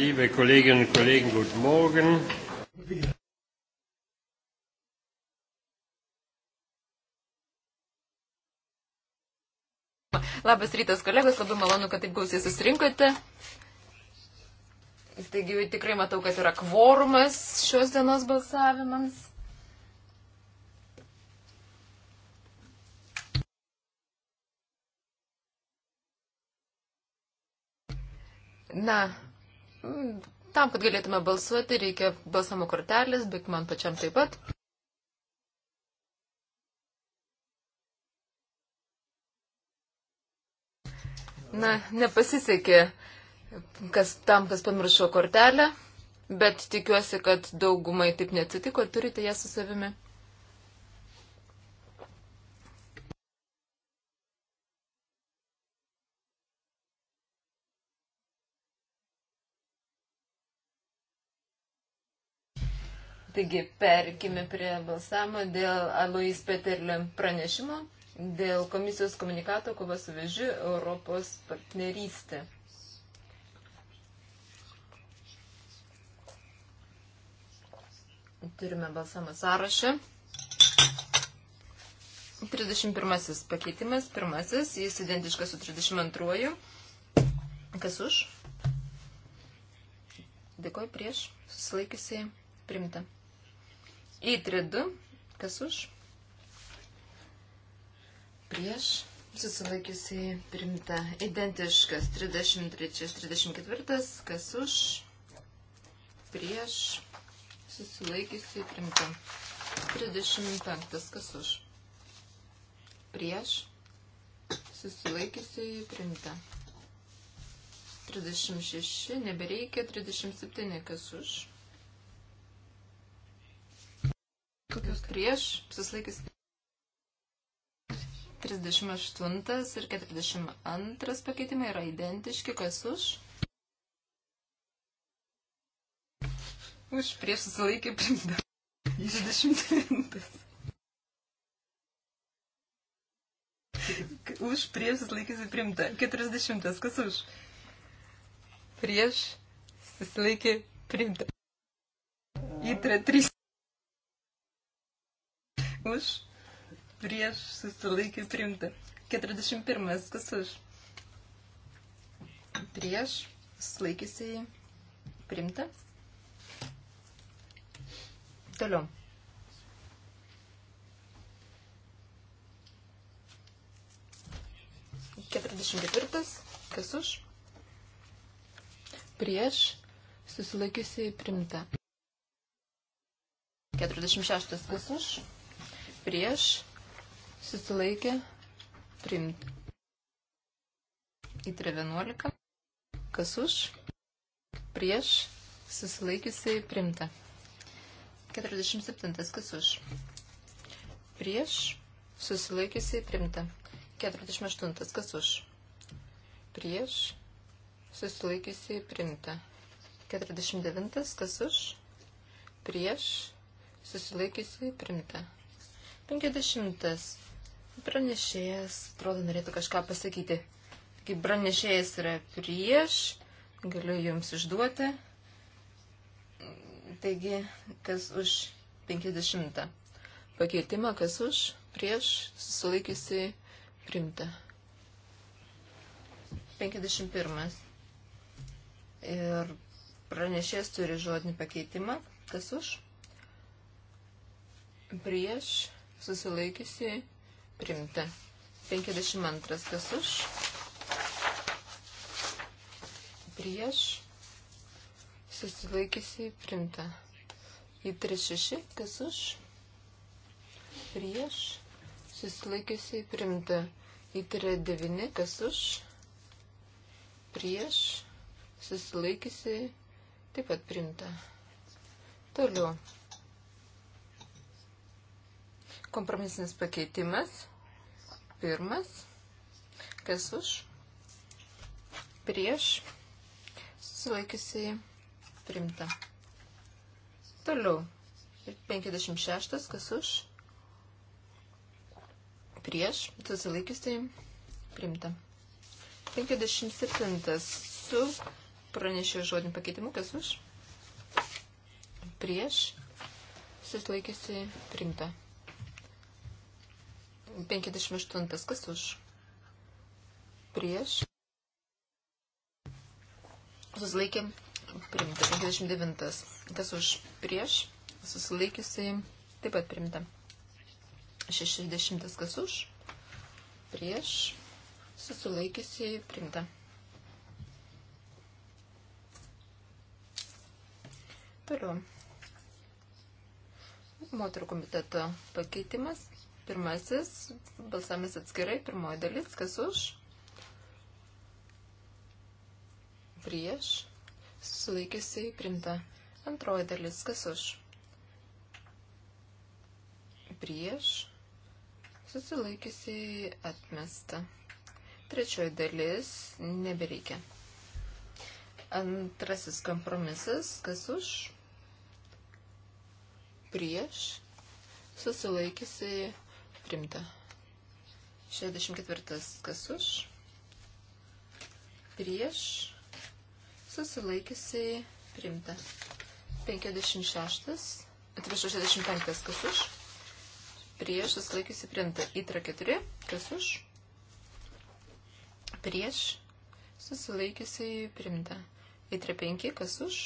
Liebe Kolleginnen und Kollegen, guten Morgen. Labas rytas, kolegos, labai malonu, kad taip gausiai susirinkote. Taigi tikrai matau, kad yra kvorumas šios dienos balsavimams. Na, Tam, kad galėtume balsuoti, reikia balsamo kortelės, bet man pačiam taip pat. Na, nepasisekė kas, tam, kas pamiršo kortelę, bet tikiuosi, kad daugumai taip neatsitiko, turite ją su savimi. Taigi, perkime prie balsavimo dėl Alois Peterlio pranešimo dėl komisijos komunikato kova su vežiu Europos partnerystė. Turime balsamą sąrašą. 31 pakeitimas, pirmasis, jis identiškas su 32. Kas už? Dėkoju prieš, susilaikiusiai, primta. I32, kas už, prieš, susilaikiusiai primta, identiškas 33-34, kas už, prieš, susilaikiusiai primta, 35, kas už, prieš, susilaikiusiai primta. 36, nebereikia, 37, kas už, Kokius prieš, susilaikys 38 ir 42 pakeitimai yra identiški, kas už. Už prieš susilaikė primda. 29. Už prieš susilaikysi primta. 40. Kas už? Prieš susilaikė primta. Įtra 3 už, prieš, susilaikė priimta. 41. Kas už? Prieš, susilaikysiai priimta. Toliau. Keturiasdešimt ketvirtas. Kas už? Prieš susilaikiusiai primta. 46. Kas už? prieš, susilaikė, priimta. Įtrė 11, kas už, prieš, susilaikiusiai, priimta. 47, kas už, prieš, susilaikiusiai, priimta. 48, kas už, prieš, susilaikiusiai, priimta. 49, kas už, prieš, susilaikiusiai, priimta. 50. Pranešėjas, atrodo, norėtų kažką pasakyti. Kai pranešėjas yra prieš, galiu jums išduoti. Taigi, kas už 50. Pakeitimą, kas už, prieš, susilaikysi, primta. 51. Ir pranešėjas turi žodinį pakeitimą. Kas už? Prieš susilaikiusiai primta. 52 kas už, prieš, susilaikiusiai primta. Į 36 kas už, prieš, susilaikiusiai primta. Į 39 kas už, prieš, susilaikiusiai taip pat primta. Toliau. Kompromisinis pakeitimas. Pirmas. Kas už? Prieš. Sulaikiusiai primta. Toliau. 56. Kas už? Prieš. Susilaikiusiai primta. 57. Su pranešė žodinį pakeitimą. Kas už? Prieš. Susilaikiusiai primta. 58. Kas už? Prieš. Susilaikė. Primta. 59. Kas už? Prieš. Susilaikiusiai. Taip pat primta. 60. Kas už? Prieš. Susilaikiusiai. Primta. Toliau. Moterų komiteto pakeitimas. Pirmasis, balsamis atskirai, pirmoji dalis, kas už, prieš, sulaikiusiai primta. Antroji dalis, kas už, prieš, susilaikiusiai atmesta. Trečioji dalis, nebereikia. Antrasis kompromisas, kas už, prieš, susilaikysi primta. 64. Kas už? Prieš. Susilaikysiai primta. 56. Atsiprašau, 65. Kas už? Prieš. Susilaikysiai primta. Įtra 4. Kas už? Prieš. Susilaikysiai primta. Įtra 5. Kas už?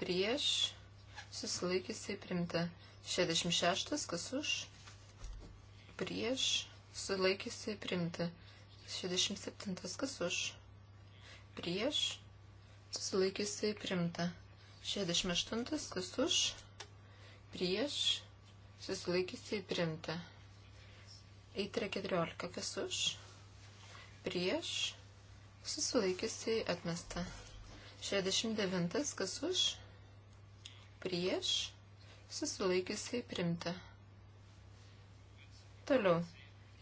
Prieš. Susilaikysiai primta. 66. Kas už? prieš, sulaikiusi primti. 67. Kas už? Prieš, sulaikiusi primti. 68. Kas už? Prieš, susilaikiusi primti. Eitre 14. Kas už? Prieš, susilaikiusi atmesta. 69. Kas už? Prieš, susilaikiusiai primta. Toliau.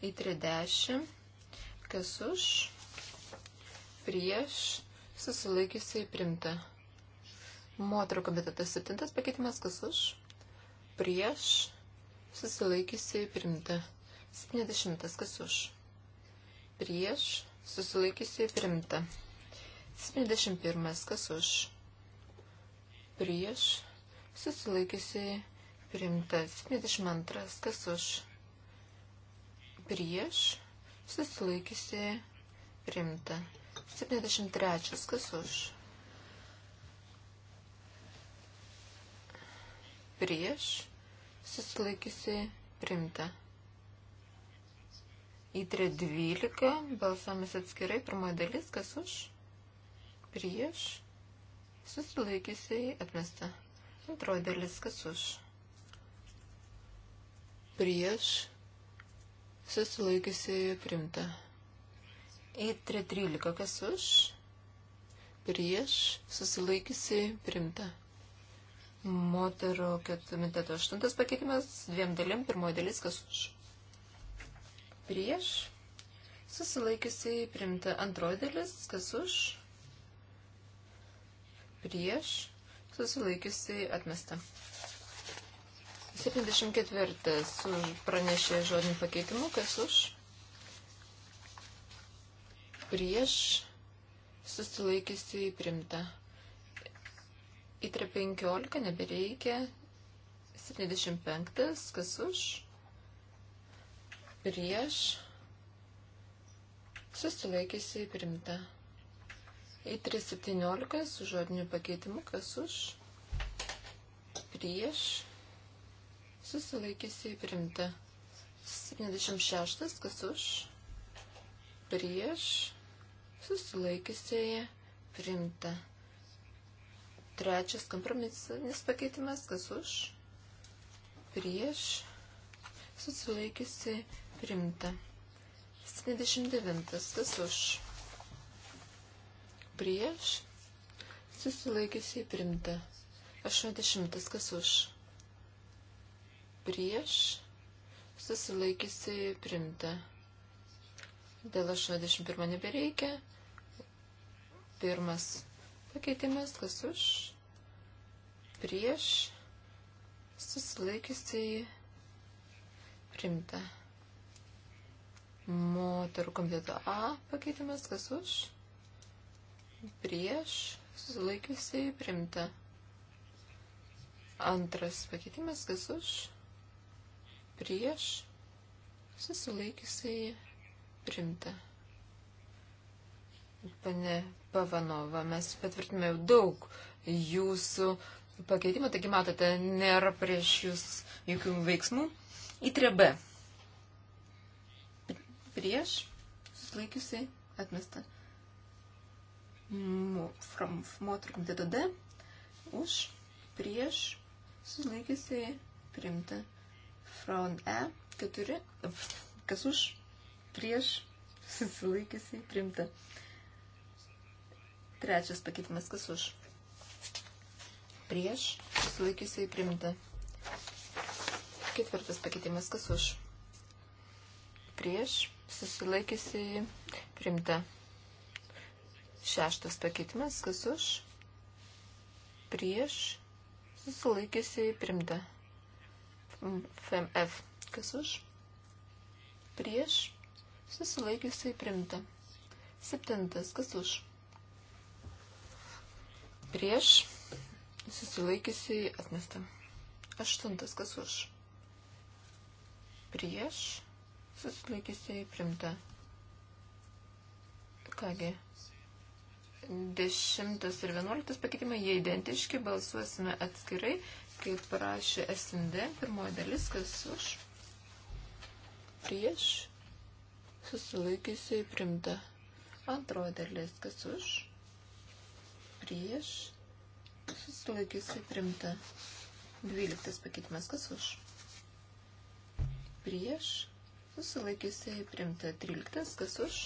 Į 30. Kas už? Prieš. Susilaikiusiai primta. Moterų komitetas 7 pakeitimas. Kas už? Prieš. Susilaikiusiai primta. 70. Kas už? Prieš. Susilaikiusiai primta. 71. Kas už? Prieš. Susilaikiusiai primta. 72. Kas už? prieš, susilaikiusi, primta. 73. Kas už? Prieš, susilaikiusi, primta. Į 312 balsamas atskirai, pirmoji dalis, kas už? Prieš, susilaikiusiai, atmesta. Antroji dalis, kas už? Prieš, susilaikiusi primta. E313, kas už, prieš, susilaikiusi primta. Moterų komiteto aštuntas pakeitimas dviem dalim, pirmoji dalis, kas už, prieš, susilaikiusi primta. Antroji dalis, kas už, prieš, susilaikiusi atmesta. 74 pranešė žodinį pakeitimą, kas už, prieš, susilaikysi įprimta. Įtre 15 nebereikia, 75 kas už, prieš, susilaikysi įprimta. Įtre 17 su žodiniu pakeitimu, kas už, prieš, susilaikysiai primta. 76, kas už, prieš, susilaikysiai primta. Trečias kompromisinis pakeitimas, kas už, prieš, susilaikysiai primta. 79, kas už, prieš, susilaikysiai primta. 80, kas už prieš, susilaikysi primta. Dėl 81 nebereikia. Pirmas pakeitimas, kas už, prieš, susilaikysi primta. Moterų komiteto A pakeitimas, kas už, prieš, susilaikysi primta. Antras pakeitimas, kas už, prieš susilaikysiai primta. Pane Pavanova, mes patvirtinome daug jūsų pakeitimų, taigi matote, nėra prieš jūs jokių veiksmų. Į 3B. Prieš susilaikiusiai atmesta. Moterų komiteto D. Už prieš susilaikiusiai primta. Fron E, 4, kas už, prieš, susilaikiusiai, primta. Trečias pakeitimas, kas už, prieš, susilaikiusiai, primta. Ketvirtas pakeitimas, kas už, prieš, susilaikiusiai, primta. Šeštas pakeitimas, kas už, prieš, susilaikiusiai, primta. FMF. Kas už? Prieš. Susilaikiusiai primta. Septintas. Kas už? Prieš. Susilaikiusiai atmesta. Aštuntas. Kas už? Prieš. Susilaikiusiai primta. Kągi. 10 ir 11 pakeitimai, jie identiški, balsuosime atskirai kaip prašė SND, pirmoji dalis, kas už, prieš, susilaikiusiai primta. Antroji dalis, kas už, prieš, susilaikiusiai primta. Dvyliktas pakeitimas, kas už, prieš, susilaikiusiai primta. Tryliktas, kas už,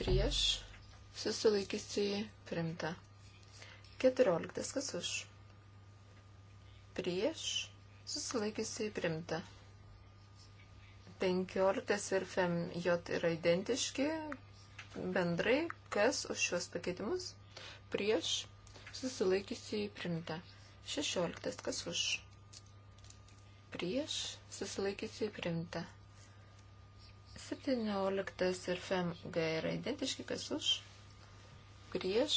prieš, susilaikiusiai primta. Keturioliktas, kas už prieš, susilaikiusiai primta. 15 ir FMJ yra identiški bendrai, kas už šios pakeitimus prieš, susilaikiusiai primta. 16 kas už prieš, susilaikiusiai primta. 17 ir FMG yra identiški, kas už prieš,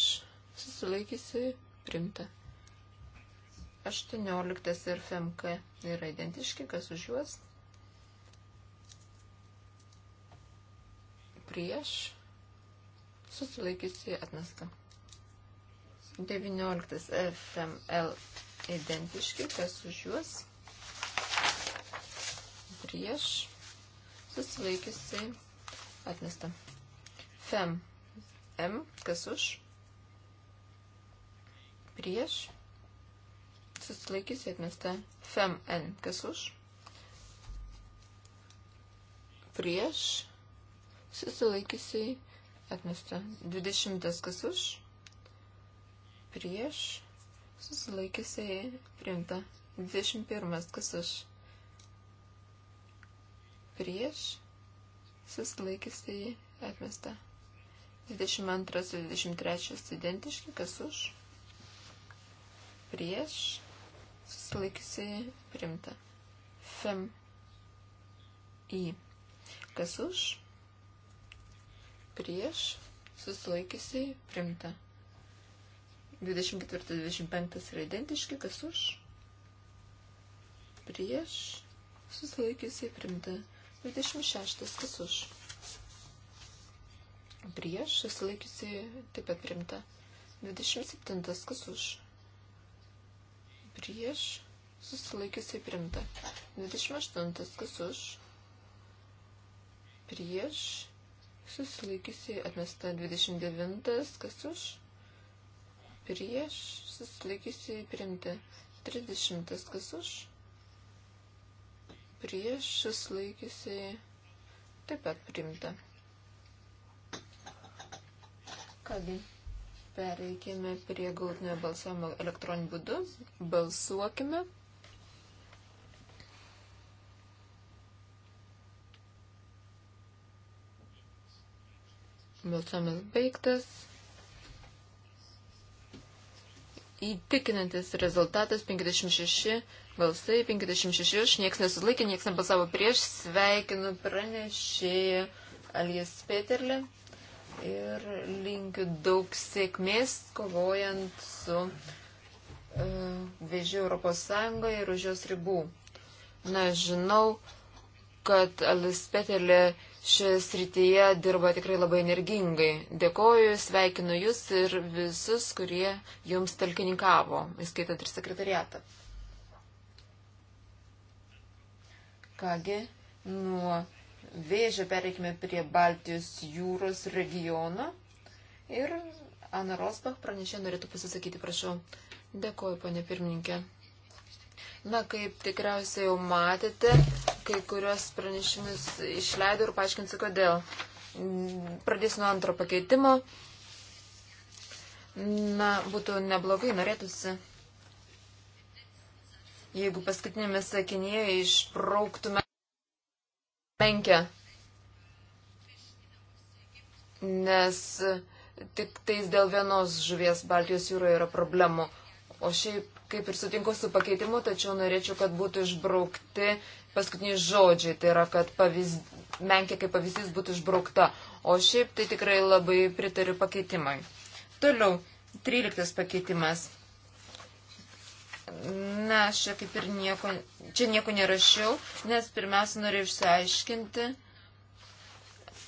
susilaikiusiai primta. 18 ir FMK yra identiški, kas už juos. Prieš susilaikysi atmestą. 19 FML identiški, kas už juos. Prieš susilaikysi atmestą. FEM M, kas už. Prieš susilaikys atmesta. Fem N. Kas už? Prieš susilaikysiai atmesta. 20. Kas už? Prieš susilaikysiai priimta. 21. Kas už? Prieš susilaikysiai atmesta. 22, 23 identiški, kas už, prieš, susilaikiusiai primta. Fem į. Kas už? Prieš susilaikiusiai primta. 24-25 yra identiški, kas už? Prieš susilaikiusiai primta. 26 kas už? Prieš susilaikiusiai taip pat primta. 27 kas už? prieš, susilaikiusiai primta. 28. Kas už, prieš, susilaikiusiai atmesta. 29. Kas už, prieš, susilaikiusiai primta. 30. Kas už, prieš, susilaikiusiai taip pat primta. Kągi. Pereikime prie galutinio balsavimo elektroniniu būdu. Balsuokime. Balsavimas baigtas. Įtikinantis rezultatas 56 balsai, 56 už, nieks nesulaikė, nieks nebalsavo prieš. Sveikinu pranešėją Alies Peterlį ir linkiu daug sėkmės kovojant su e, vėžiu Europos Sąjungoje ir už jos ribų. Na, žinau, kad Alispetėlė šioje srityje dirba tikrai labai energingai. Dėkoju, sveikinu Jūs ir visus, kurie Jums talkininkavo, įskaitant ir sekretariatą. Kągi, nuo vėžio pereikime prie Baltijos jūros regiono. Ir Ana Rosbach pranešė norėtų pasisakyti, prašau. Dėkuoju, ponė pirmininkė. Na, kaip tikriausiai jau matėte, kai kurios pranešimus išleidau ir paaiškinsiu, kodėl. Pradėsiu nuo antro pakeitimo. Na, būtų neblogai, norėtųsi. Jeigu paskutinėme sakinėje išbrauktume menkia. Nes tik tais dėl vienos žuvies Baltijos jūroje yra problemų. O šiaip kaip ir sutinku su pakeitimu, tačiau norėčiau, kad būtų išbraukti paskutiniai žodžiai. Tai yra, kad pavyz... menkė kaip pavyzdys būtų išbraukta. O šiaip tai tikrai labai pritariu pakeitimai. Toliau, 13 pakeitimas. Na, aš čia kaip ir nieko, čia nieko nerašiau, nes pirmiausia noriu išsiaiškinti,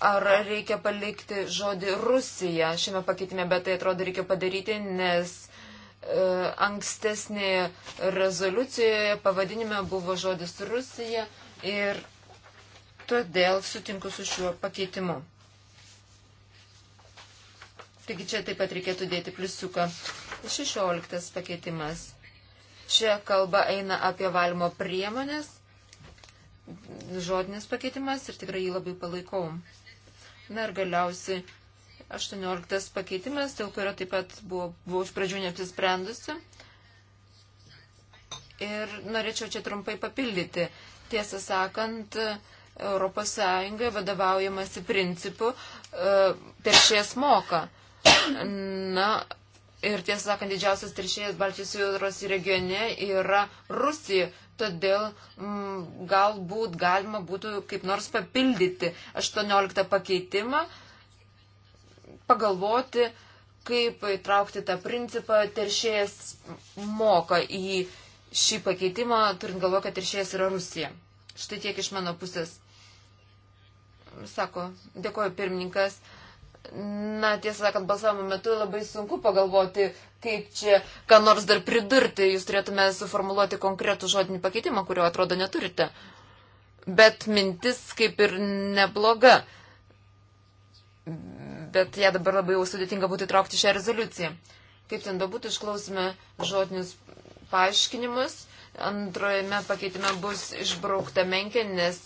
ar reikia palikti žodį Rusija šiame pakeitime, bet tai atrodo reikia padaryti, nes e, ankstesnėje rezoliucijoje pavadinime buvo žodis Rusija ir todėl sutinku su šiuo pakeitimu. Taigi čia taip pat reikėtų dėti pliusiuką. 16 pakeitimas. Čia kalba eina apie valymo priemonės, žodinis pakeitimas ir tikrai jį labai palaikau. Na ir galiausiai 18 pakeitimas, dėl kurio taip pat buvo, buvo iš pradžių neapsisprendusi. Ir norėčiau čia trumpai papildyti. Tiesą sakant, ES vadovaujamasi principu e, per šies moka. Na, Ir tiesą sakant, didžiausias teršėjas Baltijos jūros regione yra Rusija. Todėl m, mm, galbūt galima būtų kaip nors papildyti 18 pakeitimą, pagalvoti, kaip įtraukti tą principą teršėjas moka į šį pakeitimą, turint galvo, kad teršėjas yra Rusija. Štai tiek iš mano pusės. Sako, dėkoju pirmininkas. Na, tiesą sakant, balsavimo metu labai sunku pagalvoti, kaip čia, ką nors dar pridurti, jūs turėtume suformuoluoti konkretų žodinį pakeitimą, kurio atrodo neturite. Bet mintis kaip ir nebloga. Bet ją dabar labai jau sudėtinga būtų įtraukti šią rezoliuciją. Kaip ten bebūtų, išklausime žodinius paaiškinimus. Antrojame pakeitime bus išbraukta menkė, nes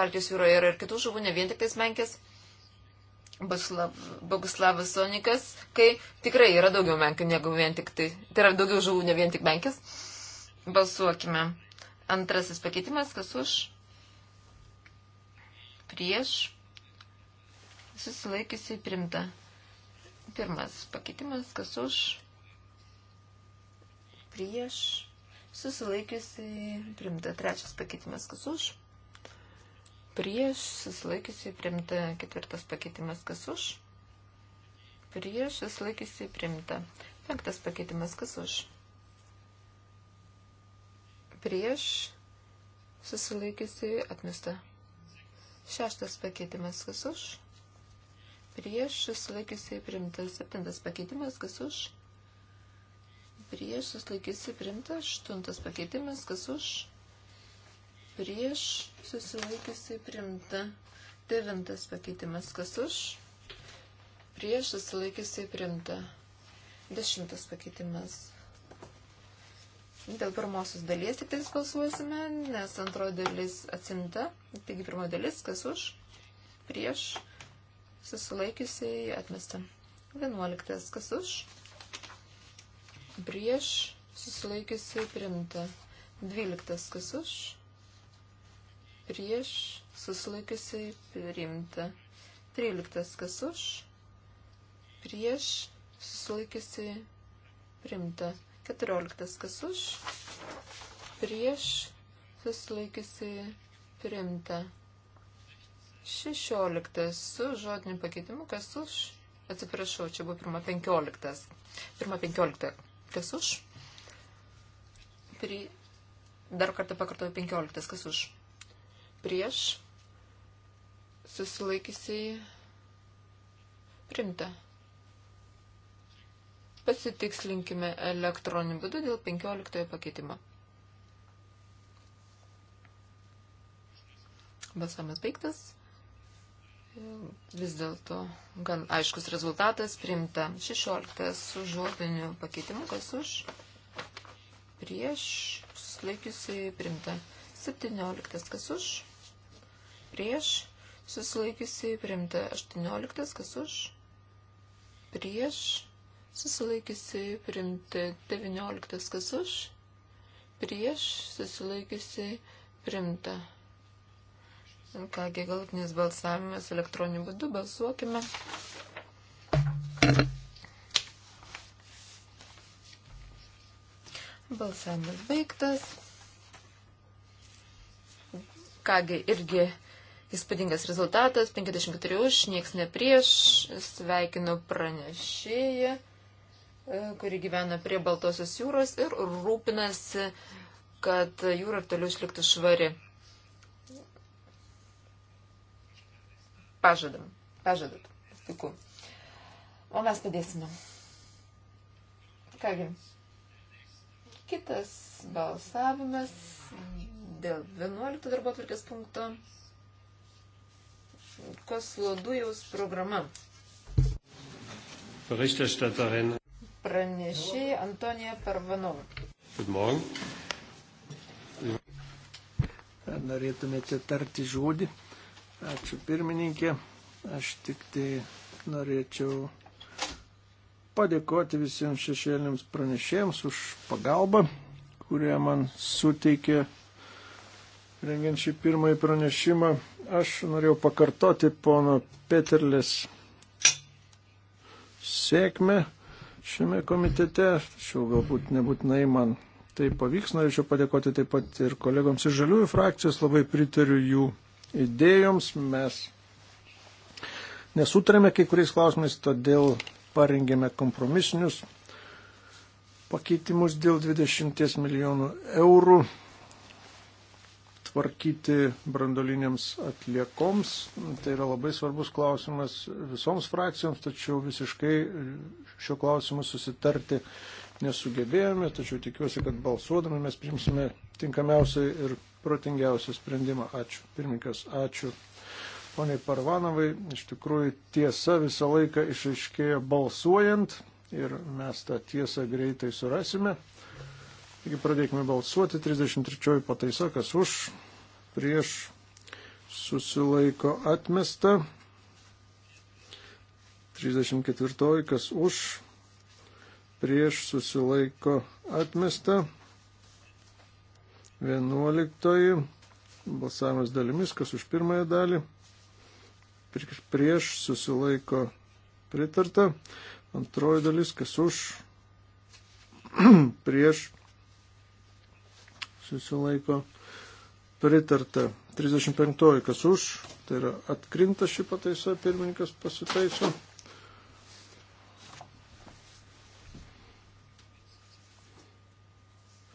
Baltijos jūroje yra ir kitų žuvų, ne vien tik tais menkės. Boguslav, Boguslavas Sonikas, kai tikrai yra daugiau menkių negu vien tik tai. Tai yra daugiau žuvų, ne vien tik menkis. Balsuokime. Antrasis pakeitimas, kas už? Prieš. Susilaikiusi primta. Pirmas pakeitimas, kas už? Prieš. Susilaikiusi primta. Trečias pakeitimas, kas už? prieš, susilaikysiu primta. Ketvirtas pakeitimas, kas už, prieš, susilaikysiu primta. Penktas pakeitimas, kas už, prieš, susilaikysiu atmesta. Šeštas pakeitimas, kas už, prieš, susilaikysiu primta. Septintas pakeitimas, kas už, prieš, susilaikysiu primta. Aštuntas pakeitimas, kas už prieš, susilaikiusiai primta. Devintas pakeitimas, kas už, prieš, susilaikiusiai primta. Dešimtas pakeitimas. Dėl pirmosios dalies tik tais balsuosime, nes antroji dalis atsimta. Taigi pirmoji dalis, kas už, prieš, susilaikiusiai atmesta. Vienuoliktas, kas už, prieš, susilaikiusiai primta. Dvyliktas, kas už, prieš, susilaikiusiai priimta. 13. Kas už, prieš, susilaikiusiai priimta. 14. Kas už, prieš, susilaikiusiai priimta. 16. Su žodiniu pakeitimu, kas už, atsiprašau, čia buvo pirma 15. Pirma 15. Kas už? Pri... Dar kartą pakartoju 15. Kas už? prieš susilaikysiai primta. Pasitikslinkime elektroniniu būdu dėl 15 pakeitimo. Balsavimas baigtas. Vis dėlto gan aiškus rezultatas primta. 16 su žodiniu pakeitimu, kas už prieš susilaikiusiai primta. 17 kas už prieš, susilaikiusi priimta 18, kas už, prieš, susilaikiusi priimta 19, kas už, prieš, susilaikiusi priimta. Kągi, galutinis balsavimas elektroniniu būdu balsuokime. Balsavimas baigtas. Kągi, irgi Įspūdingas rezultatas, 54 už, nieks neprieš, sveikinu pranešėją, e, kuri gyvena prie Baltosios jūros ir rūpinasi, kad jūra ir toliau išliktų švari. Pažadam, pažadat, puiku. O mes padėsime. Kągi, kitas balsavimas dėl 11 darbo atvirkės punkto koslo dujaus programa. Berichterstatterin. Pranešė Antonija Parvanova. Guten Morgen. Ar norėtumėte tarti žodį? Ačiū pirmininkė. Aš tik tai norėčiau padėkoti visiems šešėlėms pranešėjams už pagalbą, kurie man suteikė rengiant šį pirmąjį pranešimą Aš norėjau pakartoti pono Peterlis sėkmę šiame komitete, tačiau galbūt nebūtinai man tai pavyks. Norėčiau padėkoti taip pat ir kolegoms iš žaliųjų frakcijos, labai pritariu jų idėjoms. Mes nesutarėme kai kuriais klausimais, todėl parengėme kompromisinius pakeitimus dėl 20 milijonų eurų tvarkyti brandolinėms atliekoms. Tai yra labai svarbus klausimas visoms frakcijoms, tačiau visiškai šio klausimu susitarti nesugebėjome, tačiau tikiuosi, kad balsuodami mes primsime tinkamiausią ir protingiausią sprendimą. Ačiū. Pirmininkas, ačiū. Pone Parvanovai, iš tikrųjų tiesa visą laiką išaiškėjo balsuojant ir mes tą tiesą greitai surasime. Taigi pradėkime balsuoti. 33 pataisa, kas už, prieš, susilaiko atmesta. 34, kas už, prieš, susilaiko atmesta. 11, balsavimas dalimis, kas už pirmąją dalį, prieš, susilaiko pritarta. Antroji dalis, kas už, prieš, susilaiko pritarta. 35 kas už, tai yra atkrinta ši pataisa, pirmininkas pasitaiso.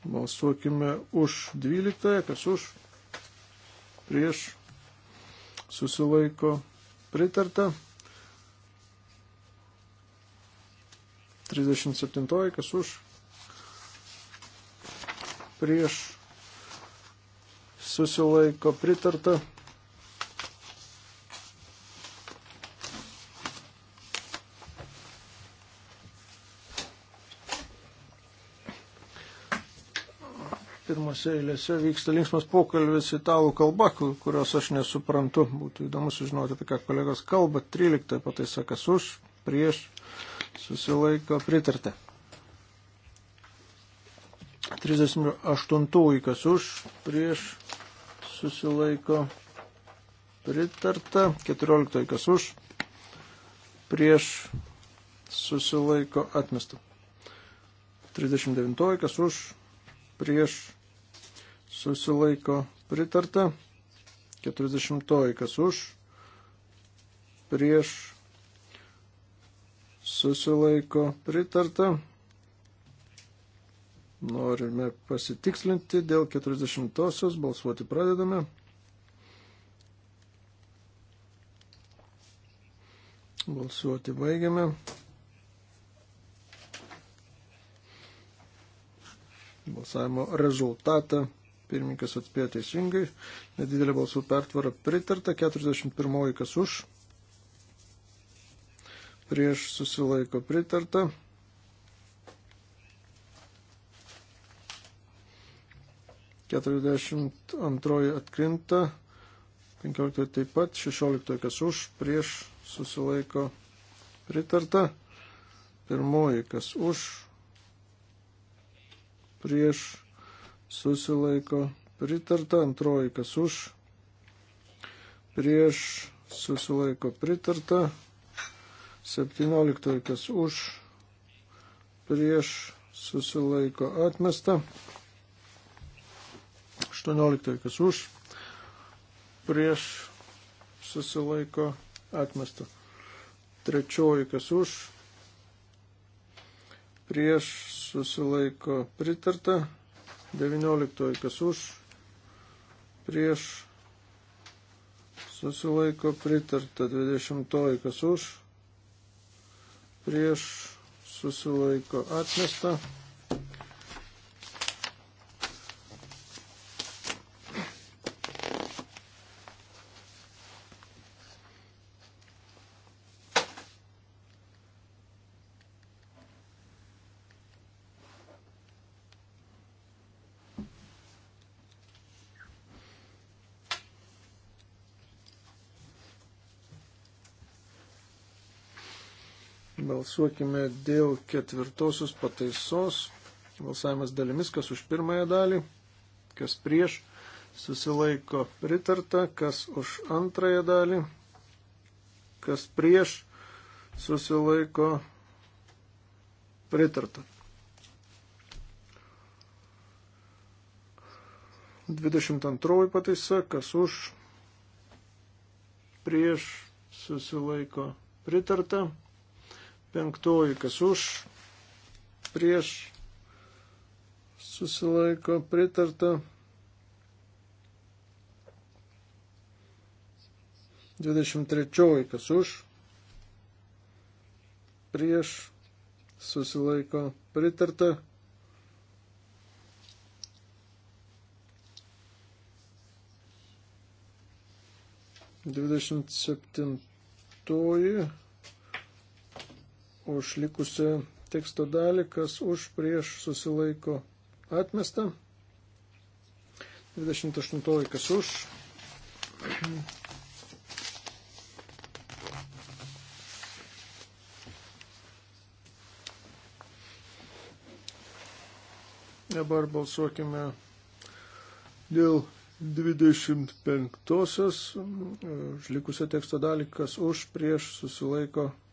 Balsuokime už 12, kas už, prieš, susilaiko pritarta. 37, kas už, prieš, susilaiko pritarta. Pirmose eilėse vyksta linksmas pokalbis italų kalba, kurios aš nesuprantu. Būtų įdomu sužinoti, apie ką kolegos kalba. 13 pataisa, kas už, prieš, susilaiko pritarta. 38 kas už, prieš, susilaiko pritarta, 14 kas už, prieš susilaiko atmesta. 39 kas už, prieš susilaiko pritarta, 40 kas už, prieš susilaiko pritarta. Norime pasitikslinti dėl 40-osios, balsuoti pradedame. Balsuoti baigiame. Balsavimo rezultatą pirmininkas atspėjo teisingai. Nedidelė balsų pertvara pritarta. 41 kas už. Prieš susilaiko pritarta. 42 atkrinta, 15 taip pat, 16 kas už, prieš susilaiko pritarta, pirmoji kas už, prieš susilaiko pritarta, antroji kas už, prieš susilaiko pritarta, 17 kas už, prieš susilaiko atmesta. 18, kas už, prieš susilaiko atmesta. Trečioji, kas už, prieš susilaiko pritarta. 19, kas už, prieš susilaiko pritarta. 20, kas už, prieš susilaiko atmesta. Balsuokime dėl ketvirtosios pataisos. Balsavimas dalimis, kas už pirmąją dalį, kas prieš, susilaiko pritarta, kas už antrąją dalį, kas prieš, susilaiko pritarta. 22 pataisa, kas už, prieš, susilaiko pritarta. Penktoji, kas už, prieš, susilaiko pritarta. 23. Kas už, prieš, susilaiko pritarta. Dvidešimt septintoji už likusią teksto dalį, kas už prieš susilaiko atmesta. 28 kas už. Dabar balsuokime dėl 25-osios, mm, už likusią teksto dalį, kas už prieš susilaiko atmesta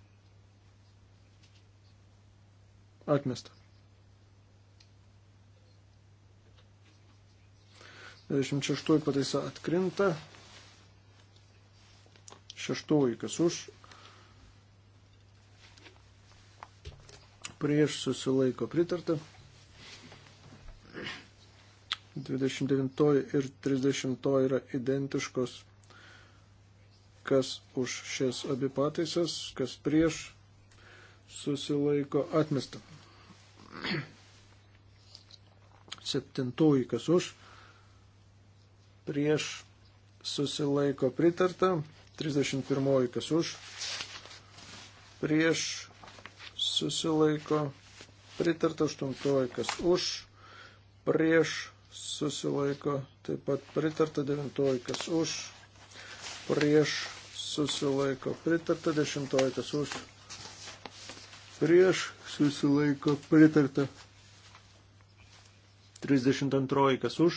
Atmesta. 26 pataisa atkrinta. Šeštoji kas už. Prieš susilaiko pritarta. 29 ir 30 yra identiškos. Kas už šias abi pataisas, kas prieš susilaiko atmesta. Septintoji, kas už, prieš susilaiko pritarta. 31, kas už, prieš susilaiko pritarta. 8, kas už, prieš susilaiko taip pat pritarta. 9, kas už, prieš susilaiko pritarta. 10, kas už prieš susilaiko pritarta. 32 kas už,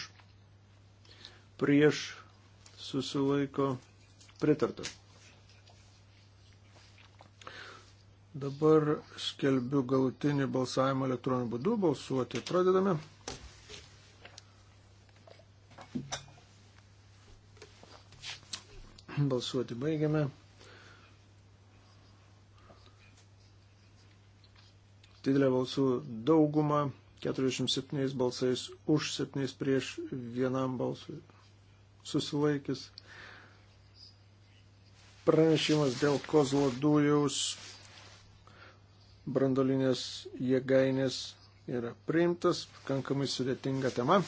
prieš susilaiko pritarta. Dabar skelbiu galutinį balsavimą elektroniniu būdu. Balsuoti pradedame. Balsuoti baigiame. didelę balsų daugumą, 47 balsais už, 7 prieš, vienam balsui susilaikis. Pranešimas dėl kozlo dujaus brandolinės jėgainės yra priimtas, pakankamai sudėtinga tema.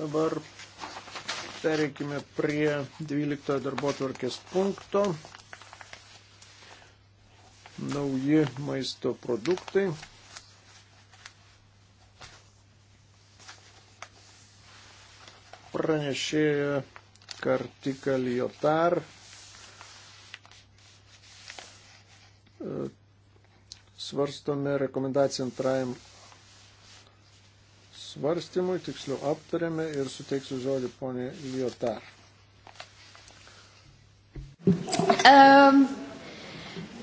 Dabar pereikime prie 12 darbo tvarkės punkto. Nauji maisto produktai. Pranešėja Kartika Liotar. Svarstome rekomendaciją antrajam svarstymui, tiksliau aptarėme ir suteiksiu žodį ponė Liotar. Um,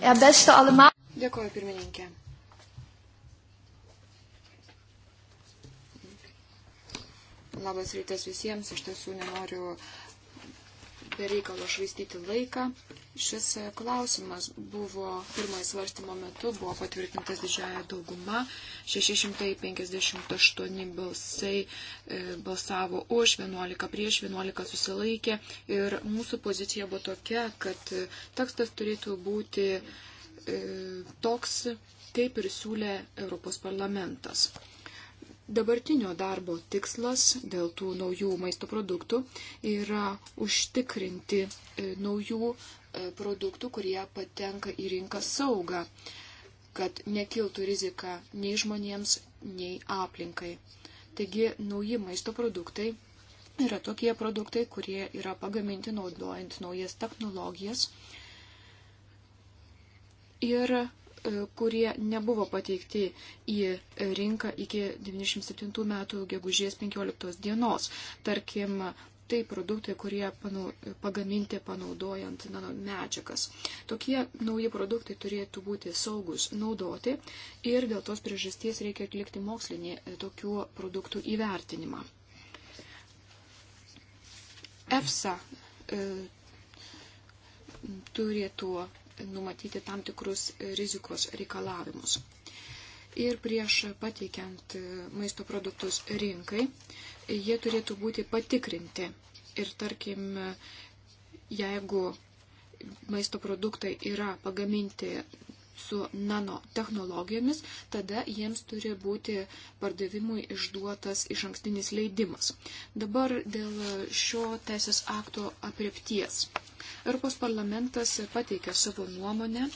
ja, beste allemaal. Dėkuoju, pirmininkė. Labas rytas visiems, iš tiesų nenoriu uh, bereikalo švaistyti laiką. Šis klausimas buvo pirmojo svarstymo metu, buvo patvirtintas didžiaja dauguma. 658 balsai e, balsavo už, 11 prieš, 11 susilaikė. Ir mūsų pozicija buvo tokia, kad e, tekstas turėtų būti e, toks, kaip ir siūlė Europos parlamentas. Dabartinio darbo tikslas dėl tų naujų maisto produktų yra užtikrinti e, naujų e, produktų, kurie patenka į rinką saugą, kad nekiltų rizika nei žmonėms, nei aplinkai. Taigi nauji maisto produktai yra tokie produktai, kurie yra pagaminti naudojant naujas technologijas. Ir E, kurie nebuvo pateikti į rinką iki 97 metų gegužės 15 dienos. Tarkim, tai produktai, kurie panau, pagaminti panaudojant nano medžiagas. Tokie nauji produktai turėtų būti saugus naudoti ir dėl tos priežasties reikia atlikti mokslinį e, tokių produktų įvertinimą. EFSA e, turėtų numatyti tam tikrus rizikos reikalavimus. Ir prieš pateikiant e, maisto produktus rinkai, jie turėtų būti patikrinti. Ir tarkim, jeigu maisto produktai yra pagaminti su nanotehnologijomis, tada jiems turi būti pardavimui išduotas iš ankstinis leidimas. Dabar dėl šio teisės akto apriepties. Europos parlamentas pateikė savo nuomonę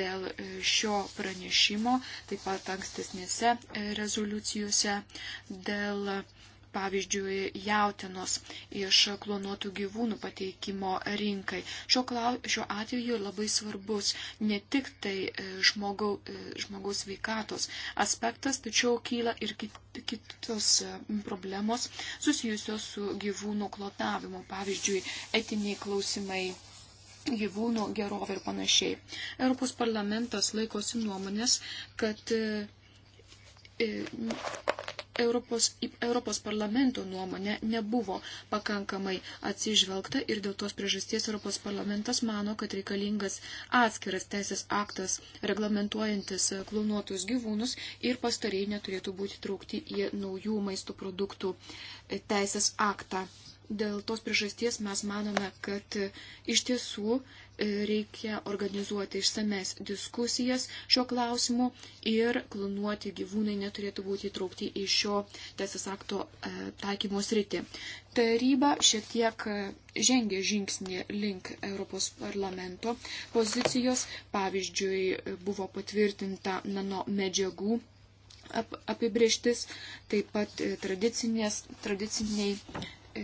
dėl šio pranešimo, taip pat ankstesnėse rezoliucijose, dėl pavyzdžiui, jautinos iš klonuotų gyvūnų pateikimo rinkai. Šiuo, klau, šiuo atveju labai svarbus ne tik tai e, žmogau, e, žmogaus veikatos aspektas, tačiau kyla ir kit, kitos e, problemos susijusios su gyvūnų klonavimu, pavyzdžiui, etiniai klausimai gyvūnų gerovė ir panašiai. Europos parlamentas laikosi nuomonės, kad E, Europos, Europos parlamento nuomonė nebuvo pakankamai atsižvelgta ir dėl tos priežasties Europos parlamentas mano, kad reikalingas atskiras teisės aktas reglamentuojantis klonuotus gyvūnus ir pastariai neturėtų būti traukti į naujų maisto produktų teisės aktą. Dėl tos priežasties mes manome, kad e, iš tiesų e, reikia organizuoti išsames diskusijas šio klausimu ir klonuoti gyvūnai neturėtų būti įtraukti į šio teisės akto e, taikymo sritį. Taryba šiek tiek žengė žingsnį link Europos parlamento pozicijos. Pavyzdžiui, buvo patvirtinta nano medžiagų apibrieštis, taip pat tradicinės, tradiciniai E,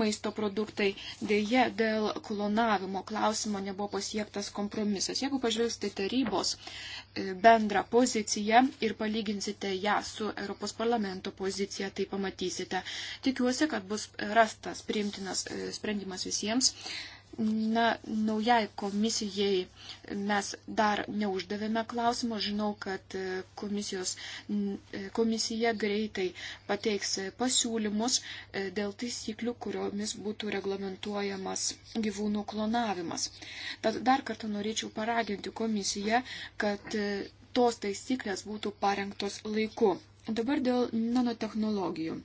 maisto produktai. Deja, dėl klonavimo klausimo nebuvo pasiektas kompromisas. Jeigu pažvelgsite tarybos e, bendrą poziciją ir palyginsite ją su Europos parlamento pozicija, tai pamatysite. Tikiuosi, kad bus rastas priimtinas e, sprendimas visiems. Na, naujai komisijai mes dar neuždavėme klausimo. Žinau, kad e, komisijos, e, komisija greitai pateiks e, pasiūlymus dėl taisyklių, kuriomis būtų reglamentuojamas gyvūnų klonavimas. Tad dar kartą norėčiau paraginti komisiją, kad tos taisyklės būtų parengtos laiku. Dabar dėl nanotehnologijų.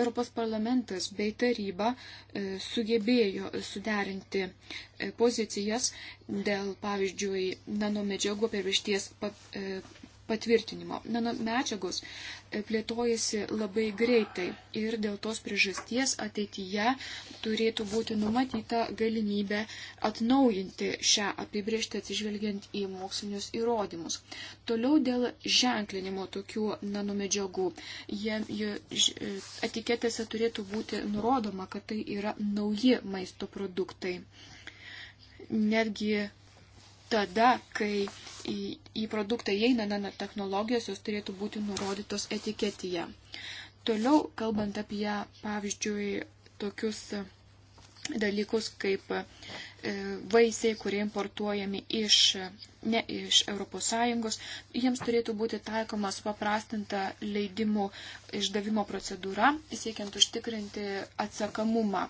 Europos parlamentas bei taryba e, sugebėjo suderinti e, pozicijas dėl, pavyzdžiui, nanomedžiagų apibriešties patvirtinimo. Nanomedžiagos e, plėtojasi labai greitai ir dėl tos priežasties ateityje turėtų būti numatyta galimybė atnaujinti šią apibriežtį atsižvelgiant į mokslinius įrodymus. Toliau dėl ženklinimo tokių nanomedžiagų. Jie, jie, etiketėse turėtų būti nurodoma, kad tai yra nauji maisto produktai. Netgi tada, kai į, į produktą įeina nanotehnologijos, jos turėtų būti nurodytos etiketėje. Toliau, kalbant apie, pavyzdžiui, tokius dalykus kaip e, vaisiai, kurie importuojami iš, ne iš ES, jiems turėtų būti taikoma supaprastinta leidimų išdavimo procedūra, siekiant užtikrinti atsakamumą.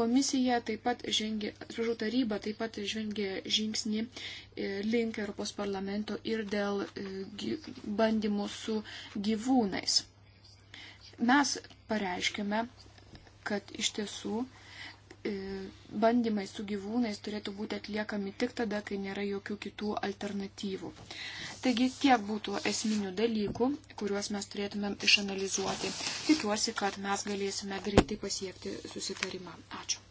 Komisija taip pat žengė, atsiprašau, taryba taip pat žengė žingsnį e, link Europos parlamento ir dėl e, bandymų su gyvūnais. Mes pareiškime, kad iš tiesų E, bandymai su gyvūnais turėtų būti atliekami tik tada, kai nėra jokių kitų alternatyvų. Taigi tiek būtų esminių dalykų, kuriuos mes turėtumėm išanalizuoti. Tikiuosi, kad mes galėsime greitai pasiekti susitarimą. Ačiū.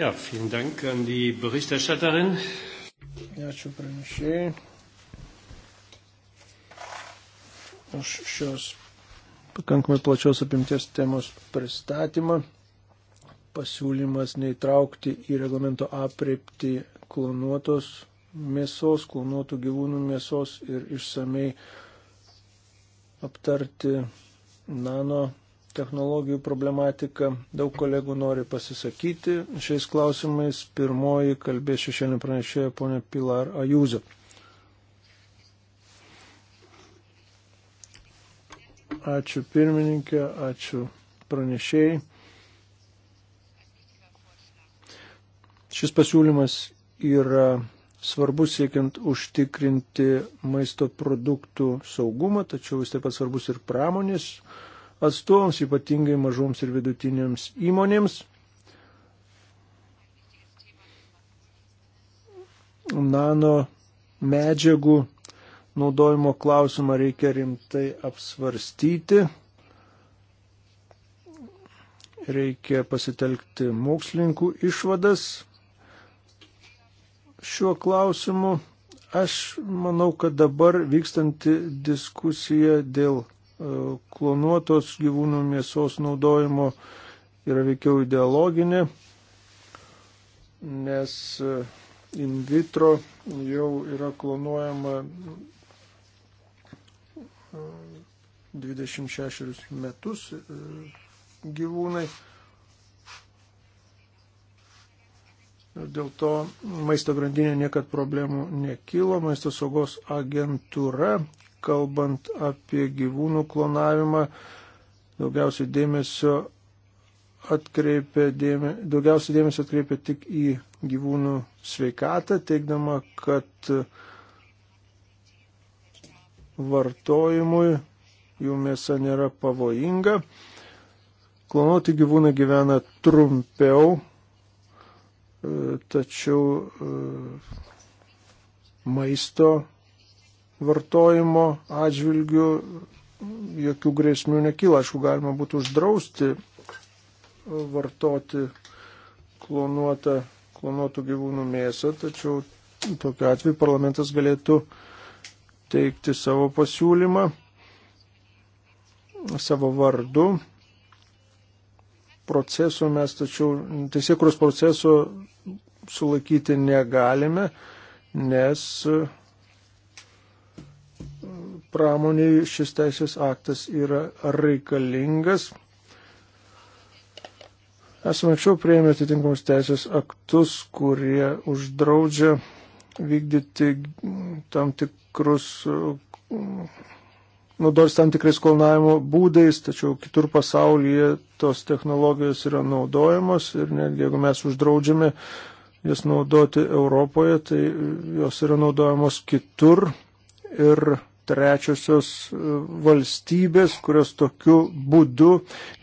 Ja, vielen Dank an die Berichterstatterin. Ačiū pranešėjai. Už šios pakankamai plačios apimties temos pristatymą pasiūlymas neįtraukti į reglamento apriepti klonuotos mėsos, klonuotų gyvūnų mėsos ir išsamei aptarti nano technologijų problematiką. Daug kolegų nori pasisakyti šiais klausimais. Pirmoji kalbė šešėlį pranešėja ponė Pilar Ajūza. Ačiū pirmininkė, ačiū pranešėjai. Šis pasiūlymas yra svarbus siekiant užtikrinti maisto produktų saugumą, tačiau jis taip pat svarbus ir pramonės atstovams, ypatingai mažoms ir vidutinėms įmonėms. Nano medžiagų naudojimo klausimą reikia rimtai apsvarstyti. Reikia pasitelkti mokslininkų išvadas šiuo klausimu. Aš manau, kad dabar vykstanti diskusija dėl e, klonuotos gyvūnų mėsos naudojimo yra veikiau ideologinė, nes e, in vitro jau yra klonuojama 26 e, metus gyvūnai. Dėl to maisto grandinė niekad problemų nekilo. Maisto saugos agentūra, kalbant apie gyvūnų klonavimą, daugiausiai dėmesio atkreipė, dėme, daugiausiai dėmesio atkreipė tik į gyvūnų sveikatą, teikdama, kad vartojimui jų mėsa nėra pavojinga. Klonuoti gyvūnai gyvena trumpiau tačiau e, maisto vartojimo atžvilgių jokių grėsmių nekyla. Aišku, galima būtų uždrausti vartoti klonuotą, klonuotų gyvūnų mėsą, tačiau tokiu atveju parlamentas galėtų teikti savo pasiūlymą savo vardu proceso mes tačiau, teisėkuros proceso sulaikyti negalime, nes e, pramoniai šis teisės aktas yra reikalingas. Esame anksčiau prieėmę atitinkamus teisės aktus, kurie uždraudžia vykdyti tam tikrus naudotis tam tikrais klonavimo būdais, tačiau kitur pasaulyje tos technologijos yra naudojamos ir netgi jeigu mes uždraudžiame jas naudoti Europoje, tai jos yra naudojamos kitur ir trečiosios e, valstybės, kurios tokiu būdu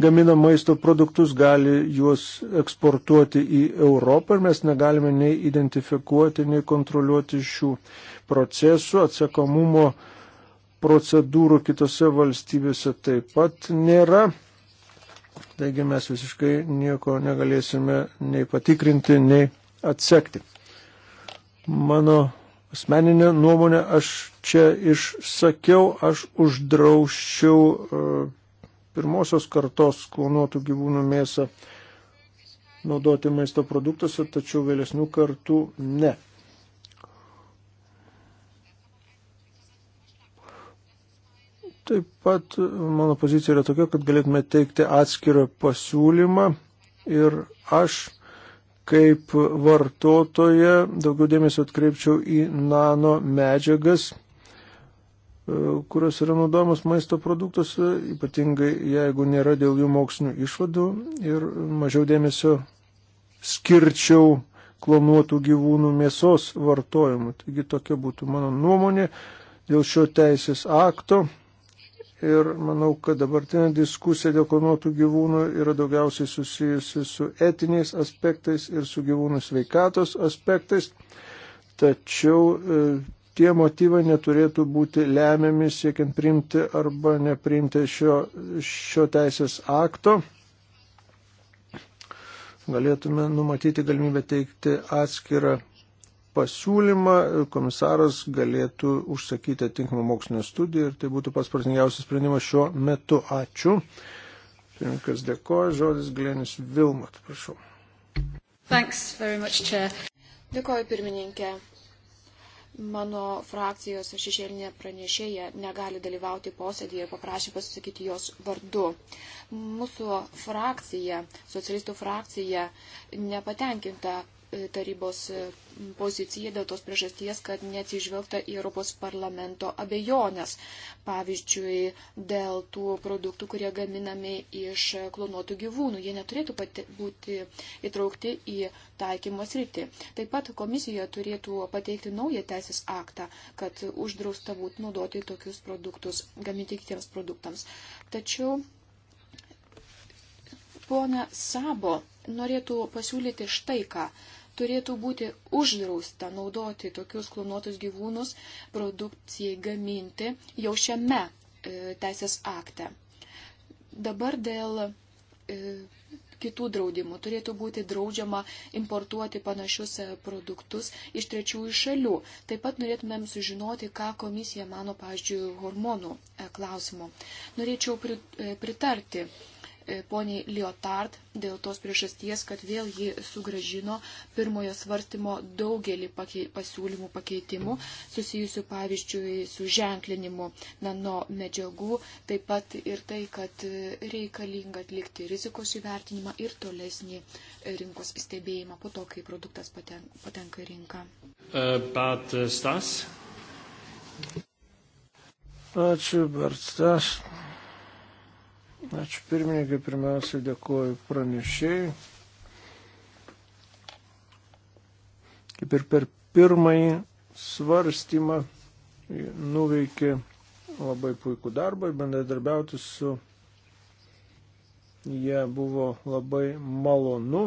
gamina maisto produktus, gali juos eksportuoti į Europą ir mes negalime nei identifikuoti, nei kontroliuoti šių procesų atsakomumo procedūrų kitose valstybėse taip pat nėra. Taigi mes visiškai nieko negalėsime nei patikrinti, nei atsekti. Mano asmeninė nuomonė aš čia išsakiau, aš uždrauščiau e, pirmosios kartos klonuotų gyvūnų mėsą naudoti maisto produktuose, tačiau vėlesnių kartų ne. Taip pat mano pozicija yra tokia, kad galėtume teikti atskirą pasiūlymą ir aš kaip vartotoja daugiau dėmesio atkreipčiau į nano medžiagas, e, kurios yra naudojamos maisto produktuose, ypatingai jeigu nėra dėl jų mokslinių išvadų ir mažiau dėmesio skirčiau klonuotų gyvūnų mėsos vartojimui. Taigi tokia būtų mano nuomonė dėl šio teisės akto. Ir manau, kad dabartinė diskusija dėl klonuotų gyvūnų yra daugiausiai susijusi su etiniais aspektais ir su gyvūnų sveikatos aspektais. Tačiau e, tie motyvai neturėtų būti lemiami siekiant priimti arba nepriimti šio, šio teisės akto. Galėtume numatyti galimybę teikti atskirą pasiūlymą, komisaras galėtų užsakyti atinkamą mokslinę studiją ir tai būtų pats prasmingiausias sprendimas šiuo metu. Ačiū. Pirmininkas dėkoja, žodis Glenis Vilmat, prašau. Much, Chair. Dėkoju, pirmininkė. Mano frakcijos šešėlinė pranešėja negali dalyvauti posėdėje ir paprašė pasisakyti jos vardu. Mūsų frakcija, socialistų frakcija, nepatenkinta tarybos e, poziciją dėl tos priežasties, kad neatsižvelgta į Europos parlamento abejonės. Pavyzdžiui, dėl tų produktų, kurie gaminami iš klonuotų gyvūnų, jie neturėtų pati, būti įtraukti į taikymo sritį. Taip pat komisija turėtų pateikti naują teisės aktą, kad uždrausta būtų naudoti tokius produktus, gaminti kitiems produktams. Tačiau Pona Sabo norėtų pasiūlyti štai ką turėtų būti uždrausta naudoti tokius klonuotus gyvūnus produkcijai gaminti jau šiame e, teisės akte. Dabar dėl e, kitų draudimų turėtų būti draudžiama importuoti panašius e, produktus iš trečiųjų šalių. Taip pat norėtumėm sužinoti, ką komisija mano, pavyzdžiui, hormonų e, klausimu. Norėčiau e, pritarti poniai Liotard dėl tos priežasties, kad vėl ji sugražino pirmojo svarstymo daugelį pakei, pasiūlymų pakeitimų susijusių pavyzdžiui su ženklinimu nano medžiagų, taip pat ir tai, kad reikalinga atlikti rizikos įvertinimą ir tolesnį rinkos stebėjimą po to, kai produktas patenka, patenka į rinką. Uh, e, but, uh, Stas? Ačiū, Bartas. Ačiū pirmininkai, pirmiausia dėkuoju pranešėjai. Kaip ir per pirmąjį svarstymą nuveikė labai puikų darbą ir bendradarbiauti su jie buvo labai malonu.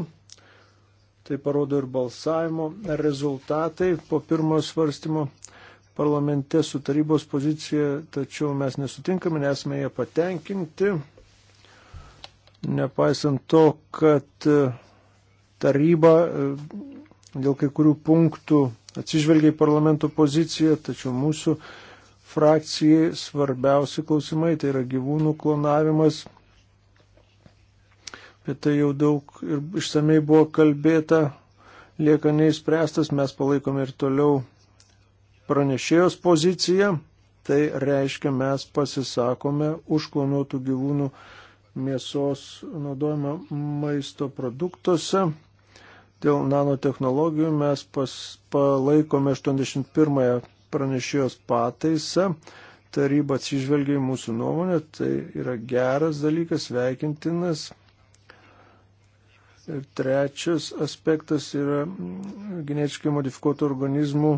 Tai parodo ir balsavimo rezultatai po pirmojo svarstymo parlamente su tarybos pozicija, tačiau mes nesutinkame, nesame jie patenkinti nepaisant to, kad e, taryba e, dėl kai kurių punktų atsižvelgia į parlamento poziciją, tačiau mūsų frakcijai svarbiausi klausimai tai yra gyvūnų klonavimas. Apie tai jau daug ir išsamei buvo kalbėta, lieka neįspręstas, mes palaikome ir toliau pranešėjos poziciją. Tai reiškia, mes pasisakome už klonuotų gyvūnų mėsos naudojimą maisto produktuose. Dėl nanotehnologijų mes pas, palaikome 81 pranešėjos pataisą. Taryba atsižvelgia į mūsų nuomonę, tai yra geras dalykas, veikintinas. Ir trečias aspektas yra genetiškai modifikuotų organizmų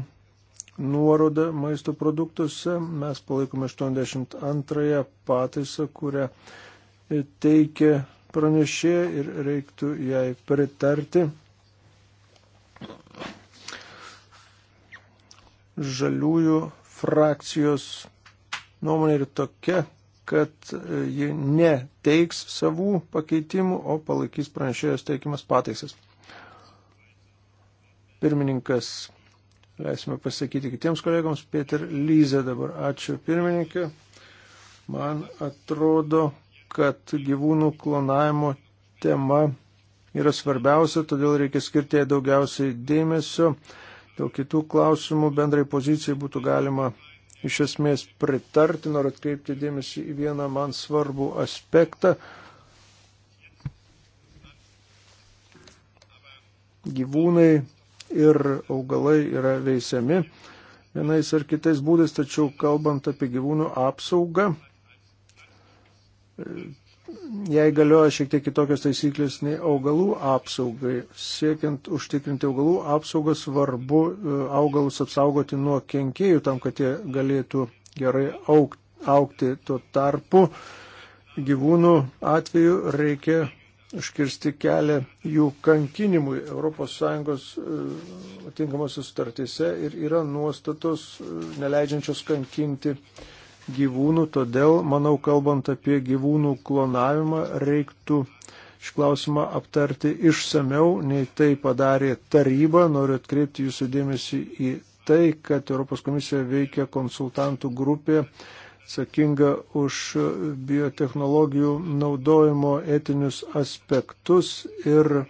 nuoroda maisto produktuose. Mes palaikome 82 pataisą, kurią teikia pranešė ir reiktų jai pritarti. Žaliųjų frakcijos nuomonė ir tokia, kad ji neteiks savų pakeitimų, o palaikys pranešėjos teikimas pataisas. Pirmininkas, leisime pasakyti kitiems kolegoms, Peter Lyze dabar. Ačiū pirmininkė. Man atrodo, kad gyvūnų klonavimo tema yra svarbiausia, todėl reikia skirti jai daugiausiai dėmesio. Dėl kitų klausimų bendrai pozicijai būtų galima iš esmės pritarti, noriu atkreipti dėmesį į vieną man svarbų aspektą. Gyvūnai ir augalai yra veisiami vienais ar kitais būdais, tačiau kalbant apie gyvūnų apsaugą, jai galioja šiek tiek kitokios taisyklės nei augalų apsaugai. Siekiant užtikrinti augalų apsaugą, svarbu e, augalus apsaugoti nuo kenkėjų tam, kad jie galėtų gerai aukti. Tuo tarpu gyvūnų atveju reikia užkirsti kelią jų kankinimui ES e, atinkamosios sutartyse ir yra nuostatos e, neleidžiančios kankinti uh, gyvūnų, todėl, manau, kalbant apie gyvūnų klonavimą, reiktų šį klausimą aptarti išsameu, nei tai padarė taryba. Noriu atkreipti jūsų dėmesį į tai, kad Europos komisija veikia konsultantų grupė atsakinga už biotehnologijų naudojimo etinius aspektus ir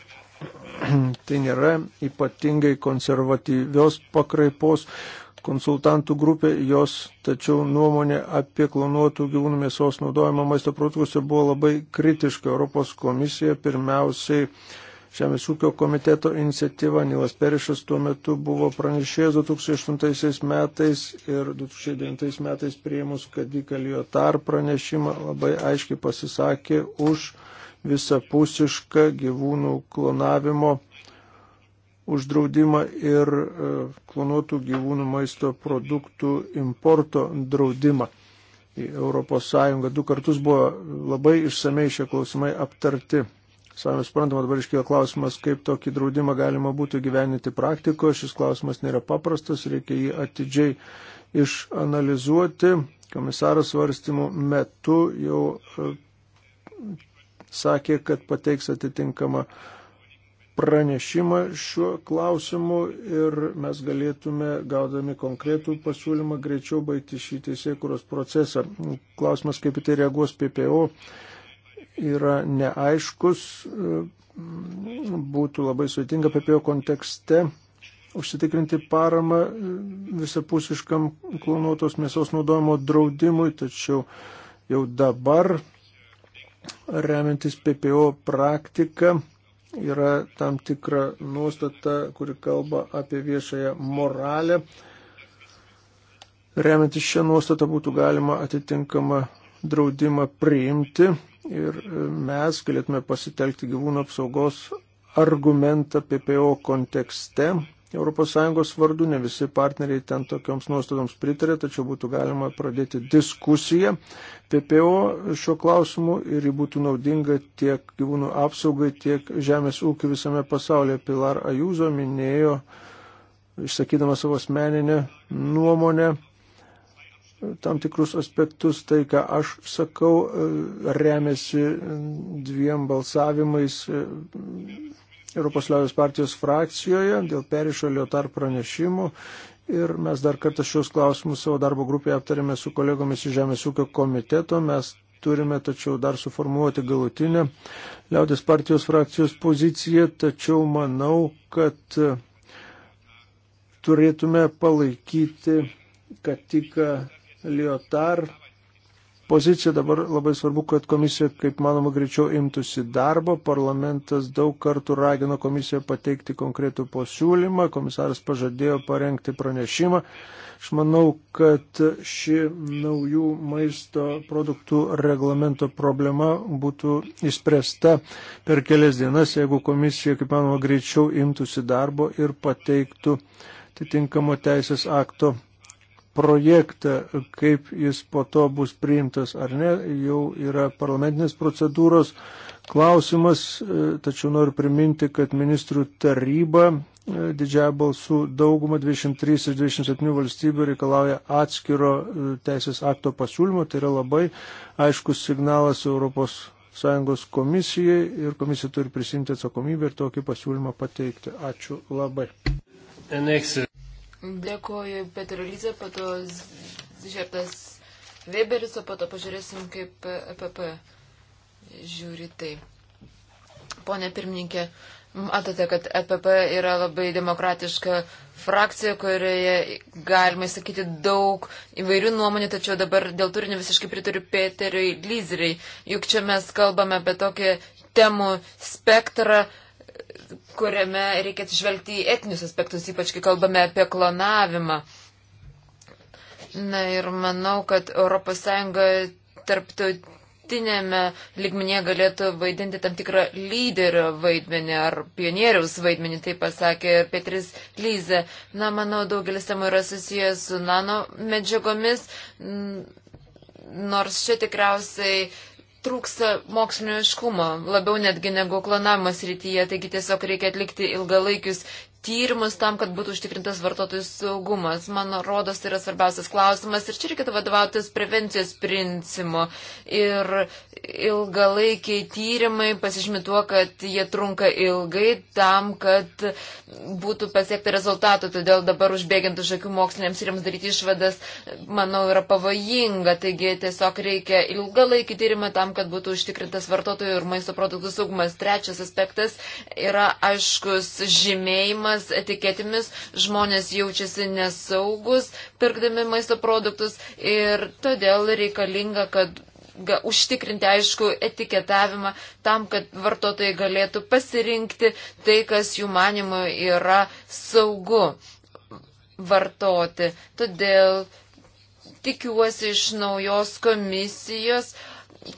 tai nėra ypatingai konservatyvios pakraipos konsultantų grupė, jos tačiau nuomonė apie klonuotų gyvūnų mėsos naudojimą maisto produktuose buvo labai kritiška. Europos komisija pirmiausiai Žemės ūkio komiteto iniciatyva Nilas Perišas tuo metu buvo pranešėjęs 2008 metais ir 2009 metais prieimus, kad įkalijo tar pranešimą, labai aiškiai pasisakė už visapusišką gyvūnų klonavimo uždraudimą ir e, klonuotų gyvūnų maisto produktų importo draudimą į ES. Du kartus buvo labai išsamei šie klausimai aptarti. Savame suprantama, dabar iškyla klausimas, kaip tokį draudimą galima būtų gyveninti praktikoje. Šis klausimas nėra paprastas, reikia jį atidžiai išanalizuoti. Komisaras svarstymų metu jau e, sakė, kad pateiks atitinkamą uh, pranešimą šiuo klausimu ir mes galėtume, gaudami konkretų pasiūlymą, greičiau baigti šį teisėkuros procesą. Klausimas, kaip į tai reaguos PPO, yra neaiškus, būtų labai sudėtinga PPO kontekste užsitikrinti paramą visapusiškam klonuotos mėsos naudojimo draudimui, tačiau jau dabar, remiantis PPO praktiką, yra tam tikra nuostata, kuri kalba apie viešąją moralę. Remiantis šią nuostatą būtų galima atitinkamą draudimą priimti ir mes galėtume pasitelkti gyvūnų apsaugos argumentą PPO kontekste, ES vardu, ne visi partneriai ten tokioms nuostatoms pritarė, tačiau būtų galima pradėti diskusiją PPO šiuo klausimu ir ji būtų naudinga tiek gyvūnų apsaugai, tiek žemės ūkiu visame pasaulyje. Pilar Ajūzo minėjo, išsakydama savo asmeninę nuomonę, tam tikrus aspektus, tai ką aš sakau, remiasi dviem balsavimais Europos liaudės partijos frakcijoje dėl perišo liotar pranešimų. Ir mes dar kartą šios klausimus savo darbo grupėje aptarėme su kolegomis iš Žemės ūkio komiteto. Mes turime tačiau dar suformuoti galutinę liaudės partijos frakcijos poziciją. Tačiau manau, kad e, turėtume palaikyti, kad tik e, Liotar poziciją. Dabar labai svarbu, kad komisija, kaip manoma, greičiau imtųsi darbo. Parlamentas daug kartų ragino komisiją pateikti konkretų pasiūlymą. Komisaras pažadėjo parengti pranešimą. Aš manau, kad ši naujų maisto produktų reglamento problema būtų įspręsta per kelias dienas, jeigu komisija, kaip manoma, greičiau imtųsi darbo ir pateiktų atitinkamo teisės akto projektą, kaip jis po to bus priimtas ar ne, jau yra parlamentinės procedūros klausimas, e, tačiau noriu priminti, kad ministrų taryba e, didžiąją balsų daugumą 23 ir 27 valstybių reikalauja atskiro e, teisės akto pasiūlymo, tai yra labai aiškus signalas Europos Sąjungos komisijai ir komisija turi prisimti atsakomybę ir tokį pasiūlymą pateikti. Ačiū labai. Next. Dėkuoju Petro Lyze, po to Žertas Weberis, o po to pažiūrėsim, kaip EPP žiūri tai. Pone pirmininkė, matote, kad EPP yra labai demokratiška frakcija, kurioje galima įsakyti daug įvairių nuomonių, tačiau dabar dėl turinio visiškai pritariu Peteriui Lyzeriai. Juk čia mes kalbame apie tokį temų spektrą, kuriame reikia atsižvelgti į etinius aspektus, ypač kai kalbame apie klonavimą. Na ir manau, kad ES tarptautinėme ligminėje galėtų vaidinti tam tikrą lyderio vaidmenį ar pionieriaus vaidmenį, tai pasakė ir Petris Lyze. Na, manau, daugelis temų yra susijęs su nano medžiagomis, nors čia tikriausiai uh, trūksta mokslinio iškumo, labiau netgi negu klonavimo srityje, taigi tiesiog reikia atlikti ilgalaikius tyrimus tam, kad būtų užtikrintas vartotojų saugumas. Man rodos, tai yra svarbiausias klausimas ir čia reikėtų vadovautis prevencijos principu. Ir ilgalaikiai tyrimai pasižymė tuo, kad jie trunka ilgai tam, kad būtų pasiekta rezultatų. Todėl dabar užbėgiant už akių moksliniams tyrimams daryti išvadas, manau, yra pavojinga. Taigi tiesiog reikia ilgalaikį tyrimą tam, kad būtų užtikrintas vartotojų ir maisto produktų saugumas. Trečias aspektas yra aiškus žymėjimas pažeidžiamas etiketėmis, žmonės jaučiasi nesaugus, pirkdami maisto produktus ir todėl reikalinga, kad ga, užtikrinti aišku etiketavimą tam, kad vartotojai galėtų pasirinkti tai, kas jų manimu yra saugu vartoti. Todėl tikiuosi iš naujos komisijos,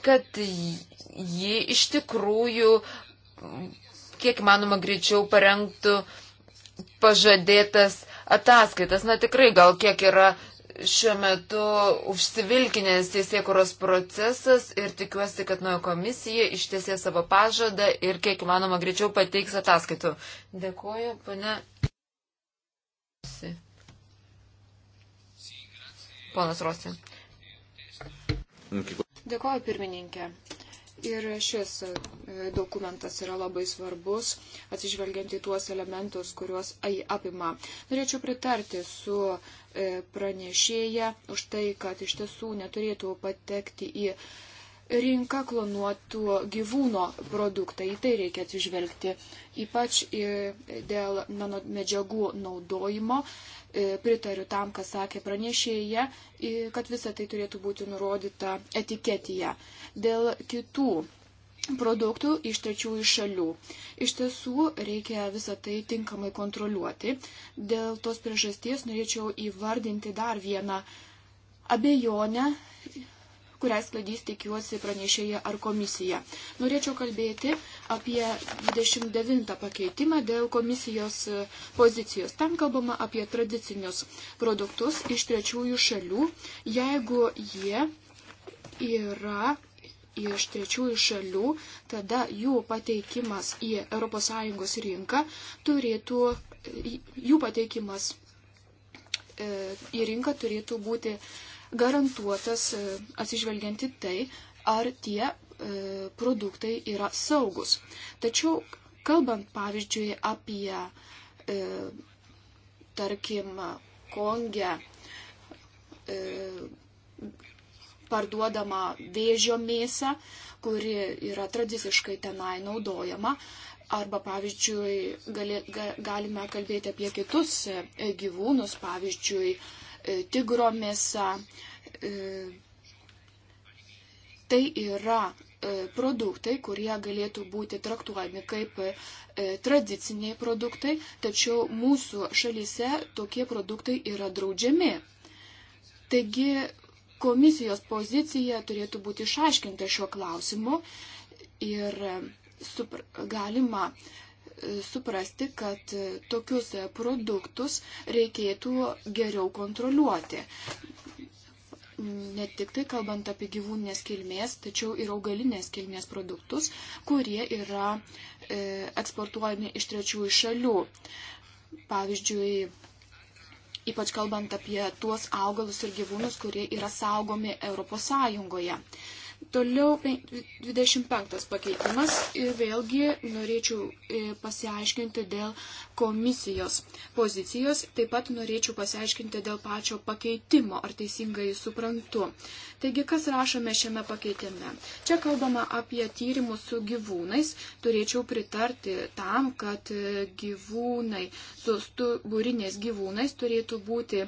kad ji iš tikrųjų kiek manoma greičiau parengtų uh, pažadėtas ataskaitas. Na tikrai gal kiek yra šiuo metu užsivilkinęs teisėkuros procesas ir tikiuosi, kad nuo komisija ištiesė savo pažadą ir kiek įmanoma greičiau pateiks ataskaitų. Dėkuoju, pane. Ponas Rosi. Dėkuoju, pirmininkė. Ir šis e, dokumentas yra labai svarbus, atsižvelgiant į tuos elementus, kuriuos AI apima. Norėčiau pritarti su e, pranešėja už tai, kad iš tiesų neturėtų patekti į rinka klonuotų gyvūno produktai. Į tai reikia atsižvelgti, ypač dėl nanomedžiagų naudojimo. E, pritariu tam, kas sakė pranešėja, kad visa tai turėtų būti nurodyta etiketėje. Dėl kitų produktų iš trečiųjų šalių. Iš tiesų reikia visą tai tinkamai kontroliuoti. Dėl tos priežasties norėčiau įvardinti dar vieną abejonę kurią skladys tikiuosi pranešėja ar komisija. Norėčiau kalbėti apie 29 pakeitimą dėl komisijos e, pozicijos. Ten kalbama apie tradicinius produktus iš trečiųjų šalių, jeigu jie yra iš trečiųjų šalių, tada jų pateikimas į ES rinką turėtų, jų pateikimas e, į rinką turėtų būti garantuotas e, atsižvelgianti tai, ar tie e, produktai yra saugus. Tačiau, kalbant pavyzdžiui apie, e, tarkim, Kongę e, parduodamą vėžio mėsą, kuri yra tradiciškai tenai naudojama, arba, pavyzdžiui, gali, ga, galime kalbėti apie kitus e, gyvūnus, pavyzdžiui, e, tigro mėsa. E, tai yra e, produktai, kurie galėtų būti traktuojami kaip e, tradiciniai produktai, tačiau mūsų šalyse tokie produktai yra draudžiami. Taigi komisijos pozicija turėtų būti išaiškinta šiuo klausimu ir super, galima suprasti, kad tokius produktus reikėtų geriau kontroliuoti. Ne tik tai kalbant apie gyvūninės kilmės, tačiau ir augalinės kilmės produktus, kurie yra e, eksportuojami iš trečiųjų šalių. Pavyzdžiui, ypač kalbant apie tuos augalus ir gyvūnus, kurie yra saugomi Europos Sąjungoje. E, Toliau 25 pakeitimas ir vėlgi norėčiau e, pasiaiškinti dėl komisijos pozicijos, taip pat norėčiau pasiaiškinti dėl pačio pakeitimo, ar teisingai suprantu. Taigi, kas rašome šiame pakeitime? Čia kalbama apie tyrimus su gyvūnais, turėčiau pritarti tam, kad e, gyvūnai su stuburiniais gyvūnais turėtų būti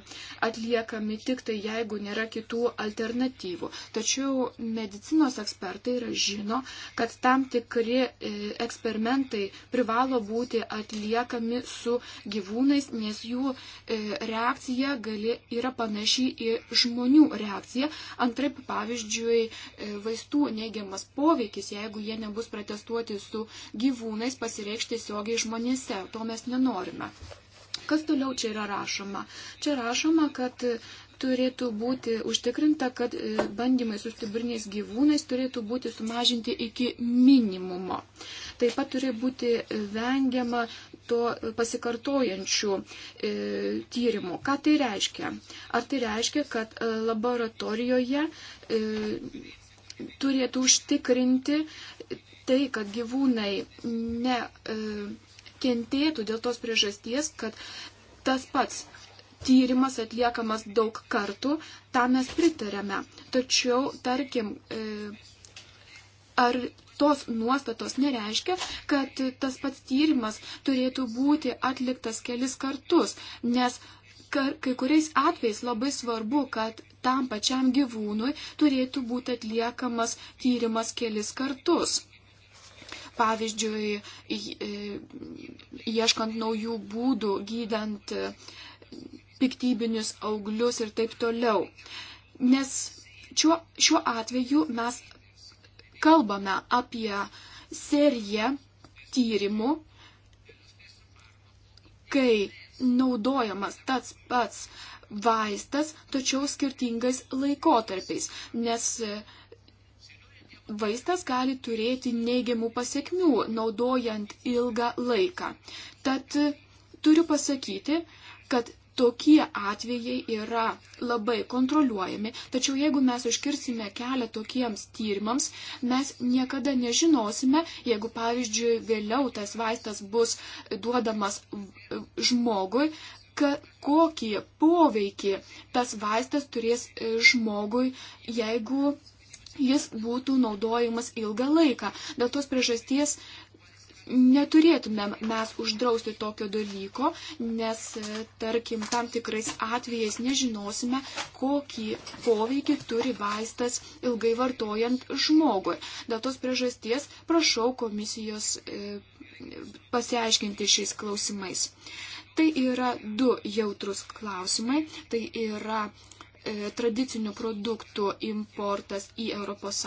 atliekami tik tai, jeigu nėra kitų alternatyvų. Tačiau medicina medicinos ekspertai yra žino, kad tam tikri e, eksperimentai privalo būti atliekami su gyvūnais, nes jų e, reakcija gali, yra panaši į žmonių reakciją. Antraip, pavyzdžiui, e, vaistų neigiamas poveikis, jeigu jie nebus protestuoti su gyvūnais, pasireikš tiesiogiai žmonėse. To mes nenorime. Kas toliau čia yra rašoma? Čia rašoma, kad turėtų būti užtikrinta, kad e, bandymai su stiburiniais gyvūnais turėtų būti sumažinti iki minimumo. Taip pat turi būti e, vengiama to pasikartojančių e, tyrimų. Ką tai reiškia? Ar tai reiškia, kad e, laboratorijoje e, turėtų užtikrinti tai, kad gyvūnai ne. E, kentėtų dėl tos priežasties, kad tas pats tyrimas atliekamas daug kartų, tą mes pritarėme. Tačiau, tarkim, e, ar tos nuostatos nereiškia, kad tas pats tyrimas turėtų būti atliktas kelis kartus, nes kai kuriais atvejais labai svarbu, kad tam pačiam gyvūnui turėtų būti atliekamas tyrimas kelis kartus. Pavyzdžiui, ieškant naujų būdų, gydant piktybinius auglius ir taip toliau. Nes šiuo, šiuo atveju mes kalbame apie seriją tyrimų, kai naudojamas tas pats vaistas, tačiau skirtingais laikotarpiais, nes vaistas gali turėti neigiamų pasiekmių, naudojant ilgą laiką. Tad turiu pasakyti, kad Tokie atvejai yra labai kontroliuojami, tačiau jeigu mes užkirsime kelią tokiems tyrimams, mes niekada nežinosime, jeigu pavyzdžiui vėliau tas vaistas bus duodamas žmogui, kad, kokį poveikį tas vaistas turės žmogui, jeigu jis būtų naudojamas ilgą laiką. Dėl tos priežasties neturėtumėm mes uždrausti tokio dalyko, nes, tarkim, tam tikrais atvejais nežinosime, kokį poveikį turi vaistas ilgai vartojant žmogui. Dėl tos priežasties prašau komisijos e, pasiaiškinti šiais klausimais. Tai yra du jautrus klausimai. Tai yra E, tradicinių produktų importas į ES,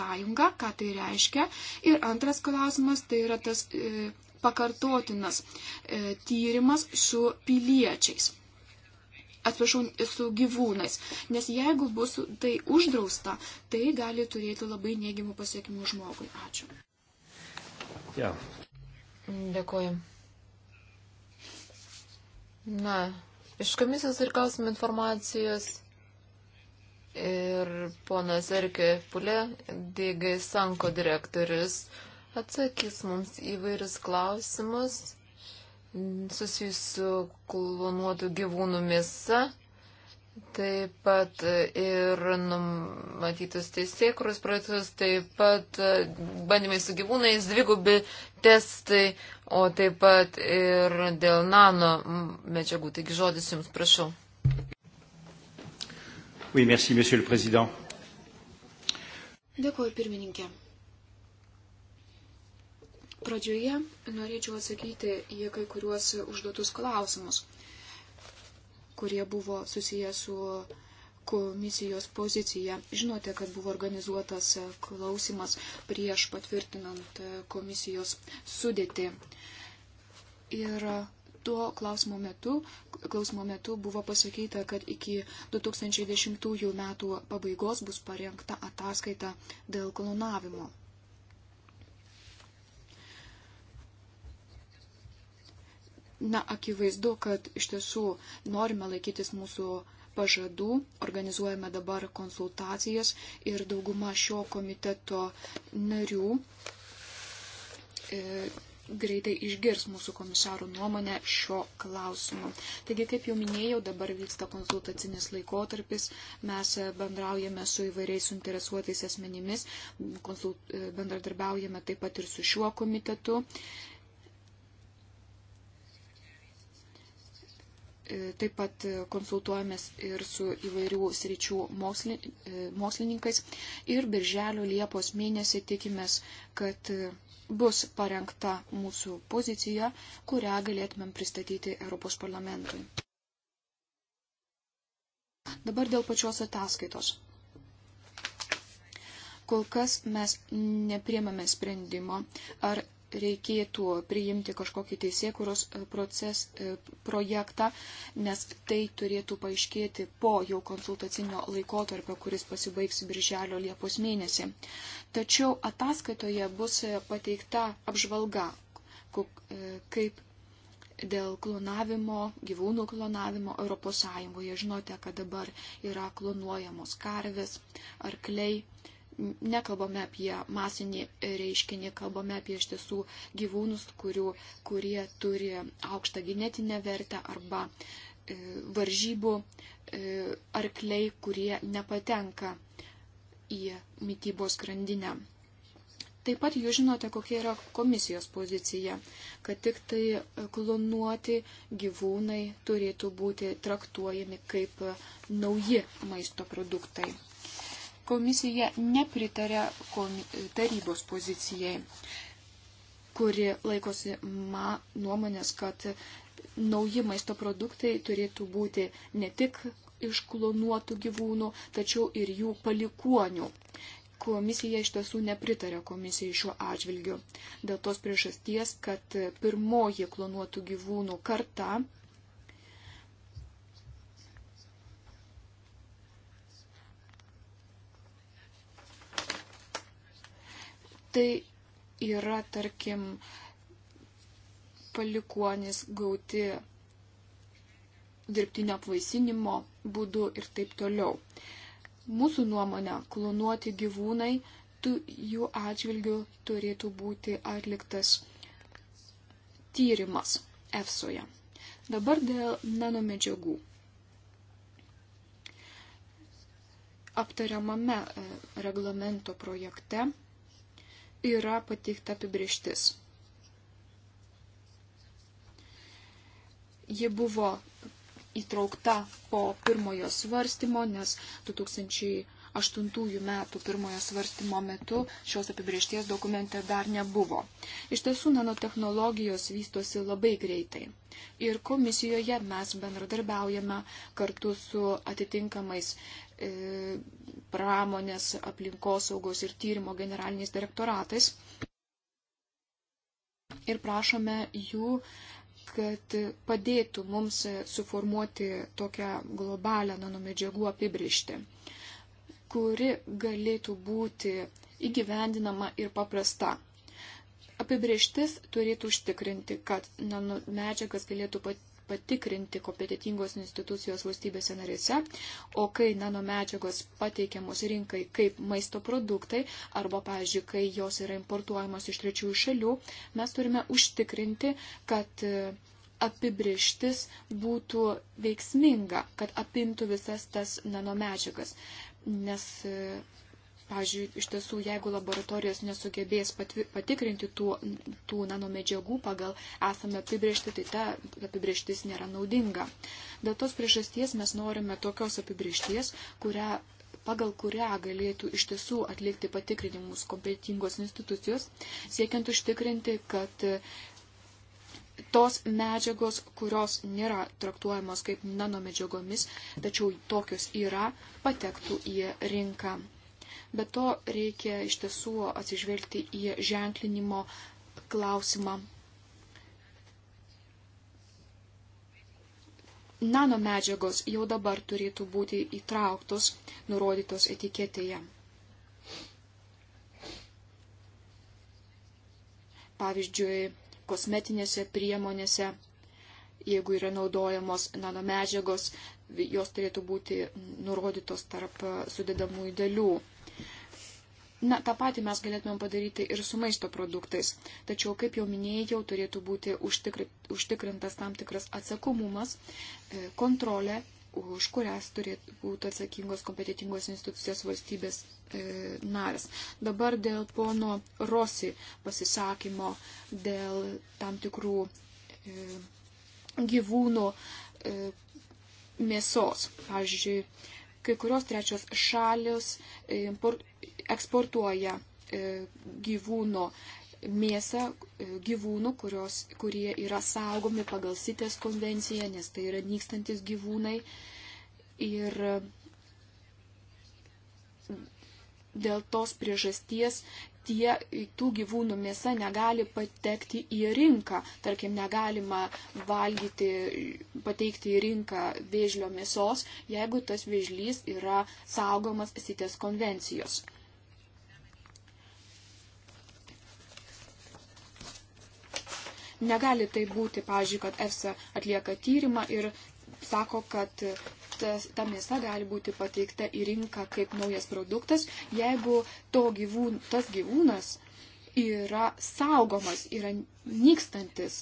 ką tai reiškia. Ir antras klausimas tai yra tas e, pakartotinas e, tyrimas su piliečiais. Atsiprašau, su gyvūnais. Nes jeigu bus tai uždrausta, tai gali turėti labai neigiamų pasiekimų žmogui. Ačiū. Ja. Dėkuoju. Na, iš komisijos ir gausime informacijos ir ponas Erkė Pulė, Dėgai Sanko direktorius, atsakys mums įvairius klausimus susijusių klonuotų gyvūnų mėsa, taip pat ir numatytus teisėkurus projektus, taip pat bandymai su gyvūnais, dvigubi testai, o taip pat ir dėl nano medžiagų. Taigi žodis jums prašau. Oui, merci, monsieur le président. Dėkuoju, pirmininkė. Pradžioje norėčiau atsakyti į kai kuriuos užduotus klausimus, kurie buvo susijęs su komisijos pozicija. Žinote, kad buvo organizuotas klausimas prieš patvirtinant komisijos sudėtį. Ir Tuo klausimo metu, klausimo metu buvo pasakyta, kad iki 2010 metų pabaigos bus parengta ataskaita dėl klonavimo. Na, akivaizdu, kad iš tiesų norime laikytis mūsų pažadų, organizuojame dabar konsultacijas ir dauguma šio komiteto narių e, greitai išgirs mūsų komisarų nuomonę šio klausimu. Taigi, kaip jau minėjau, dabar vyksta konsultacinis laikotarpis, mes e, bendraujame su įvairiais suinteresuotais asmenimis, konsult, e, bendradarbiaujame taip pat ir su šiuo komitetu. E, taip pat konsultuojamės ir su įvairių sričių mokslin, mokslininkais. Ir birželio Liepos mėnesį tikimės, kad bus parengta mūsų pozicija, kurią galėtumėm pristatyti Europos parlamentui. Dabar dėl pačios ataskaitos. Kol kas mes nepriemame sprendimo, ar reikėtų priimti kažkokį teisėkuros e, proces, e, projektą, nes tai turėtų paaiškėti po jau konsultacinio laikotarpio, kuris pasibaigs birželio Liepos mėnesį. Tačiau ataskaitoje bus e, pateikta apžvalga, kaip dėl klonavimo, gyvūnų klonavimo ES. Žinote, kad dabar yra klonuojamos karvės, arkliai nekalbame apie masinį reiškinį, kalbame apie iš tiesų gyvūnus, kurių, kurie turi aukštą genetinę vertę arba e, varžybų e, arkliai, kurie nepatenka į mytybos grandinę. Taip pat jūs žinote, kokia yra komisijos pozicija, kad tik tai klonuoti gyvūnai turėtų būti traktuojami kaip nauji maisto produktai komisija nepritarė komi tarybos pozicijai, kuri laikosi ma nuomonės, kad nauji maisto produktai turėtų būti ne tik iš klonuotų gyvūnų, tačiau ir jų palikuonių. Komisija iš tiesų nepritarė komisijai šiuo atžvilgiu. Dėl tos priežasties, kad pirmoji klonuotų gyvūnų karta tai yra, tarkim, palikuonis gauti dirbtinio apvaisinimo būdu ir taip toliau. Mūsų nuomonė, klonuoti gyvūnai, tu, jų atžvilgių turėtų būti atliktas tyrimas EFSOje. Dabar dėl nanomedžiagų. Aptariamame e, reglamento projekte yra pateikta apibrieštis. Ji buvo įtraukta po pirmojo svarstymo, nes 2008 metų pirmojo svarstymo metu šios apibriešties dokumente dar nebuvo. Iš tiesų, nanotehnologijos vystosi labai greitai. Ir komisijoje mes bendradarbiaujame kartu su atitinkamais E, pramonės aplinkosaugos ir tyrimo generaliniais direktoratais. Ir prašome jų, kad padėtų mums suformuoti tokią globalią nanomedžiagų apibrištį, kuri galėtų būti įgyvendinama ir paprasta. Apibrieštis turėtų užtikrinti, kad nanomedžiagas galėtų pat patikrinti kompetitingos institucijos valstybėse narėse, o kai nanomedžiagos pateikiamos rinkai kaip maisto produktai arba, pavyzdžiui, kai jos yra importuojamos iš trečiųjų šalių, mes turime užtikrinti, kad e, apibrieštis būtų veiksminga, kad apimtų visas tas nanomedžiagas. Nes e, Pavyzdžiui, iš tiesų, jeigu laboratorijos nesugebės patikrinti tų, tų nanomedžiagų pagal esamą apibriežtį, tai ta apibriežtis nėra naudinga. Dėl tos priežasties mes norime tokios apibriežties, kurią pagal kurią galėtų iš tiesų atlikti patikrinimus kompetingos institucijos, siekiant užtikrinti, kad tos medžiagos, kurios nėra traktuojamos kaip nanomedžiagomis, tačiau tokios yra, patektų į rinką. Bet to reikia iš tiesų atsižvelgti į ženklinimo klausimą. Nano medžiagos jau dabar turėtų būti įtrauktos, nurodytos etiketėje. Pavyzdžiui, kosmetinėse priemonėse, jeigu yra naudojamos nanomedžiagos, jos turėtų būti nurodytos tarp sudedamųjų dalių. Na, tą patį mes galėtumėm padaryti ir su maisto produktais. Tačiau, kaip jau minėjau, turėtų būti užtikrintas tam tikras atsakomumas, e, kontrolė, už kurias turėtų būti atsakingos kompetitingos institucijos valstybės e, narės. Dabar dėl pono Rosi pasisakymo, dėl tam tikrų e, gyvūnų e, mėsos. Pavyzdžiui, Kai kurios trečios šalis eksportuoja e, gyvūno mėsą e, gyvūnų, kurios, kurie yra saugomi pagal sitės konvenciją, nes tai yra nykstantis gyvūnai. Ir dėl tos priežasties tie, tų gyvūnų mėsa negali patekti į rinką. Tarkim, negalima valgyti, pateikti į rinką vėžlio mėsos, jeigu tas vėžlys yra saugomas sitės konvencijos. Negali tai būti, pavyzdžiui, kad EFSA atlieka tyrimą ir sako, kad tas, ta mėsa gali būti pateikta į rinką kaip naujas produktas, jeigu to gyvūn, tas gyvūnas yra saugomas, yra nykstantis.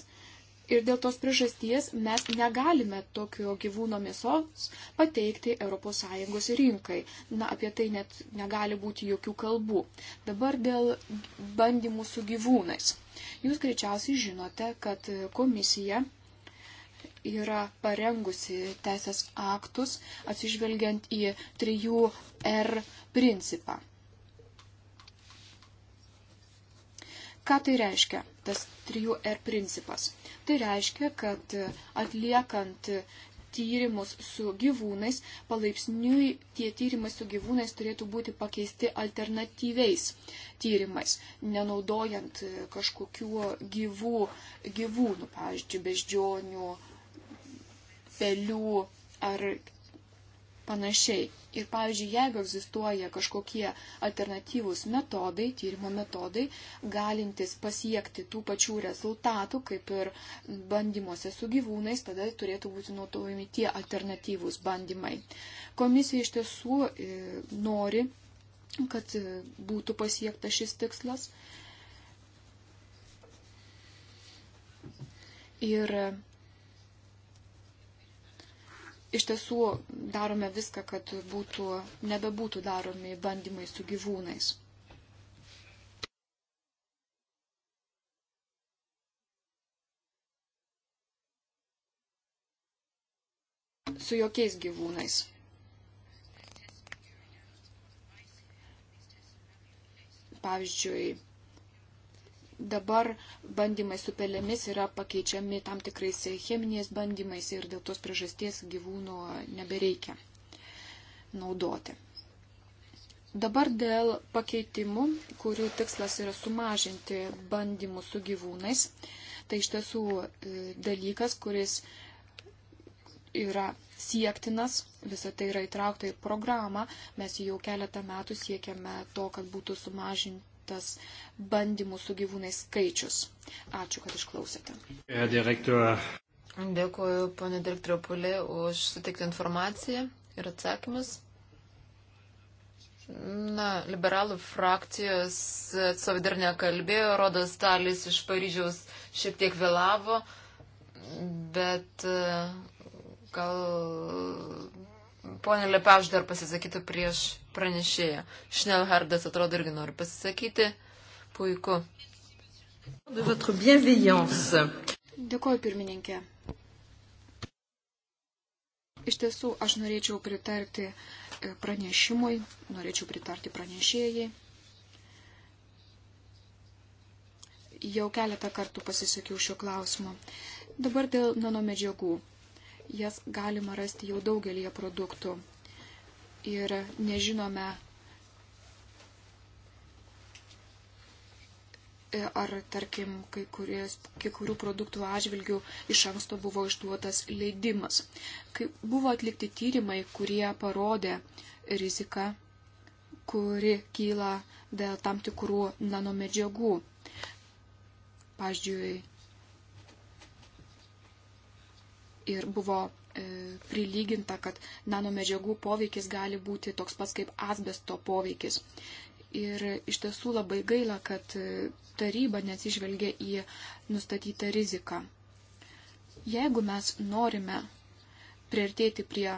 Ir dėl tos priežasties mes negalime tokio gyvūno mėsos pateikti ES rinkai. Na, apie tai net negali būti jokių kalbų. Dabar dėl bandymų su gyvūnais. Jūs greičiausiai žinote, kad komisija yra parengusi teisės aktus atsižvelgiant į 3R principą. Ką tai reiškia, tas 3R principas? Tai reiškia, kad atliekant tyrimus su gyvūnais, palaipsniui tie tyrimai su gyvūnais turėtų būti pakeisti alternatyviais tyrimais, nenaudojant kažkokių gyvų gyvūnų, pavyzdžiui, beždžionių, pelių ar panašiai. Ir pavyzdžiui, jeigu egzistuoja kažkokie alternatyvūs metodai, tyrimo metodai, galintys pasiekti tų pačių rezultatų, kaip ir bandymuose su gyvūnais, tada turėtų būti naudojami tie alternatyvūs bandymai. Komisija iš tiesų e, nori, kad e, būtų pasiektas šis tikslas. Ir iš tiesų darome viską, kad būtų, nebebūtų daromi bandymai su gyvūnais. Su jokiais gyvūnais. Pavyzdžiui, dabar bandymai su pelėmis yra pakeičiami tam tikrais cheminiais bandymais ir dėl tos priežasties gyvūnų nebereikia naudoti. Dabar dėl pakeitimų, kurių tikslas yra sumažinti bandymus su gyvūnais, tai iš tiesų e, dalykas, kuris yra siektinas, visą tai yra įtraukta į programą, mes jau keletą metų siekiame to, kad būtų sumažinti tas bandymų su gyvūnais skaičius. Ačiū, kad išklausėte. Dėkuoju, ponė direktorio Pulė, už suteiktą informaciją ir atsakymus. Na, liberalų frakcijos atstovai dar nekalbėjo, rodas Talis iš Paryžiaus šiek tiek vėlavo, bet e, gal ponė Lepaž dar pasisakytų prieš pranešėją. Šnelhardas atrodo irgi nori pasisakyti. Puiku. Dėkuoju, pirmininkė. Iš tiesų, aš norėčiau pritarti e, pranešimui, norėčiau pritarti pranešėjai. Jau keletą kartų pasisakiau šio klausimo. Dabar dėl nanomedžiagų. Jas galima rasti jau daugelį produktų ir nežinome, e, ar, tarkim, kai, kuries, kai kurių produktų atžvilgių iš anksto buvo išduotas leidimas. Kai buvo atlikti tyrimai, kurie parodė riziką, kuri kyla dėl tam tikrų nanomedžiagų. Pavyzdžiui, ir buvo E, prilyginta, kad nanomedžiagų poveikis gali būti toks pats kaip asbesto poveikis. Ir iš tiesų labai gaila, kad e, taryba neatsižvelgia į nustatytą riziką. Jeigu mes norime priartėti prie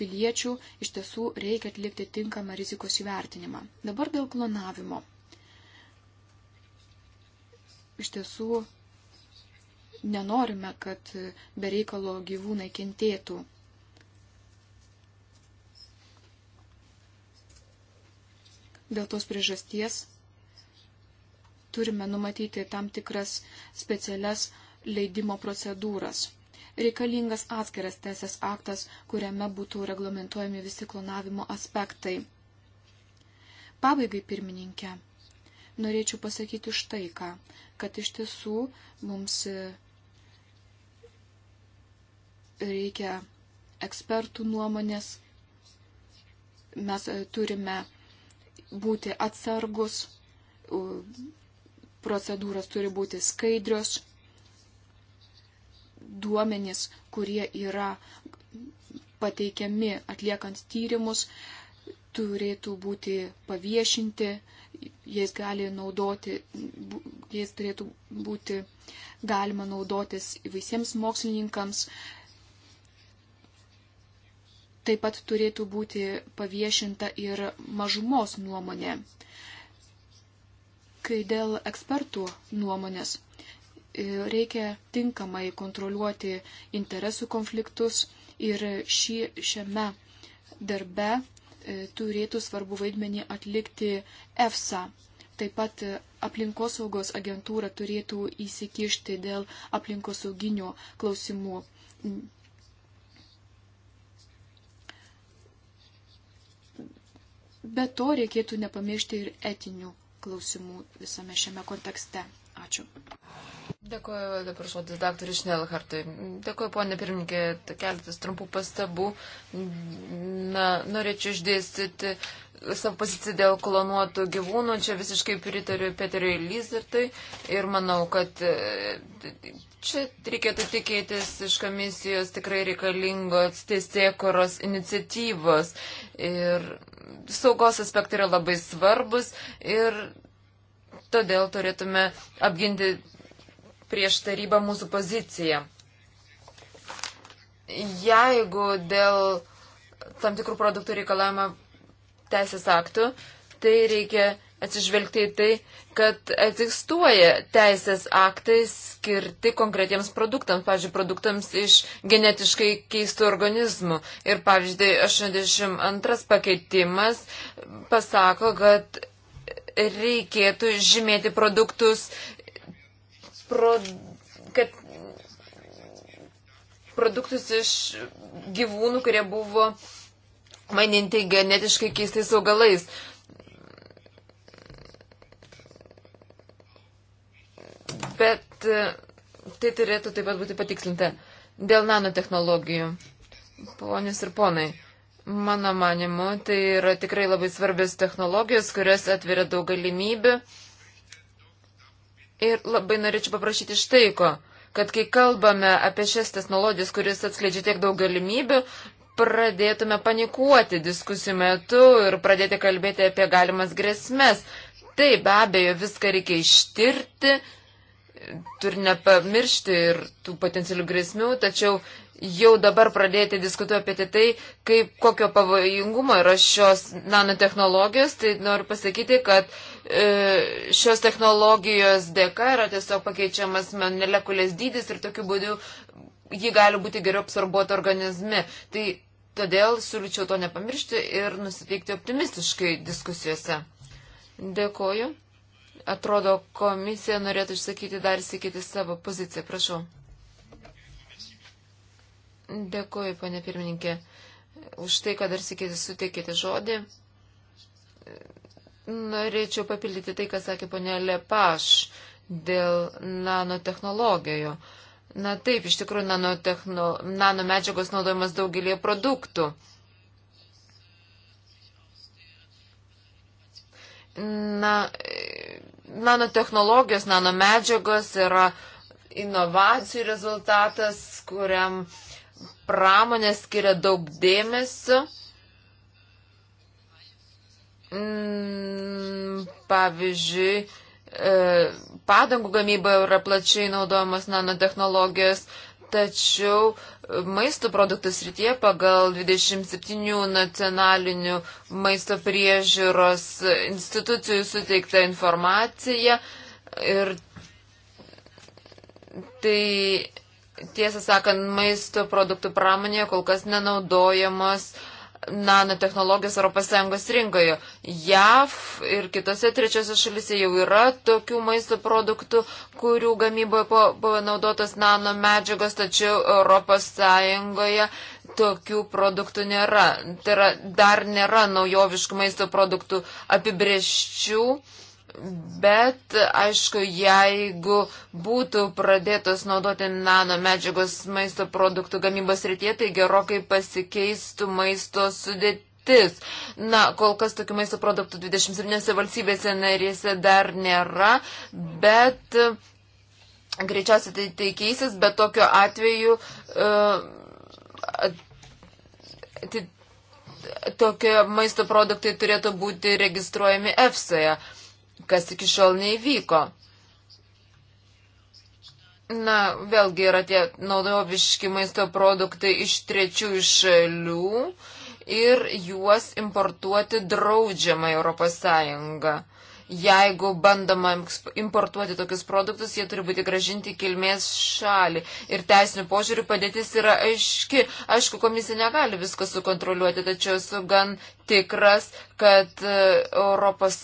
piliečių, iš tiesų reikia atlikti tinkamą rizikos įvertinimą. Dabar dėl klonavimo. Iš tiesų nenorime, kad bereikalo gyvūnai kentėtų. Dėl tos priežasties turime numatyti tam tikras specialias leidimo procedūras. Reikalingas atskiras teisės aktas, kuriame būtų reglamentuojami visi klonavimo aspektai. Pabaigai pirmininkė, norėčiau pasakyti štai ką, kad iš tiesų mums reikia ekspertų nuomonės, mes e, turime būti atsargus, procedūros turi būti skaidrios, duomenys, kurie yra pateikiami atliekant tyrimus, turėtų būti paviešinti, jais, naudoti, jais turėtų būti galima naudotis visiems mokslininkams, Taip pat turėtų būti paviešinta ir mažumos nuomonė. Kai dėl ekspertų nuomonės e, reikia tinkamai kontroliuoti interesų konfliktus ir šį, šiame darbe e, turėtų svarbu vaidmenį atlikti EFSA. Taip pat e, aplinkosaugos agentūra turėtų įsikišti dėl aplinkosauginių klausimų Be to reikėtų nepamiršti ir etinių klausimų visame šiame kontekste. Ačiū. Dėkuoju dabar žodis daktarui Šnelhartui. Dėkuoju, ponė pirmininkė, keletas trumpų pastabų. Na, norėčiau išdėstyti savo poziciją dėl klonuotų gyvūnų. Čia visiškai pritariu Peteriui Lizartui ir manau, kad e, čia reikėtų tikėtis iš komisijos tikrai reikalingos teisėkoros iniciatyvos. Ir saugos aspektai yra labai svarbus ir todėl turėtume apginti prieš tarybą mūsų poziciją. Jeigu dėl tam tikrų produktų reikalavimo teisės aktų, tai reikia atsižvelgti į tai, kad egzistuoja teisės aktai skirti konkretiems produktams, pavyzdžiui, produktams iš genetiškai keistų organizmų. Ir, pavyzdžiui, 82 tai pakeitimas pasako, kad reikėtų žymėti produktus, pro, kad produktus iš gyvūnų, kurie buvo maininti genetiškai keistais augalais. bet e, tai turėtų taip pat būti patikslinta dėl nanotehnologijų. Ponius ir ponai, mano manimu, tai yra tikrai labai svarbios technologijos, kurios atveria daug galimybių. Ir labai norėčiau paprašyti štai ko, kad kai kalbame apie šias technologijas, kuris atskleidžia tiek daug galimybių, pradėtume panikuoti diskusijų metu ir pradėti kalbėti apie galimas grėsmės. Taip, be abejo, viską reikia ištirti, turi nepamiršti ir tų potencialių grėsmių, tačiau jau dabar pradėti diskutuoti apie tai, tai, kaip, kokio pavojingumo yra šios nanotehnologijos, tai noriu pasakyti, kad e, šios technologijos dėka yra tiesiog pakeičiamas molekulės dydis ir tokiu būdu ji gali būti geriau apsorbuota organizme. Tai todėl siūlyčiau to nepamiršti ir nusiteikti optimistiškai diskusijose. Dėkoju. Atrodo, komisija norėtų išsakyti dar įsikyti savo poziciją. Prašau. Dėkuoju, ponė pirmininkė, už tai, kad dar įsikyti suteikėte žodį. Norėčiau papildyti tai, ką sakė ponė Lepaš dėl nanotehnologijų. Na taip, iš tikrųjų, nanomedžiagos naudojamas daugelį produktų. Na, nanotehnologijos, nanomedžiagos yra inovacijų rezultatas, kuriam pramonė skiria daug dėmesio. Mm, pavyzdžiui, e, padangų gamyba yra plačiai naudojamos nanotehnologijos, Tačiau maisto produktų srityje pagal 27 nacionalinių maisto priežiūros institucijų suteiktą informaciją ir tai tiesą sakant, maisto produktų pramonėje kol kas nenaudojamos uh, nanotehnologijos ES rinkoje. JAV ir kitose trečiose šalise jau yra tokių maisto produktų, kurių gamyboje buvo naudotas nanomedžiagos, tačiau ES tokių produktų nėra. Tai yra, dar nėra naujoviškų maisto produktų apibrieščių Bet, aišku, jeigu būtų pradėtos naudoti nano medžiagos maisto produktų gamybos rytie, tai gerokai pasikeistų maisto sudėtis. Na, kol kas tokių maisto produktų 27 valstybėse narėse dar nėra, bet e, greičiausiai tai, tai keisis, bet tokiu atveju. Uh, Tokie maisto produktai turėtų būti registruojami EFSA. -je kas iki šiol neįvyko. Na, vėlgi yra tie naudoviški maisto produktai iš trečiųjų šalių ir juos importuoti draudžiama Europos Sąjunga. Jeigu bandoma importuoti tokius produktus, jie turi būti gražinti kilmės šalį. Ir teisinių požiūrių padėtis yra aiški. Aišku, komisija negali visko sukontroliuoti, tačiau esu gan tikras, kad ES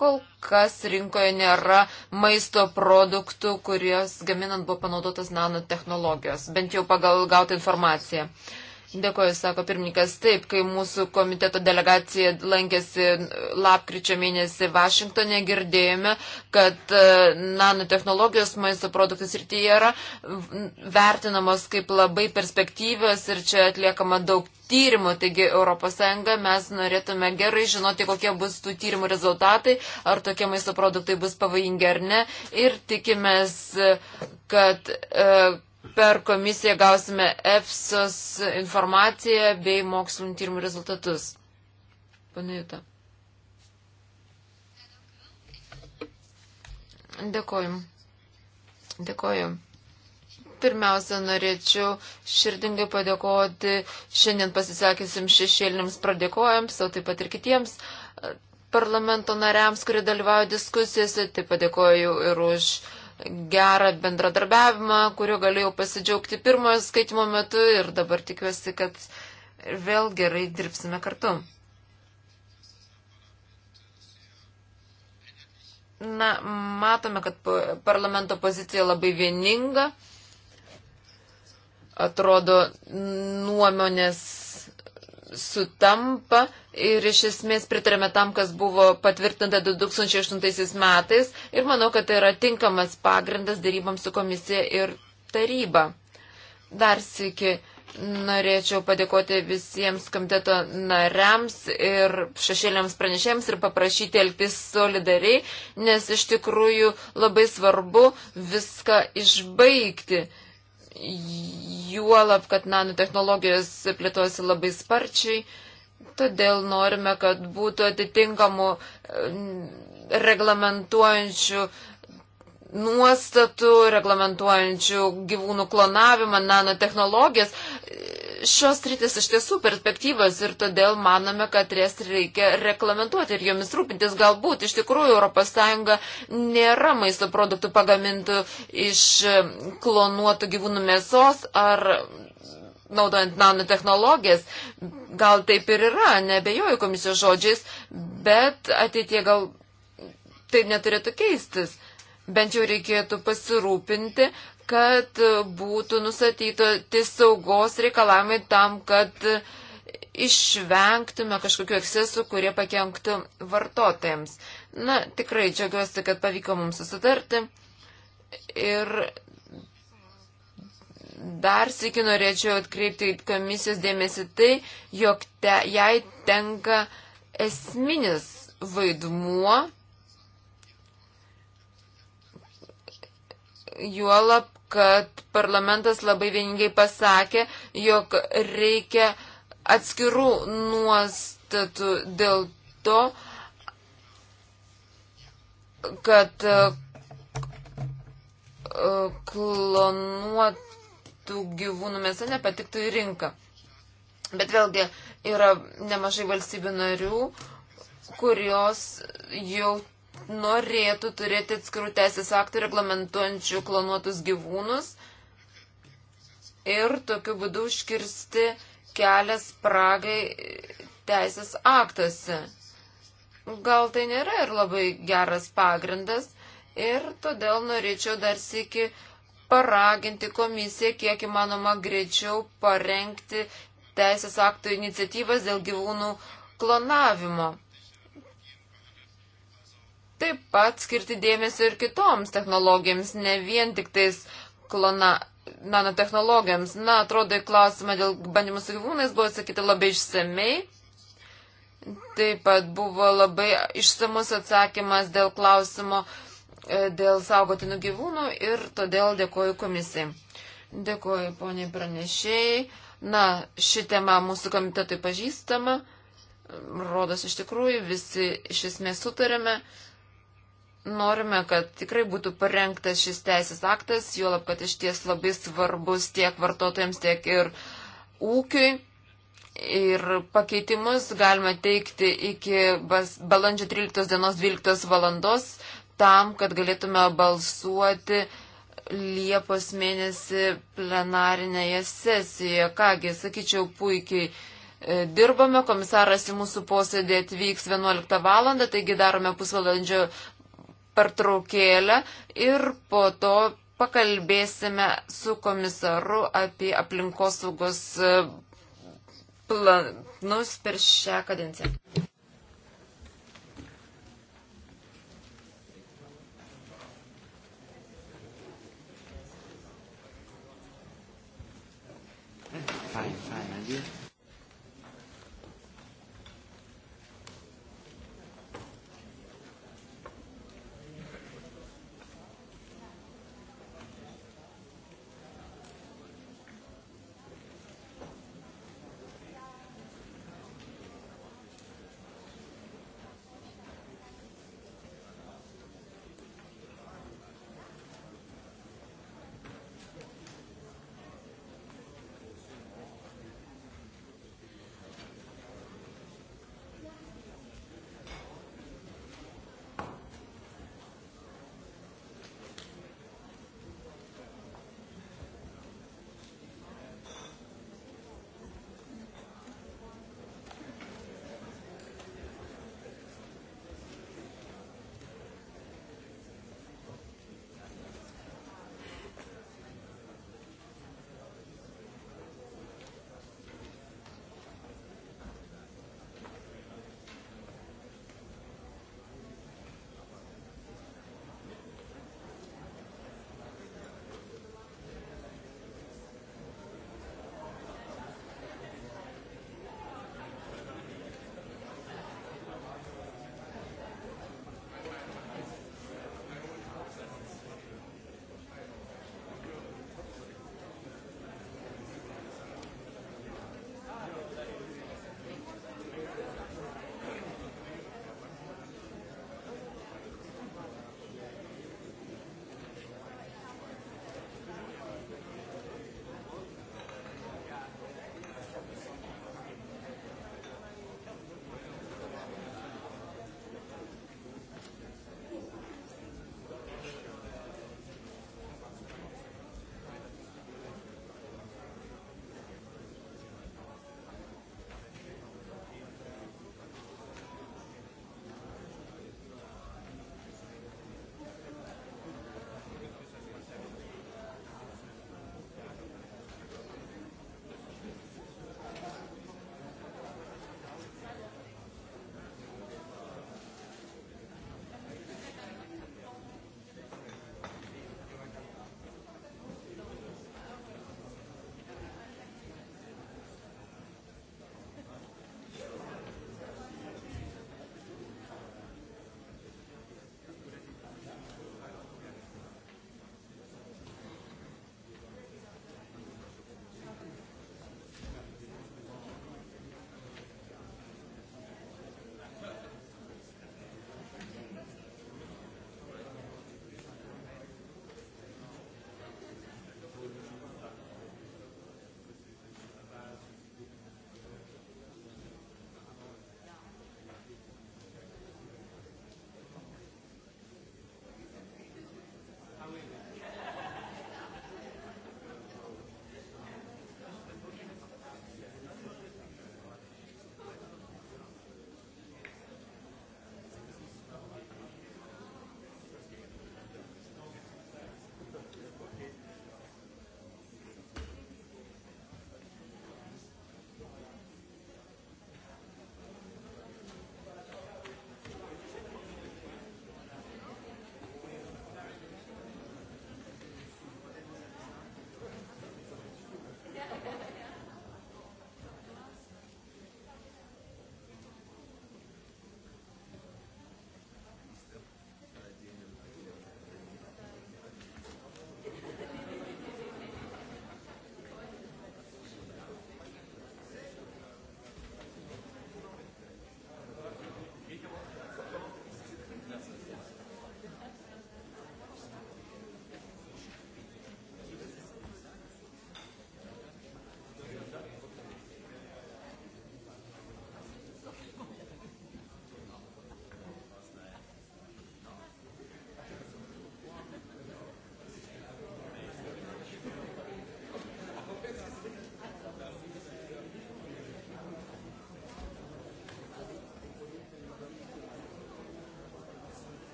kol kas rinkoje nėra maisto produktų, kurios gaminant buvo panaudotas nanotehnologijos, bent jau pagal gautą informaciją. Uh, Dėkoju, sako pirmininkas. Taip, kai mūsų komiteto delegacija lankėsi lapkričio mėnesį Vašingtonė, girdėjome, kad e, nanotehnologijos maisto produktų srityje yra vertinamos kaip labai perspektyvios ir čia atliekama daug tyrimų. Taigi ES mes norėtume gerai žinoti, kokie bus tų tyrimų rezultatai, ar tokie maisto produktai bus pavojingi ar ne. Ir tikimės, kad. E, per komisiją gausime EFSOS informaciją bei mokslinų tyrimų rezultatus. Panajuta. Dėkoju. Dėkoju. Pirmiausia, norėčiau širdingai padėkoti šiandien pasisekysim šešėlinėms pradėkojams, o taip pat ir kitiems e, parlamento nariams, kurie dalyvauja diskusijose. Taip padėkoju ir už uh, gerą bendradarbiavimą, kuriuo galėjau pasidžiaugti pirmojo skaitimo metu ir dabar tikiuosi, kad vėl gerai dirbsime kartu. Na, matome, kad parlamento pozicija labai vieninga. Atrodo, nuomonės sutampa ir iš esmės pritarėme tam, kas buvo patvirtinta 2008 metais ir manau, kad tai yra tinkamas pagrindas darybams su komisija ir taryba. Dar sėki norėčiau padėkoti visiems komiteto nariams ir šešėliams pranešėjams ir paprašyti elgtis solidariai, nes iš tikrųjų labai svarbu viską išbaigti. Juolab, kad nanotehnologijos plėtojasi labai sparčiai, todėl norime, kad būtų atitinkamų mm, reglamentuojančių nuostatų reglamentuojančių gyvūnų klonavimą, nanotehnologijas. Šios rytis iš tiesų perspektyvas ir todėl manome, kad jas reikia reglamentuoti ir jomis rūpintis. Galbūt iš tikrųjų ES nėra maisto produktų pagamintų iš e, klonuotų gyvūnų mėsos ar naudojant nanotehnologijas. Gal taip ir yra, nebejoju komisijos žodžiais, bet ateitie gal tai neturėtų keistis bent jau reikėtų pasirūpinti, kad būtų nusatyti saugos reikalavimai tam, kad išvengtume kažkokiu ekscesu, kurie pakenktų vartotojams. Na, tikrai džiaugiuosi, kad pavyko mums susitarti. Ir dar sėki norėčiau atkreipti komisijos dėmesį tai, jog te, jai tenka esminis vaidmuo juolab, kad parlamentas labai vieningai pasakė, jog reikia atskirų nuostatų dėl to, kad e, klonuotų gyvūnų mėsa nepatiktų į rinką. Bet vėlgi yra nemažai valstybių narių, kurios jau norėtų turėti atskirų teisės aktų reglamentuojančių klonuotus gyvūnus ir tokiu būdu užkirsti kelias pragai teisės aktuose. Gal tai nėra ir labai geras pagrindas ir todėl norėčiau dar sėki paraginti komisiją kiek įmanoma greičiau parengti teisės aktų iniciatyvas dėl gyvūnų klonavimo taip pat skirti dėmesį ir kitoms technologijoms, ne vien tik tais klona, nanotehnologijoms. Na, atrodo, į klausimą dėl bandymų su gyvūnais buvo atsakyti labai išsamei. Taip pat buvo labai išsamus atsakymas dėl klausimo e, dėl saugotinų gyvūnų ir todėl dėkoju komisijai. Dėkoju poniai pranešėjai. Na, ši tema mūsų komitetui pažįstama. Rodos iš tikrųjų visi iš esmės sutarėme norime, kad tikrai būtų parengtas šis teisės aktas, juolab, kad iš ties labai svarbus tiek vartotojams, tiek ir ūkiui. Ir pakeitimus galima teikti iki balandžio 13 dienos 12 valandos tam, kad galėtume balsuoti Liepos mėnesį plenarinėje sesijoje. Kągi, sakyčiau, puikiai e, dirbame, komisaras į mūsų posėdį atvyks 11 val. taigi darome pusvalandžio pertraukėlę ir po to pakalbėsime su komisaru apie aplinkosaugos e, planus per šią kadenciją.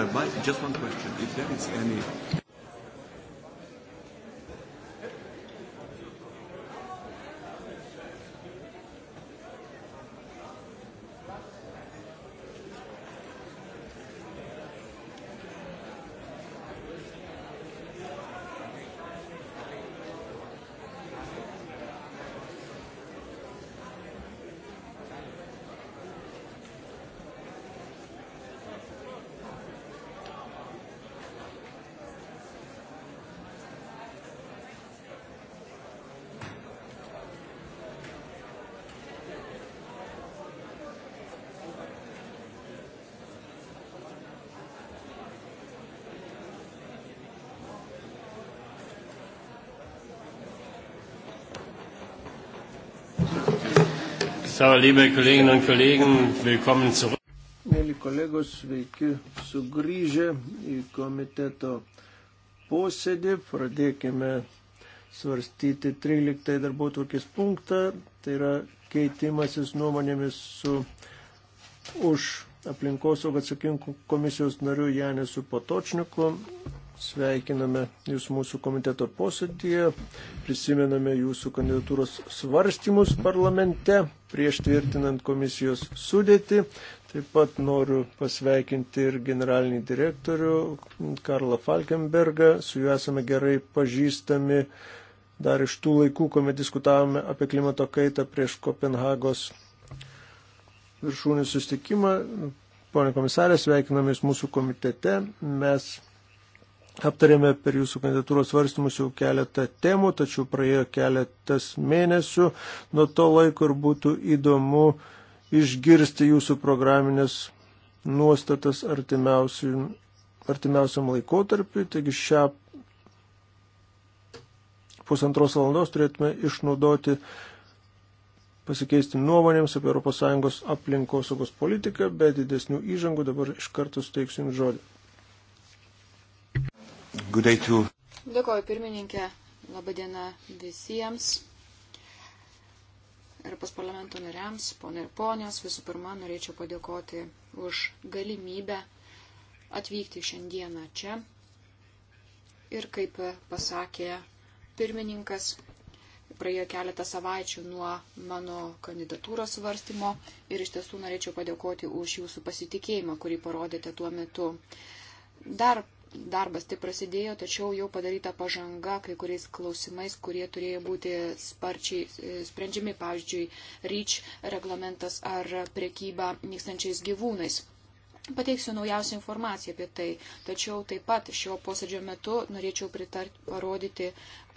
Uh, by, just one question. If there is any So, liebe Kolleginnen und Kollegen, willkommen zurück. Mėly kolegos, sveiki sugrįžę į komiteto posėdį. Pradėkime svarstyti 13 darbo tvarkės punktą. Tai yra keitimasis nuomonėmis su už aplinkosaugą atsakingų komisijos nariu Janisu Patočniku Sveikiname Jūs mūsų komiteto posėdėje, prisimename Jūsų kandidatūros svarstymus parlamente prieš tvirtinant komisijos sudėtį. Taip pat noriu pasveikinti ir generalinį direktorių Karlą Falkenbergą. Su juo esame gerai pažįstami dar iš tų laikų, kuomet diskutavome apie klimato kaitą prieš Kopenhagos viršūnį sustikimą. Pone komisarė, sveikinamės mūsų komitete. Mes Aptarėme per jūsų kandidatūros svarstymus jau keletą temų, tačiau praėjo keletas mėnesių nuo to laiko ir būtų įdomu išgirsti jūsų programinės nuostatas artimiausiam, artimiausiam laikotarpiu. Taigi šią pusantros valandos turėtume išnaudoti pasikeisti nuomonėms apie ES aplinkosaugos politiką, bet didesnių įžangų dabar iš karto suteiksiu jums žodį. Dėkoju pirmininkė, laba diena visiems. Europos parlamento nariams, ponai ir ponios, visų pirma, norėčiau padėkoti už galimybę atvykti šiandieną čia. Ir kaip pasakė pirmininkas, praėjo keletą savaičių nuo mano kandidatūros svarstymo ir iš tiesų norėčiau padėkoti už jūsų pasitikėjimą, kurį parodėte tuo metu. Dar darbas tik prasidėjo, tačiau jau padaryta pažanga kai kuriais klausimais, kurie turėjo būti sparčiai e, sprendžiami, pavyzdžiui, REACH reglamentas ar priekyba nykstančiais gyvūnais. Pateiksiu naujausią informaciją apie tai, tačiau taip pat šio posėdžio metu norėčiau pritart, parodyti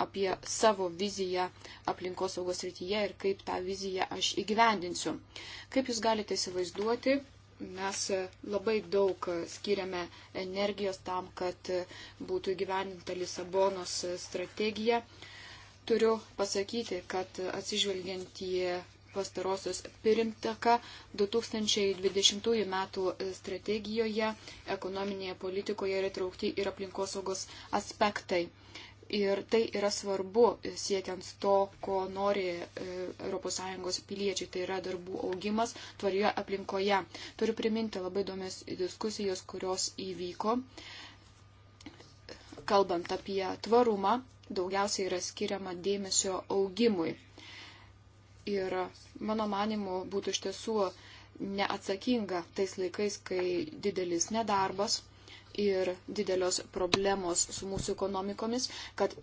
apie savo viziją aplinkosaugos rytyje ir kaip tą viziją aš įgyvendinsiu. Kaip jūs galite įsivaizduoti, mes labai daug skiriame energijos tam, kad būtų įgyvendinta Lisabonos strategija. Turiu pasakyti, kad atsižvelgiant į pastarosios pirimtaką 2020 m. strategijoje, ekonominėje politikoje yra traukti ir aplinkosaugos aspektai. Ir tai yra svarbu siekiant to, ko nori ES piliečiai, tai yra darbų augimas tvarioje aplinkoje. Turiu priminti labai įdomias diskusijos, kurios įvyko. Kalbant apie tvarumą, daugiausiai yra skiriama dėmesio augimui. Ir mano manimu būtų iš tiesų neatsakinga tais laikais, kai didelis nedarbas ir didelios problemos su mūsų ekonomikomis, kad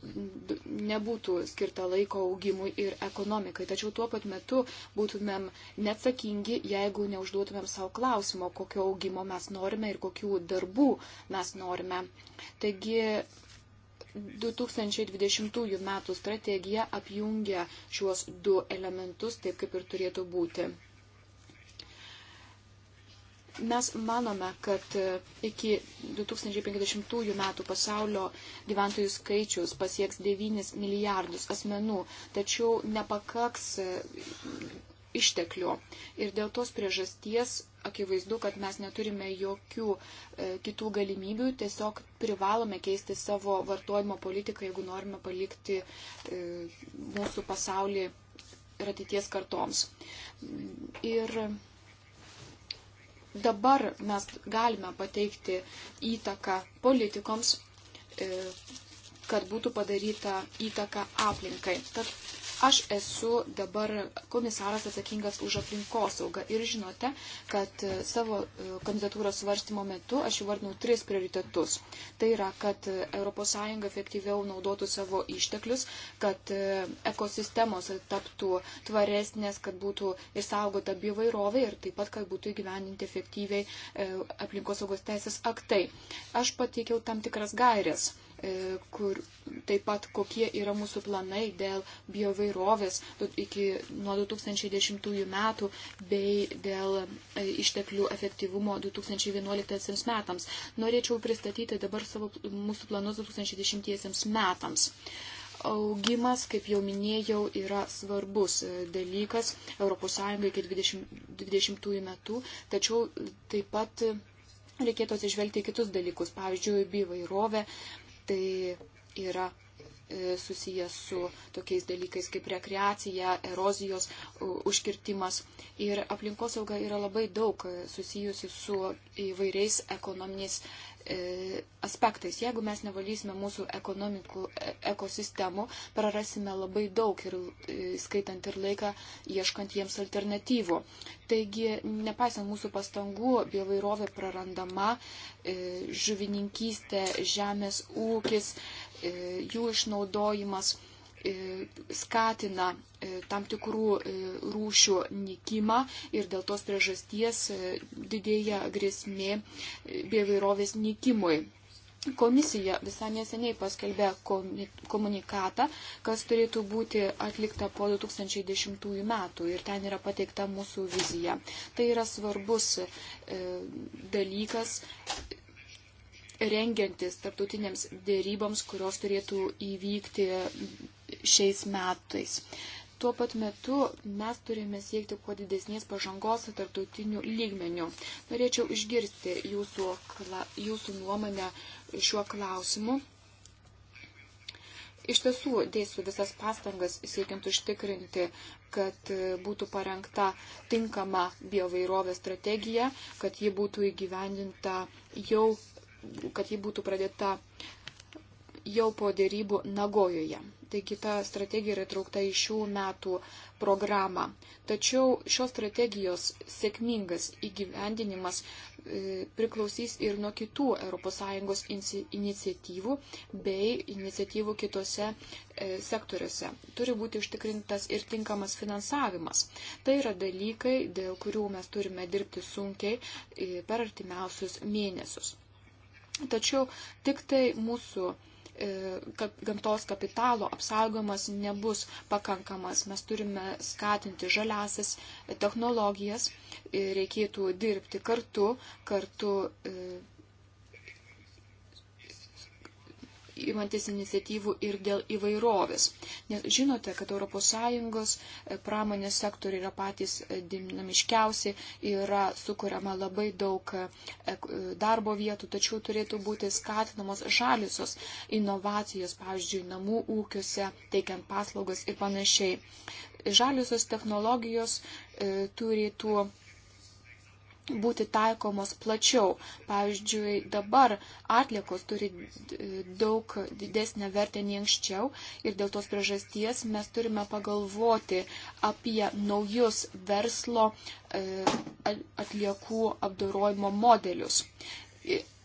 nebūtų skirta laiko augimui ir ekonomikai. Tačiau tuo pat metu būtumėm neatsakingi, jeigu neužduotumėm savo klausimo, kokio augimo mes norime ir kokių darbų mes norime. Taigi 2020 m. strategija apjungia šiuos du elementus taip, kaip ir turėtų būti. Mes manome, kad e, iki 2050 metų pasaulio gyventojų skaičius pasieks 9 milijardus asmenų, tačiau nepakaks e, išteklių. Ir dėl tos priežasties akivaizdu, kad mes neturime jokių e, kitų galimybių, tiesiog privalome keisti savo vartojimo politiką, jeigu norime palikti e, mūsų pasaulį ir ateities kartoms. Ir dabar mes galime pateikti įtaką politikoms, e, kad būtų padaryta įtaka aplinkai. Tad Aš esu dabar komisaras atsakingas už aplinkosaugą ir žinote, kad e, savo e, kandidatūros svarstymo metu aš įvardinau tris prioritetus. Tai yra, kad ES efektyviau naudotų savo išteklius, kad e, ekosistemos taptų tvaresnės, kad būtų išsaugota bivairovė ir taip pat, kad būtų įgyvendinti efektyviai aplinkosaugos teisės aktai. Aš pateikiau tam tikras gairias E, kur taip pat kokie yra mūsų planai dėl biovairovės iki nuo 2010 metų bei dėl e, išteklių efektyvumo 2011 metams. Norėčiau pristatyti dabar savo mūsų planus 2010 metams. Augimas, kaip jau minėjau, yra svarbus e, dalykas ES iki 2020 metų, tačiau taip pat reikėtų atsižvelgti į kitus dalykus, pavyzdžiui, bivairovę, tai yra e, susijęs su tokiais dalykais kaip rekreacija, erozijos užkirtimas. Ir aplinkosauga yra labai daug e, susijusi su įvairiais ekonominiais E, aspektais. Jeigu mes nevalysime mūsų ekonomikų e, ekosistemų, prarasime labai daug ir e, skaitant ir laiką ieškant jiems alternatyvų. Taigi, nepaisant mūsų pastangų, biovairovė prarandama, žuvininkystė, žemės ūkis, jų išnaudojimas E, skatina e, tam tikrų e, rūšių nikimą ir dėl tos priežasties didėja grėsmė bioįvairovės nikimui. Komisija visai neseniai paskelbė komunikatą, kas turėtų būti atlikta po 2010 metų ir ten yra pateikta mūsų vizija. Tai yra svarbus dalykas rengiantis tarptautiniams dėryboms, kurios turėtų įvykti šiais metais. Tuo pat metu mes turime siekti kuo didesnės pažangos tarptautinių lygmenių. Norėčiau išgirsti jūsų, jūsų nuomonę šiuo klausimu. Iš tiesų dėsiu visas pastangas siekiant užtikrinti, kad būtų parengta tinkama biovairovės strategija, kad ji būtų įgyvendinta jau, kad ji būtų pradėta jau po dėrybų Nagojoje. Taigi ta strategija yra traukta į šių metų programą. Tačiau šios strategijos sėkmingas įgyvendinimas e, priklausys ir nuo kitų ES iniciatyvų bei iniciatyvų kitose e, sektoriuose. Turi būti užtikrintas ir tinkamas finansavimas. Tai yra dalykai, dėl kurių mes turime dirbti sunkiai e, per artimiausius mėnesius. Tačiau tik tai mūsų E, gamtos kapitalo apsaugomas nebus pakankamas. Mes turime skatinti žaliasias technologijas, reikėtų dirbti kartu, kartu e, imantis iniciatyvų ir dėl įvairovės. Nes žinote, kad ES e, pramonės sektoriai yra patys e, dinamiškiausi, yra sukuriama labai daug e, darbo vietų, tačiau turėtų būti skatinamos žalisos inovacijos, pavyzdžiui, namų ūkiuose, teikiant paslaugas ir panašiai. Žaliosios technologijos e, turėtų būti taikomos plačiau. Pavyzdžiui, dabar atliekos turi daug didesnę vertę nei anksčiau ir dėl tos priežasties mes turime pagalvoti apie naujus verslo e, atliekų apdorojimo modelius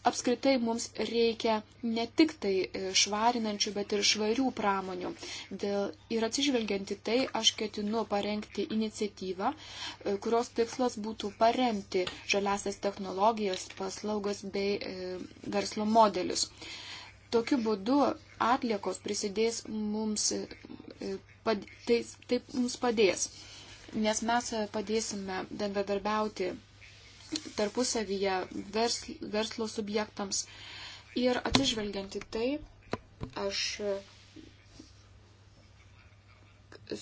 apskritai mums reikia ne tik tai švarinančių, bet ir švarių pramonių. Dėl, ir atsižvelgiant į tai, aš ketinu parengti iniciatyvą, e, kurios tikslas būtų paremti žaliasias technologijas, paslaugas bei e, verslo modelius. Tokiu būdu atliekos prisidės mums, e, e, pad, tai, tai mums padės, nes mes padėsime bendradarbiauti tarpusavyje versl, verslo subjektams. Ir atsižvelgiant į tai, aš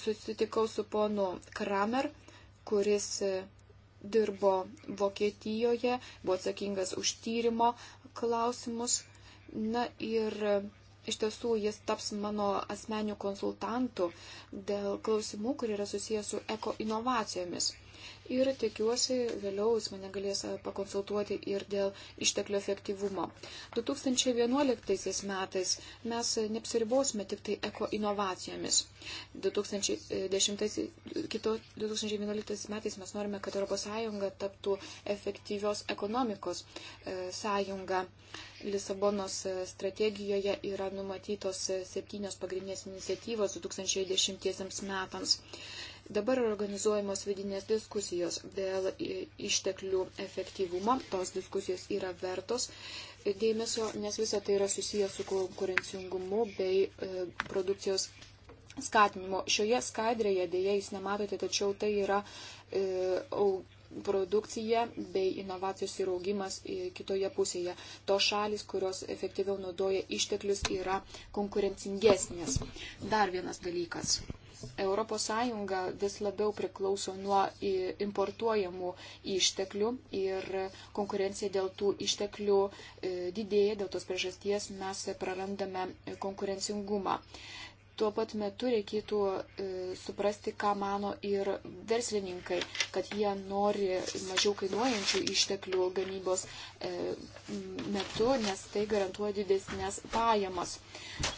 susitikau su ponu Kramer, kuris dirbo Vokietijoje, buvo atsakingas už tyrimo klausimus. Na ir iš tiesų jis taps mano asmeniu konsultantu dėl klausimų, kurie yra susijęs su eko inovacijomis ir tikiuosi vėliau jis mane galės e, pakonsultuoti ir dėl išteklių efektyvumo. 2011 metais mes neapsiribosime tik tai eko inovacijomis. 2010, e, kito, 2011 metais mes norime, kad ES taptų efektyvios ekonomikos e, sąjunga. Lisabonos strategijoje yra numatytos septynios pagrindinės iniciatyvos 2010 metams. Dabar organizuojamos vidinės diskusijos dėl išteklių efektyvumo. Tos diskusijos yra vertos dėmesio, nes visa tai yra susijęs su konkurencingumu bei e, produkcijos skatinimo. Šioje skaidrėje dėja jūs nematote, tačiau tai yra e, produkcija bei inovacijos ir augimas e, kitoje pusėje. To šalis, kurios efektyviau naudoja išteklius, yra konkurencingesnės. Dar vienas dalykas ES vis labiau priklauso nuo importuojamų išteklių ir konkurencija dėl tų išteklių e, didėja, dėl tos priežasties mes prarandame konkurencingumą tuo pat metu reikėtų e, suprasti, ką mano ir verslininkai, kad jie nori mažiau kainuojančių išteklių gamybos e, metu, nes tai garantuoja didesnės pajamas.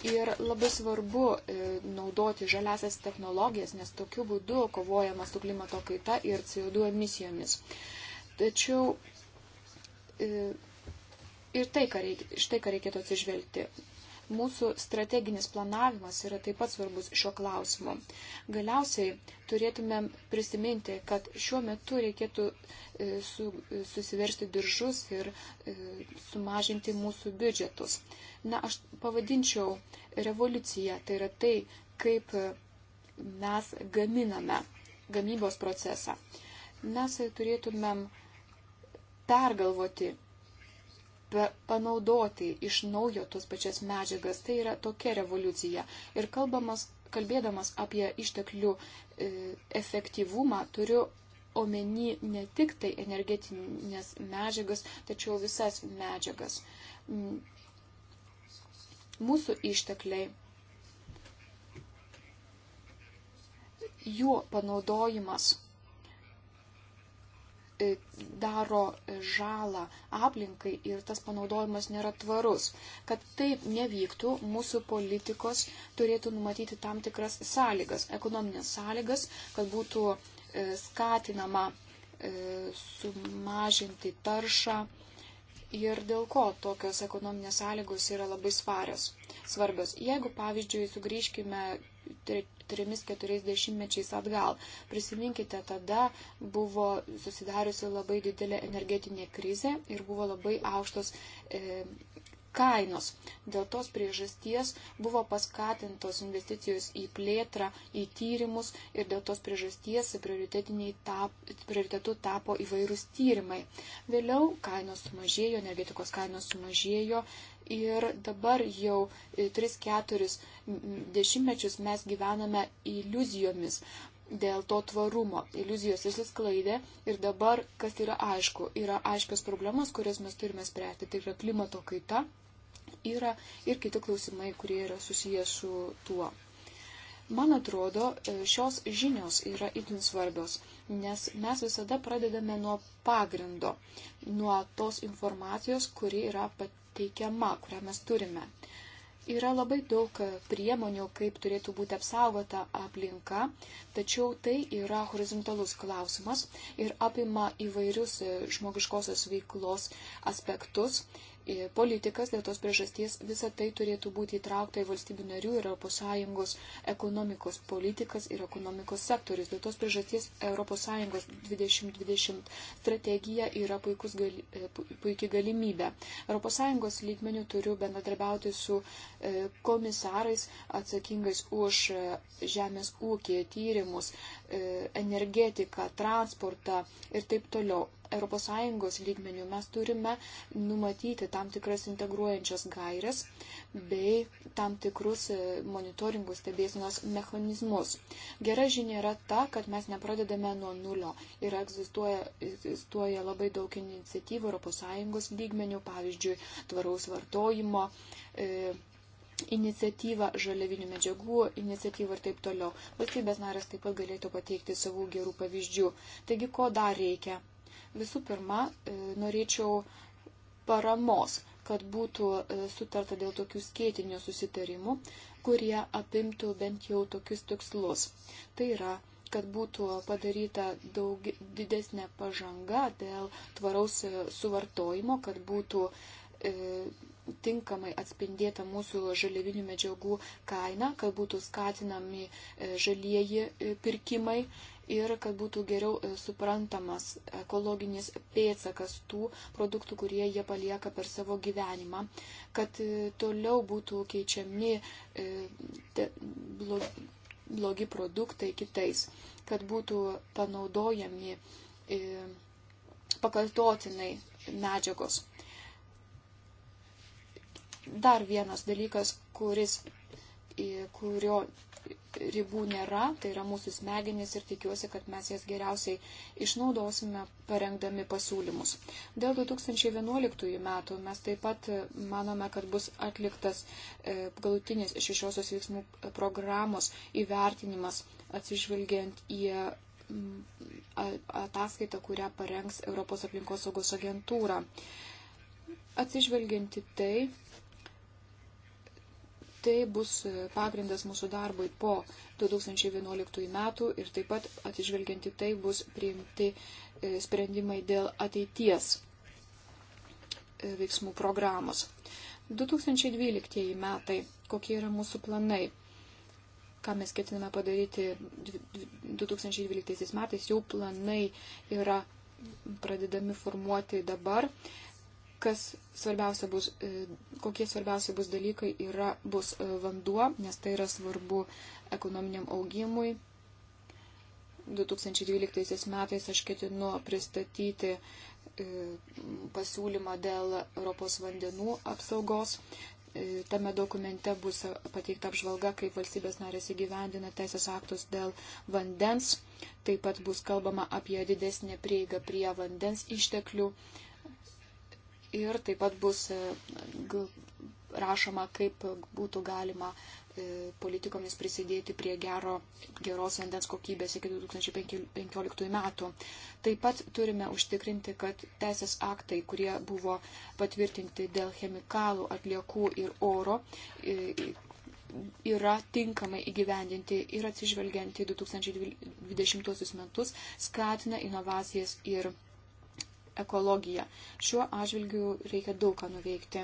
Ir labai svarbu e, naudoti žaliasias technologijas, nes tokiu būdu kovojama su klimato kaita ir CO2 emisijomis. Tačiau e, ir tai, ką reik, štai ką reikėtų atsižvelgti Mūsų strateginis planavimas yra taip pat svarbus šiuo klausimu. Galiausiai turėtumėm prisiminti, kad šiuo metu reikėtų e, su, e, susiversti diržus ir e, sumažinti mūsų biudžetus. Na, aš pavadinčiau revoliuciją, tai yra tai, kaip mes gaminame gamybos procesą. Mes turėtumėm pergalvoti panaudoti iš naujo tos pačias medžiagas. Tai yra tokia revoliucija. Ir kalbamas, kalbėdamas apie išteklių e, efektyvumą turiu omeny ne tik tai energetinės medžiagas, tačiau visas medžiagas. Mm. Mūsų ištekliai, jų panaudojimas E, daro žalą aplinkai ir tas panaudojimas nėra tvarus. Kad taip nevyktų, mūsų politikos turėtų numatyti tam tikras sąlygas, ekonominės sąlygas, kad būtų e, skatinama e, sumažinti taršą ir dėl ko tokios ekonominės sąlygos yra labai svarios, svarbios. Jeigu, pavyzdžiui, sugrįžkime 3-4 dešimtmečiais atgal. Prisiminkite, tada buvo susidariusi labai didelė energetinė krizė ir buvo labai aukštos e, kainos. Dėl tos priežasties buvo paskatintos investicijos į plėtrą, į tyrimus ir dėl tos priežasties tap, prioritetu tapo įvairūs tyrimai. Vėliau kainos sumažėjo, energetikos kainos sumažėjo, ir dabar jau 3-4 dešimtmečius mes gyvename iliuzijomis dėl to tvarumo. Iliuzijos išsisklaidė ir dabar, kas yra aišku, yra aiškios problemos, kurias mes turime spręsti. Tai yra klimato kaita, yra ir kiti klausimai, kurie yra susijęs su tuo. Man atrodo, e, šios žinios yra itin svarbios, nes mes visada pradedame nuo pagrindo, nuo tos informacijos, kuri yra pateikiama, kurią mes turime. Yra labai daug e, priemonių, kaip turėtų būti apsaugota aplinka, tačiau tai yra horizontalus klausimas ir apima įvairius e, žmogiškosios veiklos aspektus politikas, dėl tos priežasties visa tai turėtų būti įtraukta į valstybių narių ir ES ekonomikos politikas ir ekonomikos sektorius. Dėl tos priežasties ES 2020 strategija yra puikus, gali, e, puikiai galimybė. ES lygmenių turiu bendradarbiauti su e, komisarais atsakingais už e, žemės ūkį, tyrimus, energetiką, transportą ir taip toliau. ES lygmenių mes turime numatyti tam tikras integruojančias gairias bei tam tikrus e, monitoringų stebėsinos mechanizmus. Gera žinia yra ta, kad mes nepradedame nuo nulio ir egzistuoja, egzistuoja labai daug iniciatyvų ES lygmenių, pavyzdžiui, tvaraus vartojimo. E, iniciatyva, žaliavinių medžiagų iniciatyva ir taip toliau. Valstybės narės taip pat galėtų pateikti savų gerų pavyzdžių. Taigi, ko dar reikia? Visų pirma, e, norėčiau paramos, kad būtų e, sutarta dėl tokių skėtinių susitarimų, kurie apimtų bent jau tokius tikslus. Tai yra, kad būtų padaryta daug didesnė pažanga dėl tvaraus e, suvartojimo, kad būtų e, tinkamai atspindėta mūsų žaliavinių medžiagų kaina, kad būtų skatinami žalieji pirkimai ir kad būtų geriau e, suprantamas ekologinis pėtsakas tų produktų, kurie jie palieka per savo gyvenimą, kad e, toliau būtų keičiami e, blogi produktai kitais, kad būtų panaudojami pakartotinai medžiagos. Dar vienas dalykas, kuris, kurio ribų nėra, tai yra mūsų smegenis ir tikiuosi, kad mes jas geriausiai išnaudosime parengdami pasiūlymus. Dėl 2011 metų mes taip pat manome, kad bus atliktas e, galutinis šešiosios veiksmų programos įvertinimas atsižvelgiant į mm, ataskaitą, kurią parengs Europos aplinkosaugos agentūra. Atsižvelgianti tai, Tai bus pagrindas mūsų darbui po 2011 metų ir taip pat atižvelgianti tai bus priimti e, sprendimai dėl ateities e, veiksmų programos. 2012 metai. Kokie yra mūsų planai? Ką mes ketiname padaryti 2012 metais? Jau planai yra pradedami formuoti dabar kas svarbiausia bus, e, kokie svarbiausia bus dalykai yra, bus e, vanduo, nes tai yra svarbu ekonominiam augimui. 2012 metais aš ketinu pristatyti e, pasiūlymą dėl Europos vandenų apsaugos. Tame dokumente bus pateikta apžvalga, kaip valstybės narės įgyvendina teisės aktus dėl vandens. Taip pat bus kalbama apie didesnę prieigą prie vandens išteklių ir taip pat bus e, rašoma, kaip būtų galima e, politikomis prisidėti prie gero, geros vandens kokybės iki 2015 metų. Taip pat turime užtikrinti, kad teisės aktai, kurie buvo patvirtinti dėl chemikalų, atliekų ir oro, e, yra tinkamai įgyvendinti ir atsižvelgianti 2020 metus, skatina inovacijas ir ekologiją. Šiuo atžvilgiu reikia daug ką nuveikti.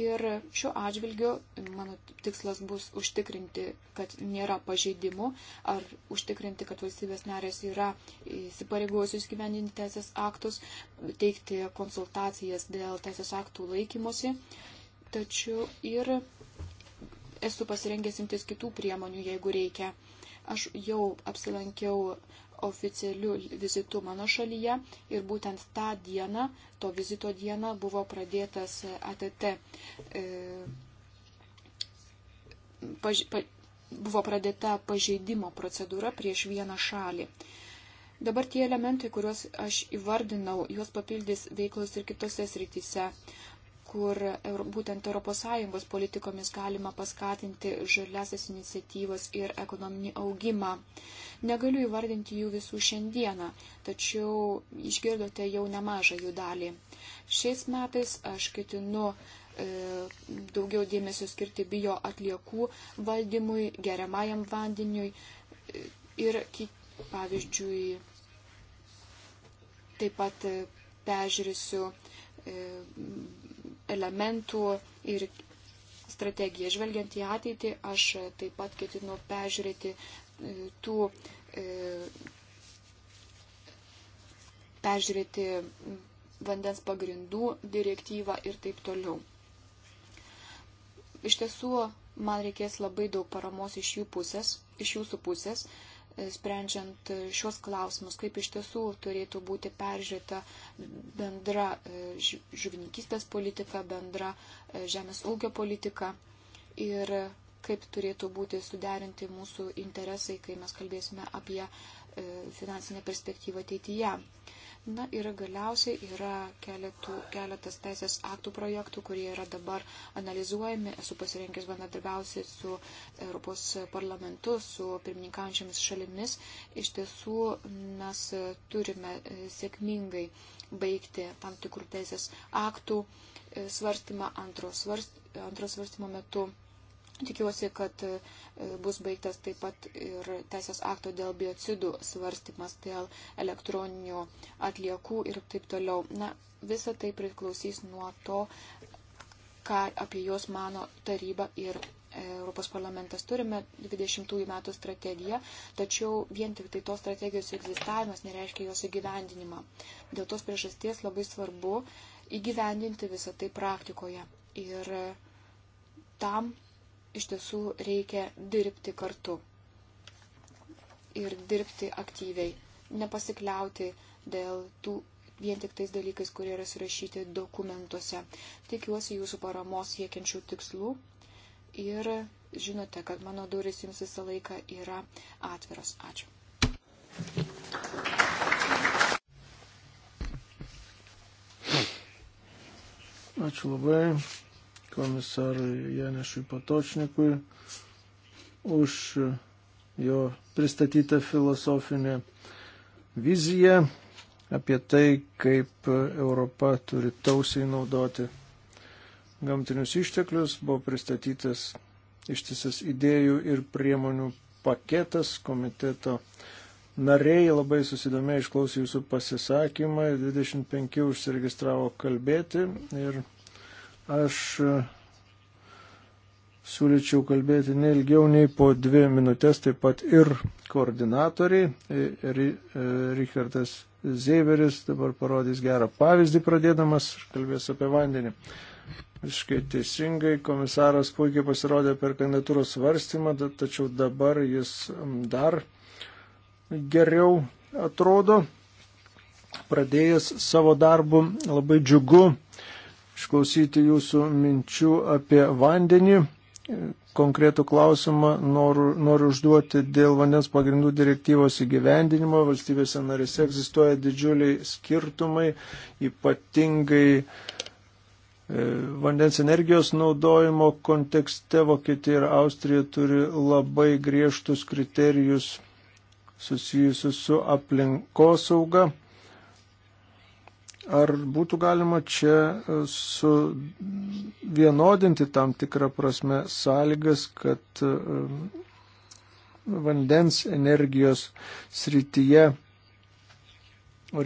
Ir šiuo atžvilgiu mano tikslas bus užtikrinti, kad nėra pažeidimų ar užtikrinti, kad valstybės narės yra įsipareigojusios gyveninti teisės aktus, teikti konsultacijas dėl teisės aktų laikymosi. Tačiau ir esu pasirengęs imtis kitų priemonių, jeigu reikia. Aš jau apsilankiau oficialiu vizitu mano šalyje ir būtent tą dieną, to vizito dieną buvo pradėtas e, ATT. E, paž, pa, buvo pradėta pažeidimo procedūra prieš vieną šalį. Dabar tie elementai, kuriuos aš įvardinau, juos papildys veiklos ir kitose srityse kur būtent ES politikomis galima paskatinti žaliasias iniciatyvas ir ekonominį augimą. Negaliu įvardinti jų visų šiandieną, tačiau išgirdote jau nemažą jų dalį. Šiais metais aš ketinu e, daugiau dėmesio skirti bio atliekų valdymui, geriamajam vandeniui e, ir, pavyzdžiui, taip pat e, peržiūrėsiu elementų ir strategiją. Žvelgiant į ateitį, aš taip pat ketinu peržiūrėti e, tų e, peržiūrėti vandens pagrindų direktyvą ir taip toliau. Iš tiesų, man reikės labai daug paramos iš, jų pusės, iš jūsų pusės, sprendžiant šios klausimus, kaip iš tiesų turėtų būti peržiūrėta bendra e, žuvininkystės politika, bendra e, žemės ūkio politika ir kaip turėtų būti suderinti mūsų interesai, kai mes kalbėsime apie e, finansinę perspektyvą ateityje. Na ir galiausiai yra keletų, keletas teisės aktų projektų, kurie yra dabar analizuojami. Esu pasirinkęs bendradarbiausiai su Europos parlamentu, su pirmininkaujančiamis šalimis. Iš tiesų mes turime e, sėkmingai baigti tam tikrų teisės aktų e, svarstymą antro, svarst, antro svarstymo metu. Tikiuosi, kad e, bus baigtas taip pat ir teisės akto dėl biocidų svarstymas, dėl elektroninių atliekų ir taip toliau. Na, visa tai priklausys nuo to, ką apie juos mano taryba ir e, Europos parlamentas turime 20 metų strategiją, tačiau vien tik tai tos strategijos egzistavimas nereiškia jos įgyvendinimą. Dėl tos priežasties labai svarbu įgyvendinti visą tai praktikoje. Ir e, tam iš tiesų reikia dirbti kartu ir dirbti aktyviai, nepasikliauti dėl tų vien tik tais dalykais, kurie yra surašyti dokumentuose. Tikiuosi jūsų paramos siekiančių tikslų ir žinote, kad mano duris jums visą laiką yra atviras. Ačiū. Ačiū labai komisarui Janešui Patočnikui už jo pristatytą filosofinę viziją apie tai, kaip Europa turi tausiai naudoti gamtinius išteklius. Buvo pristatytas ištisas idėjų ir priemonių paketas komiteto. Nariai labai susidomėjo išklausė jūsų pasisakymą, 25 užsiregistravo kalbėti ir Aš e, siūlyčiau kalbėti neilgiau nei po dvi minutės, taip pat ir koordinatoriai. E, e, Richardas Zeiveris dabar parodys gerą pavyzdį pradėdamas, kalbės apie vandenį. Visiškai teisingai, komisaras puikiai pasirodė per kandidatūros svarstymą, tačiau dabar jis dar geriau atrodo. Pradėjęs savo darbų labai džiugu išklausyti jūsų minčių apie vandenį. Konkretų klausimą noriu, noriu užduoti dėl vandens pagrindų direktyvos įgyvendinimo. Valstybėse narėse egzistuoja didžiuliai skirtumai, ypatingai e, vandens energijos naudojimo kontekste Vokietija ir Austrija turi labai griežtus kriterijus susijusius su aplinkosauga. Ar būtų galima čia e, suvienodinti tam tikrą prasme sąlygas, kad e, vandens energijos srityje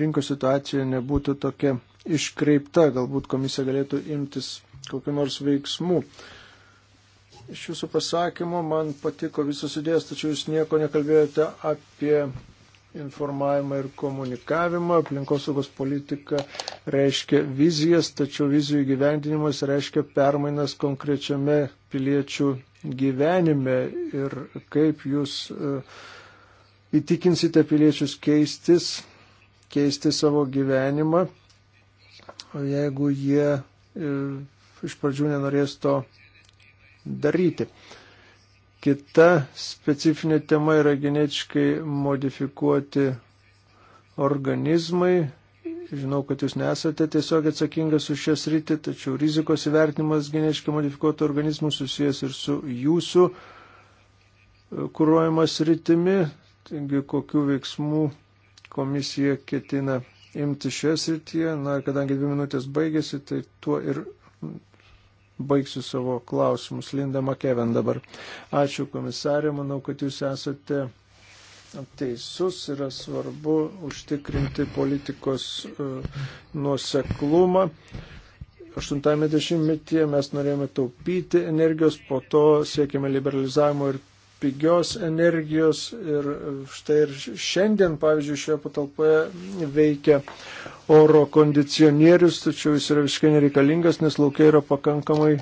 rinkos situacija nebūtų tokia iškreipta, galbūt komisija galėtų imtis kokiu nors veiksmu. Iš jūsų pasakymo man patiko visos idėjas, tačiau jūs nieko nekalbėjote apie informavimą ir komunikavimą. Aplinkosaugos politika reiškia vizijas, tačiau vizijų gyvendinimas reiškia permainas konkrečiame piliečių gyvenime ir kaip jūs e, įtikinsite piliečius keistis, keisti savo gyvenimą, jeigu jie e, iš pradžių nenorės to daryti. Kita specifinė tema yra genetiškai modifikuoti organizmai. Žinau, kad jūs nesate tiesiog atsakingas už šią sritį, tačiau rizikos įvertinimas genetiškai modifikuotų organizmų susijęs ir su jūsų e, kūruojamas rytimi, taigi kokiu veiksmu komisija ketina imti šioje srityje. Na, kadangi dvi minutės baigėsi, tai tuo ir baigsiu savo klausimus. Linda Makeven dabar. Ačiū komisarė, manau, kad jūs esate teisus, yra svarbu užtikrinti politikos e, nuoseklumą. 80-metyje mes norėjome taupyti energijos, po to siekime liberalizavimo ir pigios energijos ir štai ir šiandien, pavyzdžiui, šioje patalpoje veikia oro kondicionierius, tačiau jis yra visiškai nereikalingas, nes laukia yra pakankamai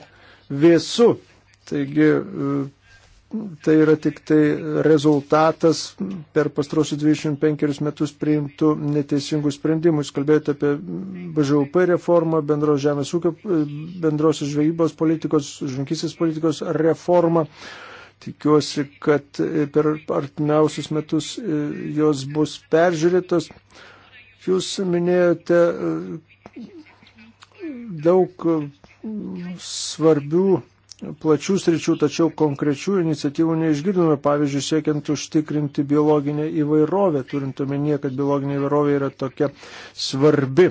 vėsu. Taigi tai yra tik tai rezultatas per pastrosius 25 metus priimtų neteisingų sprendimų. Jūs kalbėjote apie BŽUP reformą, bendros žemės ūkio, bendrosios žvejybos politikos, žvinkysės politikos reformą. Tikiuosi, kad per artimiausius metus e, jos bus peržiūrėtos. Jūs minėjote e, daug e, svarbių plačių sričių, tačiau konkrečių iniciatyvų neišgirdome, pavyzdžiui, siekiant užtikrinti biologinę įvairovę, turint omenyje, kad biologinė įvairovė yra tokia svarbi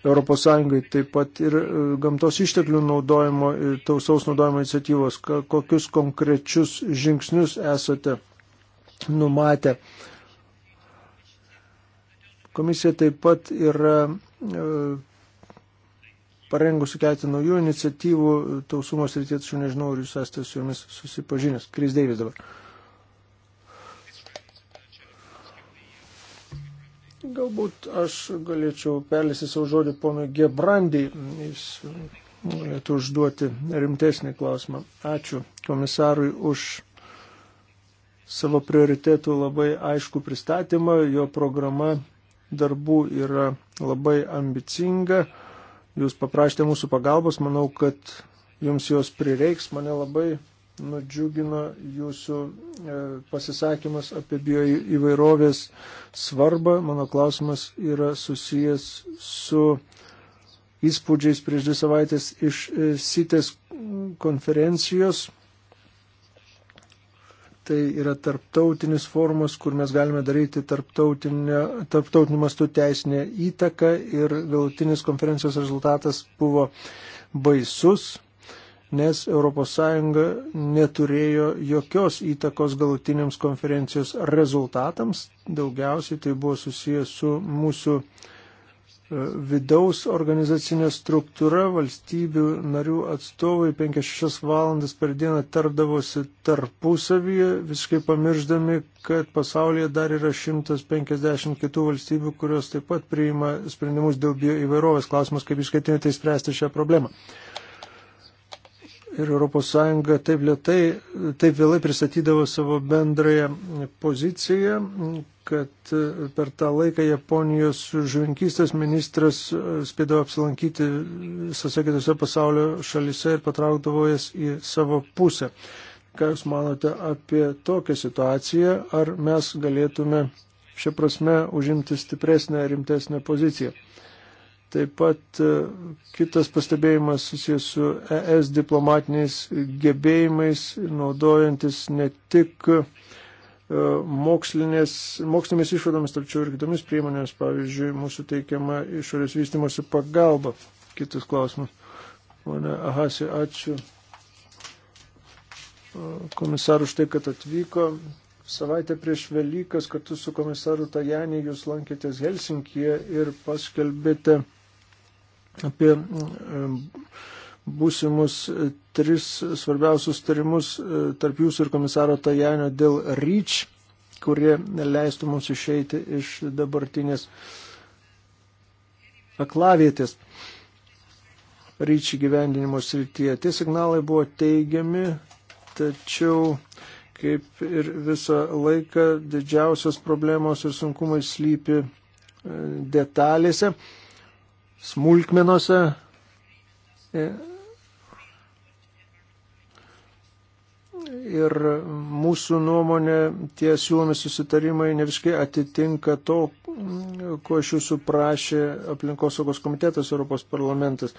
ES, taip pat ir e, gamtos išteklių naudojimo ir tausaus naudojimo iniciatyvos, kokius konkrečius žingsnius esate numatę. Komisija taip pat yra e, parengusi keletą naujų iniciatyvų tausumos rytiečių, nežinau, ar jūs esate su jomis susipažinęs. Kris Deivis dabar. Galbūt aš galėčiau perlėsti savo žodį ponui Gebrandį. Jis galėtų užduoti rimtesnį klausimą. Ačiū komisarui už savo prioritėtų labai aišku pristatymą. Jo programa darbų yra labai ambicinga. Jūs paprašėte mūsų pagalbos, manau, kad jums jos prireiks. Mane labai nudžiugino jūsų e, pasisakymas apie bioįvairovės svarbą. Mano klausimas yra susijęs su įspūdžiais prieš dvi savaitės iš e, sitės konferencijos. Tai yra tarptautinis formas, kur mes galime daryti tarptautiniu mastu teisinę įtaką ir galutinis konferencijos rezultatas buvo baisus nes ES neturėjo jokios įtakos galutiniams konferencijos rezultatams. Daugiausiai tai buvo susijęs su mūsų e, vidaus organizacinė struktūra, valstybių narių atstovai 5-6 valandas per dieną tardavosi tarpusavyje, visiškai pamirždami, kad pasaulyje dar yra 150 kitų valstybių, kurios taip pat priima sprendimus dėl bioįvairovės klausimas, kaip jūs ketinate įspręsti šią problemą ir ES taip lietai, taip vėlai pristatydavo savo bendrąją poziciją, kad per tą laiką Japonijos žuvinkystės ministras spėdavo apsilankyti visose kitose pasaulio šalise ir patraukdavo jas į savo pusę. Ką Jūs manote apie tokią situaciją? Ar mes galėtume šią prasme užimti stipresnę, rimtesnę poziciją? Taip pat e, kitas pastebėjimas susijęs su ES diplomatiniais gebėjimais, naudojantis ne tik e, mokslinėmis išvadomis, tačiau ir kitomis priemonėmis, pavyzdžiui, mūsų teikiama išorės vystimosi pagalba. Kitas klausimas. Mane, ahasi, ačiū e, komisaru už tai, kad atvyko. Savaitę prieš Velykas kartu su komisaru Tajanį jūs lankėtės Helsinkije ir paskelbėte apie būsimus tris svarbiausius tarimus e, tarp jūsų ir komisaro Tajanio dėl ryč, kurie leistų mums išeiti iš dabartinės aklavietės ryč gyvendinimo srityje. Tie signalai buvo teigiami, tačiau kaip ir visą laiką didžiausios problemos ir sunkumai slypi e, detalėse smulkmenose. Ir mūsų nuomonė tie siūlomi susitarimai ne viskai atitinka to, ko iš jūsų prašė aplinkosaugos komitetas Europos parlamentas.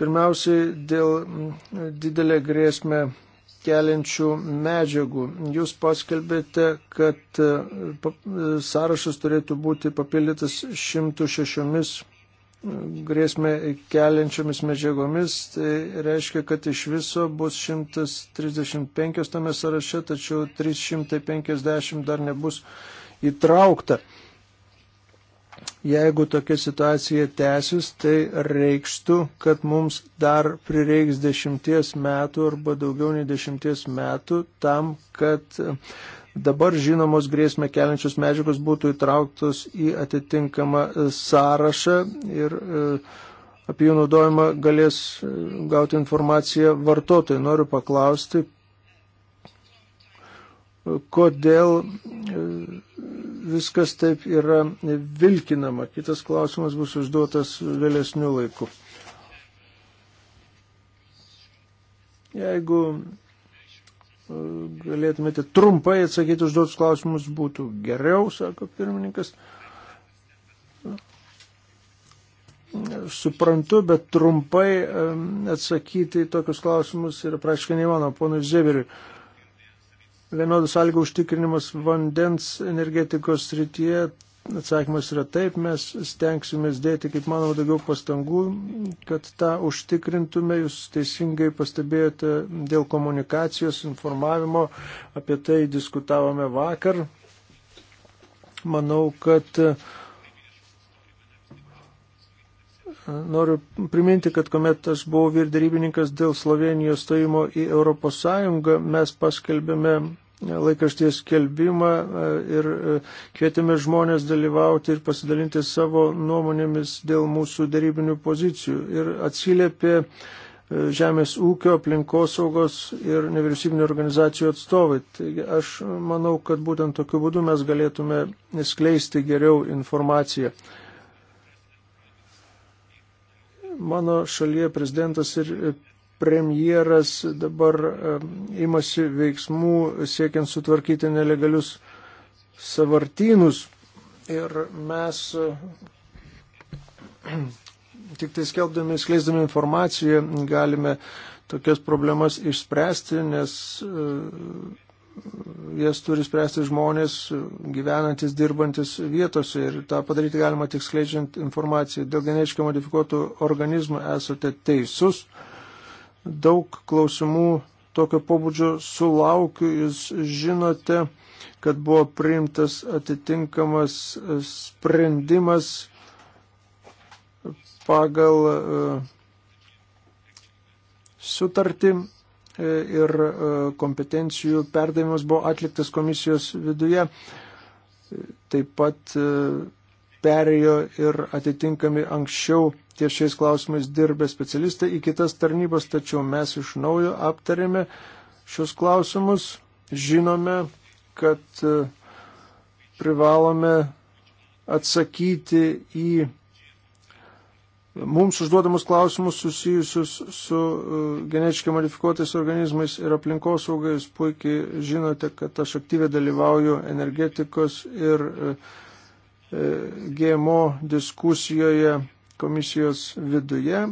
Pirmiausiai dėl didelę grėsmę keliančių medžiagų. Jūs paskelbėte, kad e, e, sąrašas turėtų būti papildytas 106 e, grėsmę keliančiomis medžiagomis, tai reiškia, kad iš viso bus 135 tame sąraše, tačiau 350 dar nebus įtraukta Jeigu tokia situacija tęsis, tai reikštų, kad mums dar prireiks dešimties metų arba daugiau nei dešimties metų tam, kad e, dabar žinomos grėsmę keliančios medžiagos būtų įtrauktos į atitinkamą e, sąrašą ir e, apie jų naudojimą galės gauti informaciją vartotojai. Noriu paklausti, kodėl e, viskas taip yra vilkinama. Kitas klausimas bus užduotas vėlesniu laiku. Jeigu e, galėtumėte trumpai atsakyti užduotus klausimus, būtų geriau, sako pirmininkas. Suprantu, bet trumpai e, atsakyti į tokius klausimus yra praškai neįmanoma, ponui Zeberiui vienodų sąlygų užtikrinimas vandens energetikos srityje, atsakymas yra taip, mes stengsimės dėti, kaip manoma, daugiau pastangų, kad tą užtikrintume. Jūs teisingai pastebėjote dėl komunikacijos, informavimo, apie tai diskutavome vakar. Manau, kad uh, Noriu priminti, kad kuomet aš buvau vyrdarybininkas dėl Slovenijos stojimo į Europos Sąjungą, mes paskelbėme laikrašties skelbimą e, ir e, kvietėme žmonės dalyvauti ir pasidalinti savo nuomonėmis dėl mūsų darybinių pozicijų. Ir atsiliepė e, žemės ūkio, aplinkosaugos ir nevyriausybinio organizacijų atstovai. Taigi aš manau, kad būtent tokiu būdu mes galėtume skleisti geriau informaciją Mano šalyje prezidentas ir premjeras dabar imasi veiksmų siekiant sutvarkyti nelegalius savartynus. Ir mes tik tai skelbdami, skleisdami informaciją galime tokias problemas išspręsti, nes jas turi spręsti žmonės gyvenantis, dirbantis vietose ir tą padaryti galima tik skleidžiant informaciją. Dėl genetiškai modifikuotų organizmų esate teisus. Daug klausimų tokio pobūdžio sulaukiu. Jūs žinote, kad buvo priimtas atitinkamas sprendimas pagal e, sutartį E, ir e, kompetencijų perdavimas buvo atliktas komisijos viduje. E, taip pat perėjo ir atitinkami anksčiau ties šiais klausimais dirbę specialistai į kitas tarnybas, tačiau mes iš naujo aptarėme šios klausimus, žinome, kad privalome atsakyti į mums užduodamus klausimus susijusius su e, genetiškai modifikuotais organizmais ir aplinkosaugai. Jūs puikiai žinote, kad aš aktyviai dalyvauju energetikos ir e, e, GMO diskusijoje komisijos viduje.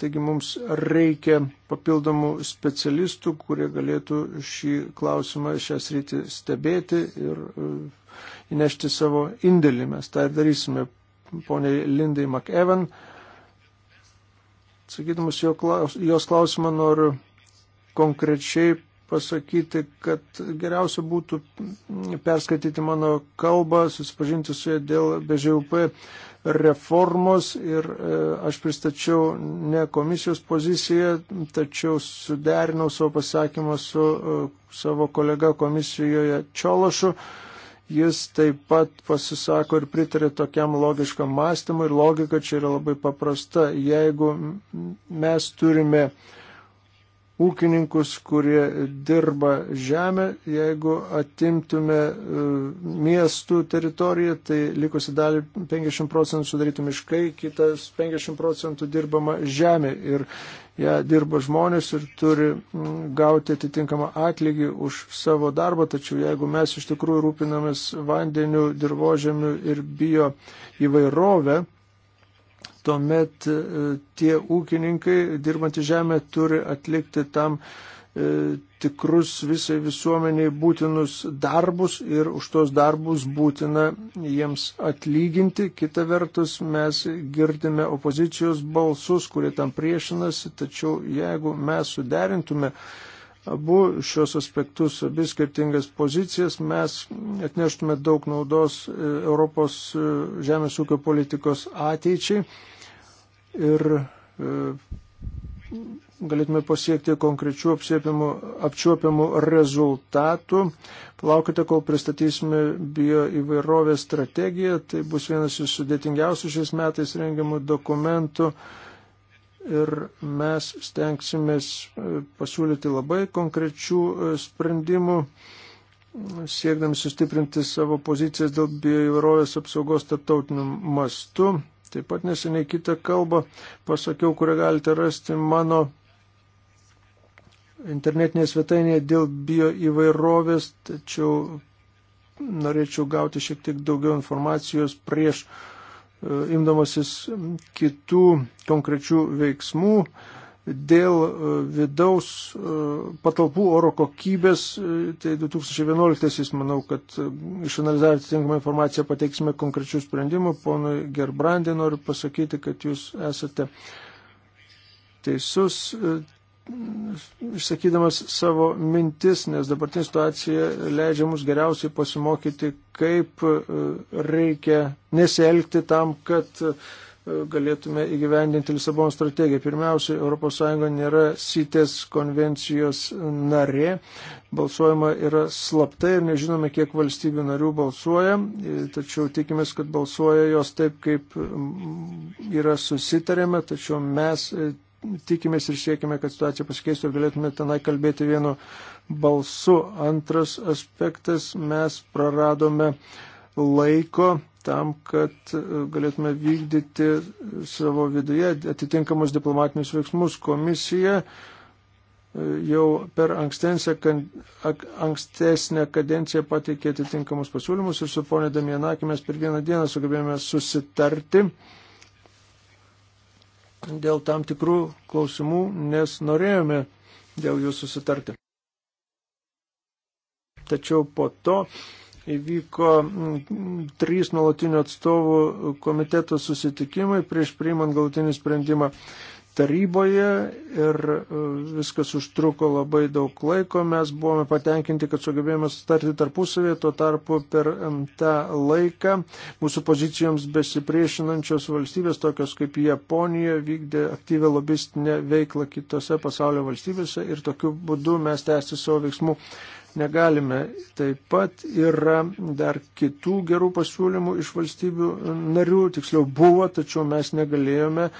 Taigi mums reikia papildomų specialistų, kurie galėtų šį klausimą, šią sritį stebėti ir įnešti savo indėlį. Mes tą ir darysime poniai Lindai McEvan. Sakydamas jo klaus, jos klausimą noriu konkrečiai pasakyti, kad geriausia būtų perskaityti mano kalbą, susipažinti su ją dėl BŽUP reformos ir e, aš pristačiau ne komisijos poziciją, tačiau suderinau savo pasakymą su e, savo kolega komisijoje Čiološu Jis taip pat pasisako ir pritarė tokiam logiškam mąstymui ir logika čia yra labai paprasta. Jeigu mes turime uh, ūkininkus, kurie dirba žemę. Jeigu atimtume e, miestų teritoriją, tai likusi dalį 50 procentų sudarytų miškai, kitas 50 procentų dirbama žemė ir ją ja, dirba žmonės ir turi gauti atitinkamą atlygį už savo darbą, tačiau jeigu mes iš tikrųjų rūpinamės vandeniu, dirbožėmiu ir bio įvairovę, tuomet e, tie ūkininkai dirbantys žemę turi atlikti tam e, tikrus visai visuomeniai būtinus darbus ir už tos darbus būtina jiems atlyginti. Kita vertus, mes girdime opozicijos balsus, kurie tam priešinasi, tačiau jeigu mes suderintume abu šios aspektus, abi skirtingas pozicijas, mes atneštume daug naudos e, Europos žemės ūkio politikos ateičiai ir e, galėtume pasiekti konkrečių apčiuopiamų rezultatų. Palaukite, kol pristatysime bio įvairovės strategiją. Tai bus vienas iš sudėtingiausių šiais metais rengiamų dokumentų. Ir mes stengsimės e, pasiūlyti labai konkrečių e, sprendimų, siekdami sustiprinti savo pozicijas dėl bioįvairovės apsaugos tarptautiniu mastu. Taip pat neseniai kitą kalbą pasakiau, kurią galite rasti mano internetinėje svetainėje dėl bio įvairovės, tačiau norėčiau gauti šiek tiek daugiau informacijos prieš e, imdamasis kitų konkrečių veiksmų dėl e, vidaus e, patalpų oro kokybės, e, tai 2011-aisiais manau, kad išanalizavę atitinkamą informaciją pateiksime konkrečių sprendimų. Ponui Gerbrandė noriu pasakyti, kad jūs esate teisus, išsakydamas savo mintis, nes dabartinė situacija leidžia mus geriausiai pasimokyti, kaip reikia nesielgti tam, kad uh, galėtume įgyvendinti Lisabono strategiją. Pirmiausia, ES nėra sitės konvencijos narė. Balsuojama yra slaptai ir nežinome, kiek valstybių narių balsuoja, tačiau tikimės, kad balsuoja jos taip, kaip yra susitarėme, tačiau mes e, tikimės ir siekime, kad situacija pasikeistų ir galėtume tenai kalbėti vienu balsu. Antras aspektas, mes praradome laiko tam, kad e, galėtume vykdyti savo viduje atitinkamus diplomatinius veiksmus. Komisija e, jau per ankstesnę kadenciją pateikė atitinkamus pasiūlymus ir su ponė Damienakė mes per vieną dieną sugebėjome susitarti dėl tam tikrų klausimų, nes norėjome dėl jų susitarti. Tačiau po to įvyko mm, trys nuolatinių atstovų komiteto susitikimai prieš priimant galutinį sprendimą taryboje ir e, viskas užtruko labai daug laiko. Mes buvome patenkinti, kad sugebėjome sutarti tarpusavėje, tuo tarpu per tą laiką mūsų pozicijoms besipriešinančios valstybės, tokios kaip Japonija, vykdė aktyvę lobistinę veiklą kitose pasaulio valstybėse ir tokiu būdu mes tęsti savo veiksmų negalime. Taip pat yra dar kitų gerų pasiūlymų iš valstybių narių, tiksliau buvo, tačiau mes negalėjome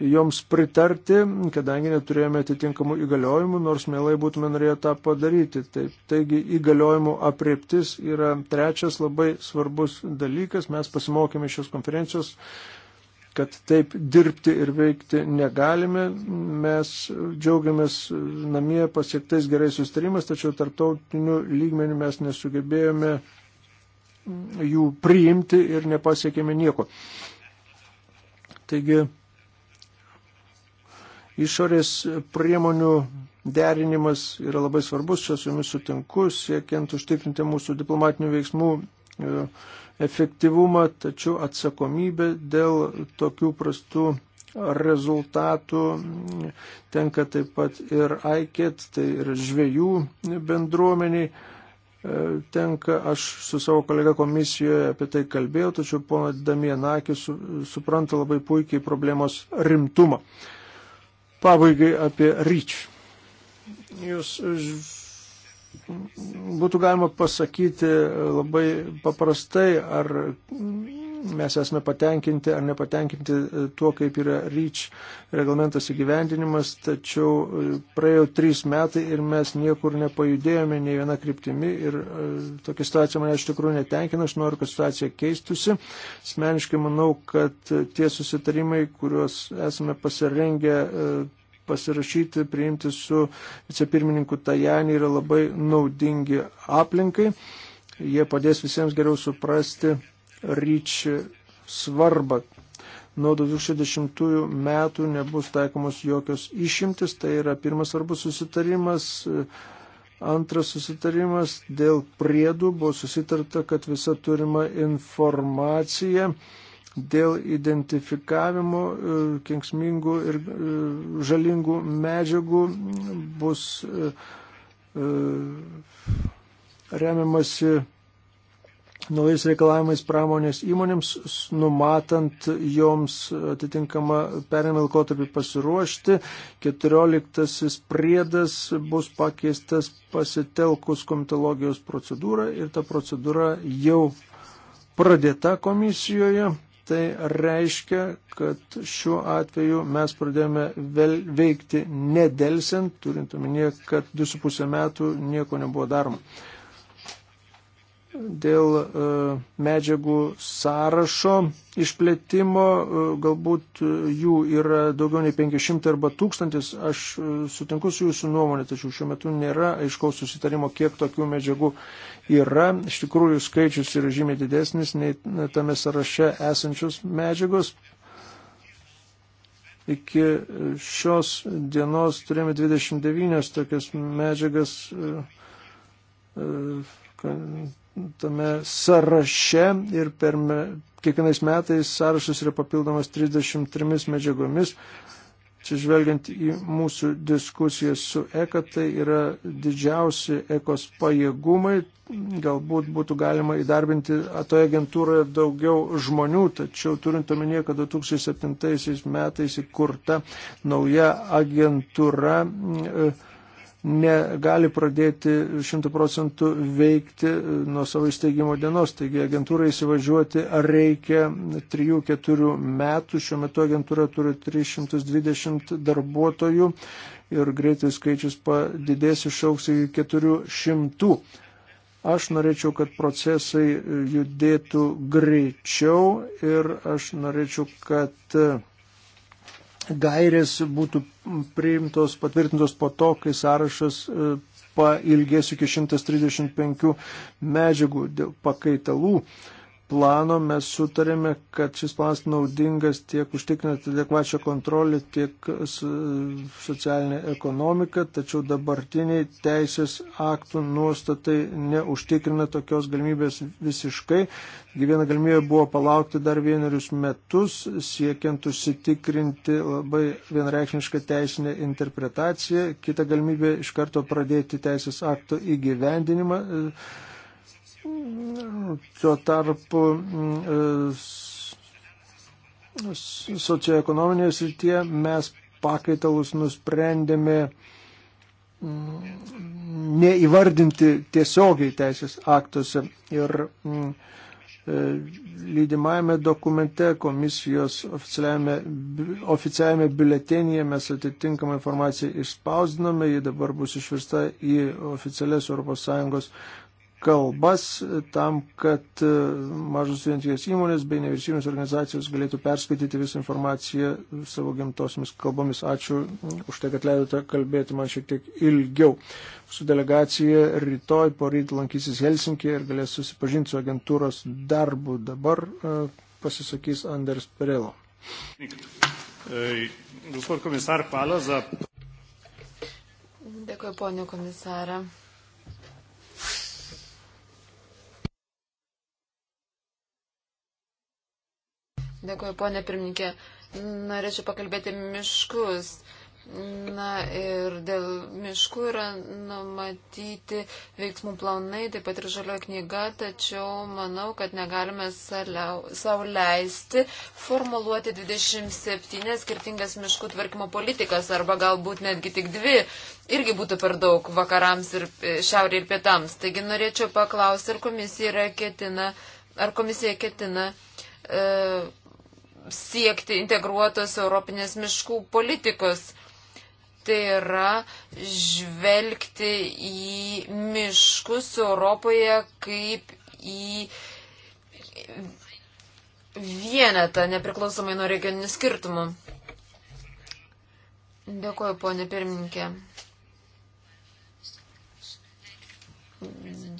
joms pritarti, kadangi neturėjome atitinkamų įgaliojimų, nors mielai būtume norėję tą padaryti. Taip, taigi įgaliojimų apreiptis yra trečias labai svarbus dalykas. Mes pasimokėme šios konferencijos kad taip dirbti ir veikti negalime. Mes džiaugiamės namie pasiektais gerais sustarimas, tačiau tarptautiniu lygmeniu mes nesugebėjome jų priimti ir nepasiekėme nieko. Taigi, išorės priemonių derinimas yra labai svarbus, čia su jumis sutinku, siekiant užtikrinti mūsų diplomatinių veiksmų e, efektyvumą, tačiau atsakomybė dėl tokių prastų rezultatų tenka taip pat ir aikėt, tai ir žvėjų bendruomeniai e, tenka, aš su savo kolega komisijoje apie tai kalbėjau, tačiau ponas Damienakis su, supranta labai puikiai problemos rimtumą. Pabaigai apie ryčių. Jūs būtų galima pasakyti labai paprastai, ar mes esame patenkinti ar nepatenkinti tuo, kaip yra REACH reglamentas įgyvendinimas, tačiau praėjo trys metai ir mes niekur nepajudėjome nei viena kryptimi ir e, tokia situacija mane iš tikrųjų netenkina, aš noriu, kad situacija keistusi. Asmeniškai manau, kad tie susitarimai, kuriuos esame pasirengę e, pasirašyti, priimti su vicepirmininku Tajani yra labai naudingi aplinkai. Jie padės visiems geriau suprasti ryčių svarbą. Nuo 2010 metų nebus taikomos jokios išimtis, tai yra pirmas svarbus susitarimas. Antras susitarimas dėl priedų buvo susitarta, kad visa turima informacija dėl identifikavimo e, kenksmingų ir e, žalingų medžiagų bus e, remiamasi naujais reikalavimais pramonės įmonėms, numatant joms atitinkamą perėmę laikotarpį pasiruošti. Keturioliktasis priedas bus pakeistas pasitelkus komitologijos procedūrą ir ta procedūra jau pradėta komisijoje. Tai reiškia, kad šiuo atveju mes pradėjome veikti nedelsiant, turint omenyje, kad 2,5 metų nieko nebuvo daroma dėl e, medžiagų sąrašo išplėtimo, e, galbūt e, jų yra daugiau nei 500 arba 1000, aš sutinku su jūsų nuomonė, tačiau šiuo metu nėra aiškaus susitarimo, kiek tokių medžiagų yra. Iš tikrųjų, skaičius yra žymiai didesnis nei tame sąraše esančios medžiagos. Iki šios dienos turėjome 29 tokias medžiagas tame sąraše ir per me, kiekvienais metais sąrašas yra papildomas 33 medžiagomis. Čia žvelgiant į mūsų diskusiją su ECA, tai yra didžiausi ECOS pajėgumai. Galbūt būtų galima įdarbinti toje agentūroje daugiau žmonių, tačiau turint omenyje, kad 2007 metais įkurta nauja agentūra. E, negali pradėti 100 procentų veikti e, nuo savo įsteigimo dienos. Taigi agentūrai įsivažiuoti reikia 3-4 metų. Šiuo metu agentūra turi 320 darbuotojų ir greitai skaičius padidės išauks iki 400. Aš norėčiau, kad procesai judėtų greičiau ir aš norėčiau, kad gairės būtų priimtos, patvirtintos po to, kai sąrašas e, pailgės iki 135 medžiagų pakaitalų. E, plano mes sutarėme, kad šis planas naudingas tiek užtikrinant adekvačią kontrolę, tiek socialinę ekonomiką, tačiau dabartiniai teisės aktų nuostatai neužtikrina tokios galimybės visiškai. Viena galimybė buvo palaukti dar vienerius metus, siekiant užsitikrinti labai vienreikšmišką teisinę interpretaciją. Kita galimybė iš karto pradėti teisės akto įgyvendinimą. E, Tuo tarpu mm, e, socioekonominėje srityje mes pakaitalus nusprendėme mm, neįvardinti tiesiogiai teisės aktuose. Ir mm, e, lydimajame dokumente komisijos oficialiame, oficialiame biuletenyje mes atitinkamą informaciją išspausdiname, ji dabar bus išversta į oficialias ES kalbas tam, kad e, mažos vienintikės įmonės bei nevyriausybinės organizacijos galėtų perskaityti visą informaciją savo gimtosiamis kalbomis. Ačiū už tai, kad leidote kalbėti man šiek tiek ilgiau. Su delegacija rytoj po ryt lankysis Helsinkėje ir galės susipažinti su agentūros darbu. Dabar e, pasisakys Anders Perelo. Dėkuoju, ponė komisarą. Dėkuoju, ponė pirmininkė. Norėčiau pakalbėti miškus. Na ir dėl miškų yra numatyti veiksmų planai, taip pat ir žalioji knyga, tačiau manau, kad negalime savo leisti formuluoti 27 skirtingas miškų tvarkymo politikas arba galbūt netgi tik dvi. Irgi būtų per daug vakarams ir e, šiauriai ir pietams. Taigi norėčiau paklausti, ar komisija, ketina, ar komisija ketina. Uh, e, siekti integruotos Europinės miškų politikos. Tai yra žvelgti į miškus Europoje kaip į vienetą, nepriklausomai nuo regioninių skirtumų. Dėkuoju, ponė pirmininkė.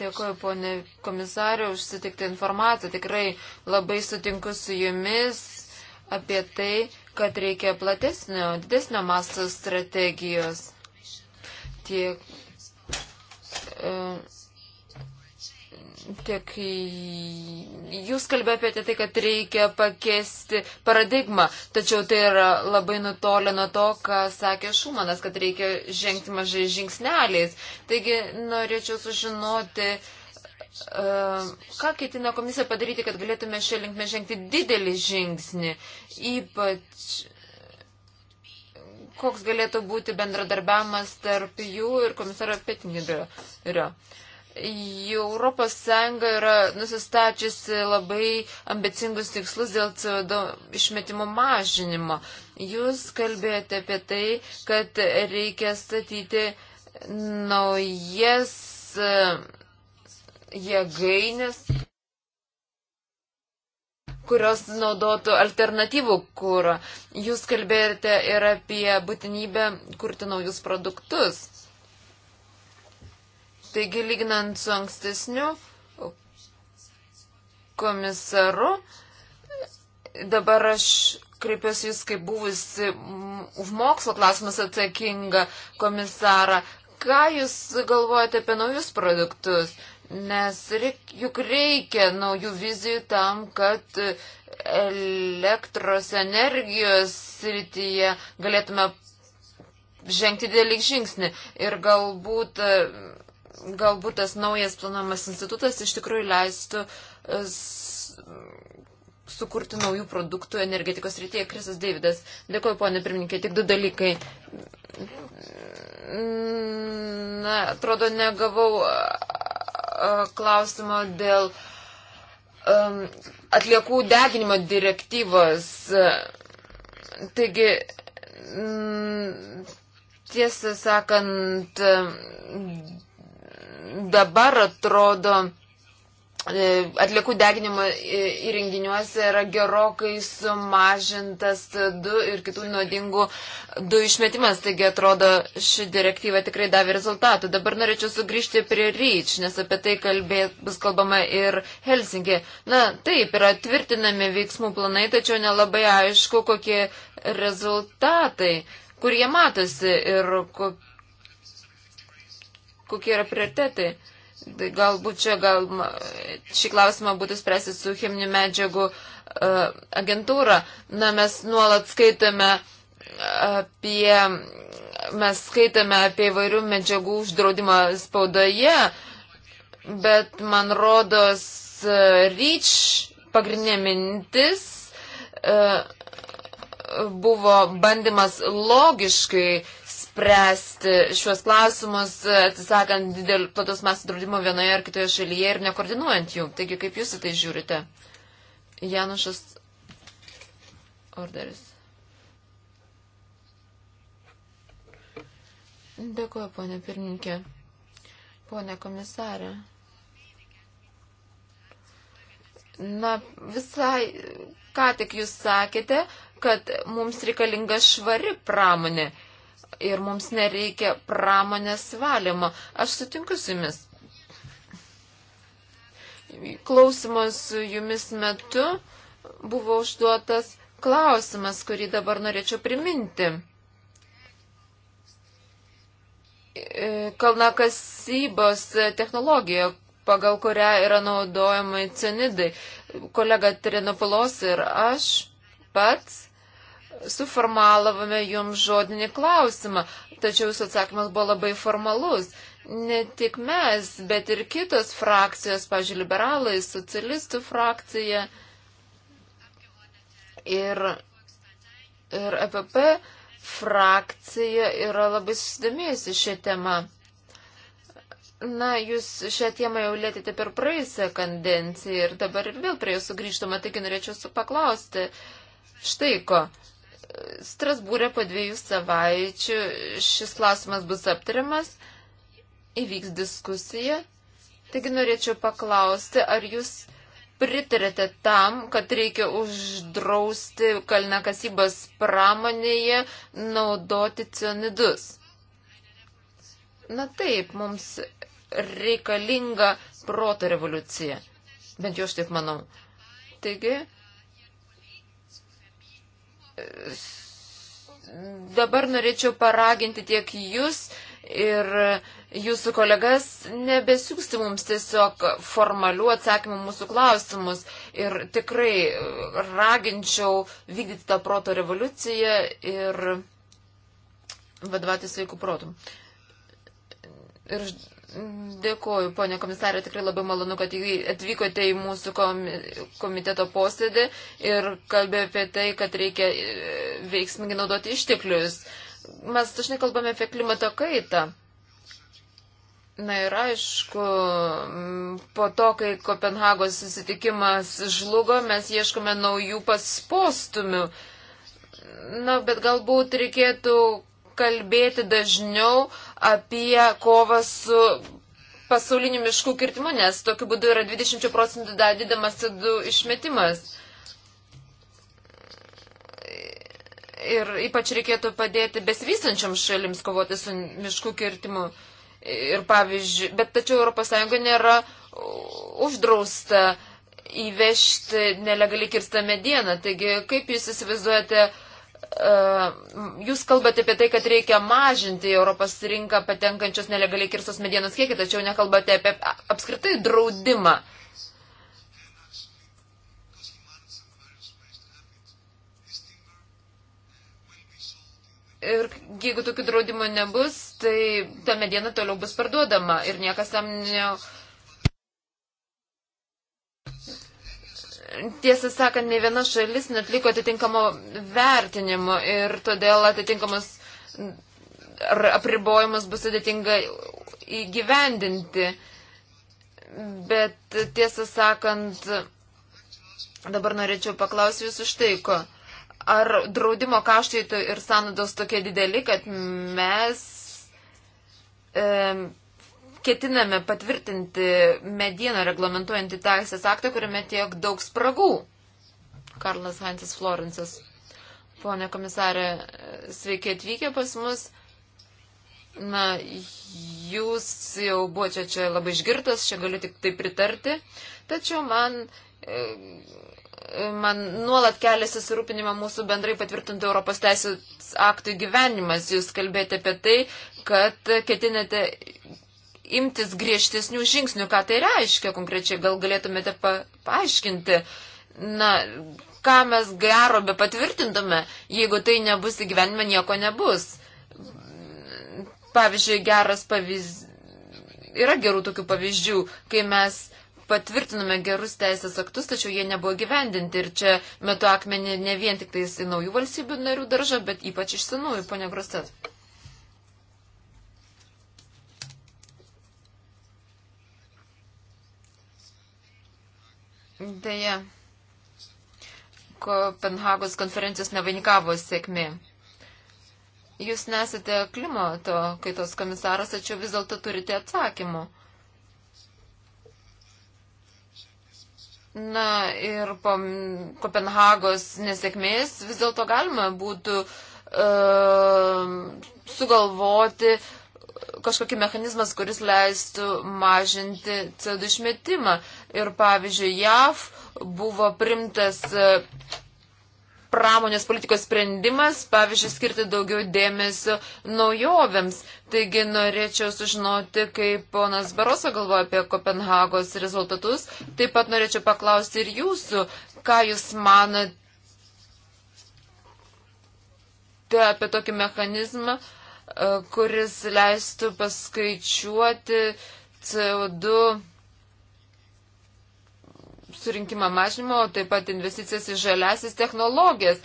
Dėkuoju, ponė komisarė, už sutiktą informaciją. Tikrai labai sutinku su jumis apie tai, kad reikia platesnio, didesnio masto strategijos. Tiek, e, tiek jūs kalbėjote apie tai, kad reikia pakeisti paradigmą, tačiau tai yra labai nutolę nuo to, ką sakė Šumanas, kad reikia žengti mažai žingsneliais. Taigi norėčiau sužinoti, e, Ką ketina komisija padaryti, kad galėtume šią linkmę žengti didelį žingsnį, ypač koks galėtų būti bendradarbiavimas tarp jų ir komisaro Petingerio. Europos Sąjunga yra nusistačiusi labai ambicingus tikslus dėl CO2 išmetimo mažinimo. Jūs kalbėjote apie tai, kad reikia statyti naujas jėgainės, kurios naudotų alternatyvų kūrą. Jūs kalbėjote ir apie būtinybę kurti naujus produktus. Taigi, lyginant su ankstesniu komisaru, dabar aš kreipiuosi jūs kaip buvusi už mokslo klausimus atsakinga komisara. Ką jūs galvojate apie naujus produktus? Nes reik, juk reikia naujų vizijų tam, kad elektros energijos srityje galėtume žengti didelį žingsnį. Ir galbūt, galbūt tas naujas planamas institutas iš tikrųjų leistų e, sukurti naujų produktų energetikos srityje. Krisas Davidas. Dėkuoju, ponė pirmininkė, tik du dalykai. Na, atrodo, negavau E, klausimo dėl e, atliekų deginimo direktyvos. Taigi, mm, tiesą sakant, dabar atrodo, E, atliekų deginimo e, įrenginiuose yra gerokai sumažintas du ir kitų nuodingų du išmetimas. Taigi atrodo, ši direktyva tikrai davė rezultatų. Dabar norėčiau sugrįžti prie ryč, nes apie tai kalbė, bus kalbama ir Helsinkė. Na, taip, yra tvirtinami veiksmų planai, tačiau nelabai aišku, kokie rezultatai, kur jie matosi ir kokie yra prioritetai. Tai galbūt čia gal, šį klausimą būtų spręsti su cheminių medžiagų e, agentūra. Na, mes nuolat skaitame apie, mes skaitame apie įvairių medžiagų uždraudimą spaudoje, bet man rodos e, ryč pagrindinė mintis e, buvo bandymas logiškai spręsti šiuos klausimus, atsisakant didel, plataus masų draudimo vienoje ar kitoje šalyje ir nekoordinuojant jų. Taigi, kaip jūs į tai žiūrite? Janušas Orderis. Dėkuoju, ponė pirmininkė. Ponė komisarė. Na, visai, ką tik jūs sakėte, kad mums reikalinga švari pramonė ir mums nereikia pramonės valymo. Aš sutinku su jumis. Klausimo su jumis metu buvo užduotas klausimas, kurį dabar norėčiau priminti. E, Kalnakasybos technologija, pagal kurią yra naudojami cenidai. Kolega Trinopulos ir aš pats suformalavome jums žodinį klausimą, tačiau jūsų atsakymas buvo labai formalus. Ne tik mes, bet ir kitos frakcijos, pažiūrėjau, liberalai, socialistų frakcija ir, ir EPP frakcija yra labai susidomėjusi šią temą. Na, jūs šią temą jau lėtėte per praeisę kandenciją ir dabar ir vėl prie jūsų grįžtama, taigi norėčiau paklausti. Štai ko, Strasbūrė po dviejų savaičių šis klausimas bus aptariamas, įvyks diskusija. Taigi norėčiau paklausti, ar jūs pritarėte tam, kad reikia uždrausti kalnakasybos pramonėje naudoti cionidus? Na taip, mums reikalinga proto revoliucija. Bent jau aš taip manau. Taigi, dabar norėčiau paraginti tiek jūs ir jūsų kolegas nebesiūsti mums tiesiog formalių atsakymų mūsų klausimus. Ir tikrai raginčiau vykdyti tą proto revoliuciją ir vadovauti sveikų protų. Ir Dėkuoju, ponė komisarė, tikrai labai malonu, kad atvykote į mūsų komiteto posėdį ir kalbė apie tai, kad reikia e, veiksmingai naudoti išteklius. Mes dažnai kalbame apie klimato kaitą. Na ir aišku, po to, kai Kopenhagos susitikimas žlugo, mes ieškome naujų paspostumių. Na, bet galbūt reikėtų kalbėti dažniau apie kovą su pasauliniu miškų kirtimu, nes tokiu būdu yra 20 procentų dadidamas CO2 išmetimas. Ir ypač reikėtų padėti besivystančiam šalims kovoti su miškų kirtimu. Ir pavyzdžiui, bet tačiau ES nėra uždrausta įvežti nelegaliai kirstą medieną. Taigi, kaip jūs įsivaizduojate, E, jūs kalbate apie tai, kad reikia mažinti Europos rinką patenkančios nelegaliai kirstos medienos kiekį, tačiau nekalbate apie apskritai draudimą. Ir jeigu tokių draudimų nebus, tai ta mediena toliau bus parduodama ir niekas tam ne, tiesą sakant, ne viena šalis netliko atitinkamo vertinimo ir todėl atitinkamas apribojimus bus sudėtinga įgyvendinti. Bet tiesą sakant, dabar norėčiau paklausyti jūsų štai ko. Ar draudimo kaštai ir sąnaudos tokie dideli, kad mes e, ketiname patvirtinti medieną reglamentuojantį teisės aktą, kuriame tiek daug spragų. Karlas Hansis Florencas. Pone komisarė, sveiki atvykę pas mus. Na, jūs jau buvote čia, čia labai išgirtas, čia galiu tik tai pritarti. Tačiau man, e, man nuolat kelia susirūpinimą mūsų bendrai patvirtinti Europos teisės aktų gyvenimas. Jūs kalbėjote apie tai, kad ketinate imtis griežtesnių žingsnių. Ką tai reiškia konkrečiai? Gal galėtumėte pa paaiškinti? Na, ką mes gero be patvirtintume, jeigu tai nebus įgyvenime, nieko nebus. Pavyzdžiui, geras pavyzdys. Yra gerų tokių pavyzdžių, kai mes patvirtinome gerus teisės aktus, tačiau jie nebuvo gyvendinti. Ir čia metu akmenį ne vien tik tais į naujų valstybių narių daržą, bet ypač iš senųjų, ponia Grostet. Deja, Kopenhagos konferencijos nevainikavo sėkmė. Jūs nesate klimato kaitos komisaras, tačiau vis dėlto turite atsakymų. Na ir po Kopenhagos nesėkmės vis dėlto galima būtų uh, sugalvoti uh, kažkokį mechanizmas, kuris leistų mažinti CO2 išmetimą. Ir pavyzdžiui, JAV buvo primtas e, pramonės politikos sprendimas, pavyzdžiui, skirti daugiau dėmesio naujovėms. Taigi norėčiau sužinoti, kaip ponas Baroso galvoja apie Kopenhagos rezultatus. Taip pat norėčiau paklausti ir jūsų, ką jūs manate apie tokį mechanizmą, uh, E, kuris leistų paskaičiuoti CO2 surinkimą mažinimo, o taip pat investicijas į žaliasis technologijas,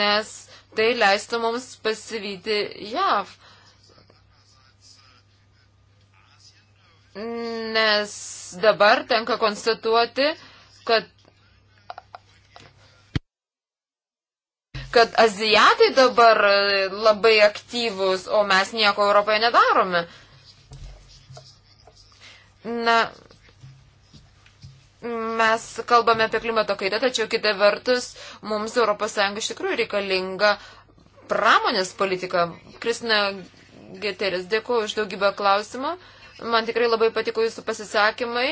nes tai leistų mums pasivyti JAV. Nes dabar tenka konstatuoti, kad kad azijatai dabar labai aktyvus, o mes nieko Europoje nedarome. Na, mes kalbame apie klimato kaitą, tačiau kita vertus, mums ES iš tikrųjų reikalinga pramonės politika. Kristina Geteris, dėkuoju už daugybę klausimų. Man tikrai labai patiko jūsų pasisakymai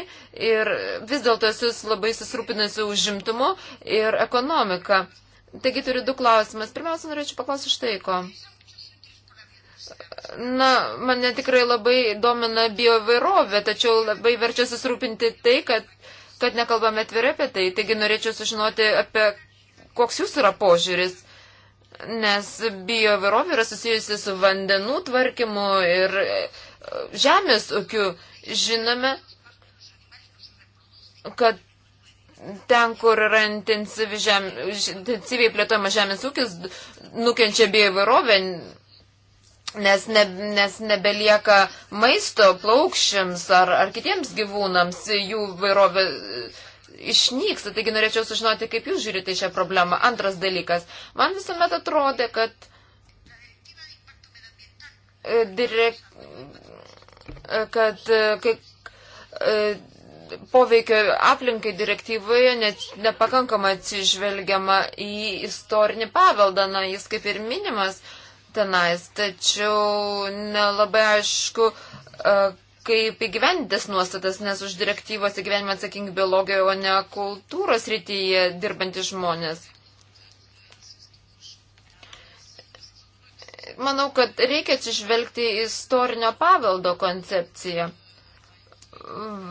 ir vis dėlto esu labai susirūpinusi užimtumu ir ekonomika. Už Taigi turiu du klausimus. Pirmiausia, norėčiau paklausyti štai ko. Na, mane tikrai labai domina biovairovė, tačiau labai verčia susirūpinti tai, kad, kad nekalbame atvirai apie tai. Taigi norėčiau sužinoti apie koks jūsų yra požiūris, nes biovairovė yra susijusi su vandenų tvarkymu ir e, žemės ūkiu. Žinome, kad ten, kur yra intensyvi žem, intensyviai plėtojama žemės ūkis, nukenčia bioįvairovė, nes, ne, nes nebelieka maisto plaukščiams ar, ar kitiems gyvūnams, jų vairovė e, išnyksta. Taigi norėčiau sužinoti, kaip jūs žiūrite šią problemą. Antras dalykas. Man visuomet atrodė, kad e, direk, e, kad kai poveikio aplinkai direktyvoje net nepakankamai atsižvelgiama į istorinį paveldą, na, jis kaip ir minimas tenais, tačiau nelabai aišku, e, kaip įgyvendintas nuostatas, nes už direktyvos įgyvenimą atsakingi biologijoje, o ne kultūros rytyje dirbantys žmonės. Manau, kad reikia atsižvelgti į istorinio paveldo koncepciją.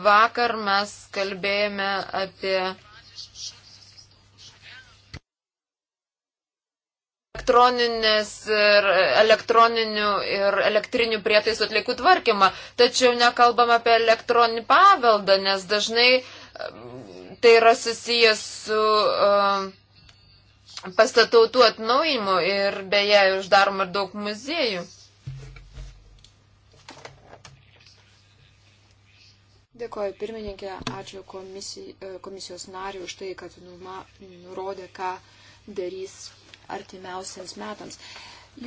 Vakar mes kalbėjome apie elektroninės ir elektroninių ir elektrinių prietaisų atliekų tvarkymą, tačiau nekalbam apie elektroninį paveldą, nes dažnai um, tai yra susijęs su uh, um, pastatautų atnaujimu ir beje uždaroma daug muziejų. Dėkoju pirmininkė, ačiū komisij, e, komisijos nariu už tai, kad numa, nurodė, ką darys artimiausiams metams.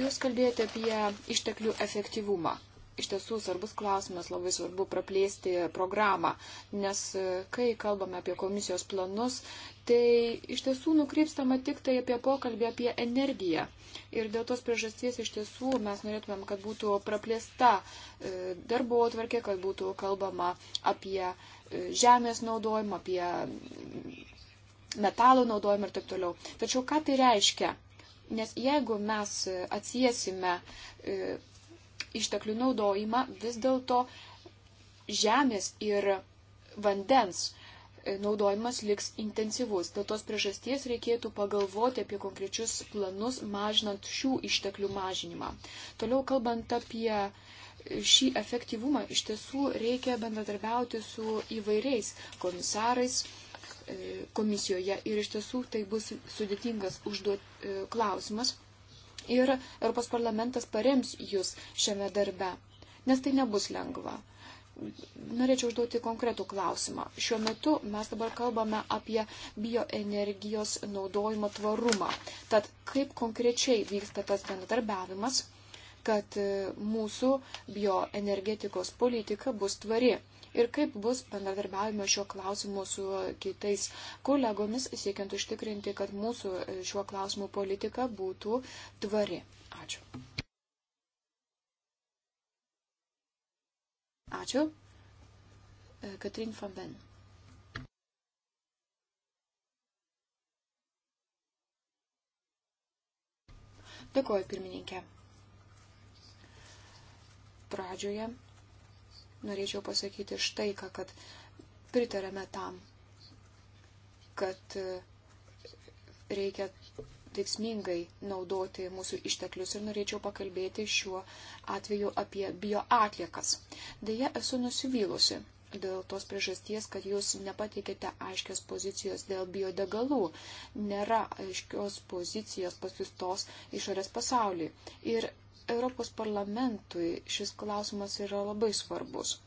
Jūs kalbėjote apie išteklių efektyvumą. Iš tiesų svarbus klausimas, labai svarbu praplėsti programą, nes e, kai kalbame apie komisijos planus, tai iš tiesų nukrypstama tik tai apie pokalbį apie energiją. Ir dėl tos priežasties iš tiesų mes norėtumėm, kad būtų praplėsta e, darbo atvarkė, kad būtų kalbama apie e, žemės naudojimą, apie metalo naudojimą ir taip toliau. Tačiau ką tai reiškia? Nes jeigu mes atsiesime e, išteklių naudojimą, vis dėlto žemės ir vandens naudojimas liks intensyvus. Dėl tos priežasties reikėtų pagalvoti apie konkrečius planus, mažinant šių išteklių mažinimą. Toliau kalbant apie šį efektyvumą, iš tiesų reikia bendradarbiauti su įvairiais komisarais e, komisijoje ir iš tiesų tai bus sudėtingas užduot e, klausimas. Ir Europos parlamentas parems jūs šiame darbe, nes tai nebus lengva norėčiau užduoti konkretų klausimą. Šiuo metu mes dabar kalbame apie bioenergijos naudojimo tvarumą. Tad kaip konkrečiai vyksta tas bendradarbiavimas, kad e, mūsų bioenergetikos politika bus tvari ir kaip bus bendradarbiavimo šiuo klausimu su kitais kolegomis, siekiant užtikrinti, kad mūsų e, šiuo klausimu politika būtų tvari. Ačiū. Ačiū. E, Katrin van Ben. Dėkuoju, pirmininkė. Pradžioje norėčiau pasakyti štai ką, kad pritarėme tam, kad reikia veiksmingai naudoti mūsų išteklius ir norėčiau pakalbėti šiuo atveju apie bioatliekas. Deja, esu nusivylusi dėl tos priežasties, kad jūs nepateikėte aiškios pozicijos dėl biodegalų. Nėra aiškios pozicijos pasiustos išorės pasaulį. Ir Europos parlamentui šis klausimas yra labai svarbus.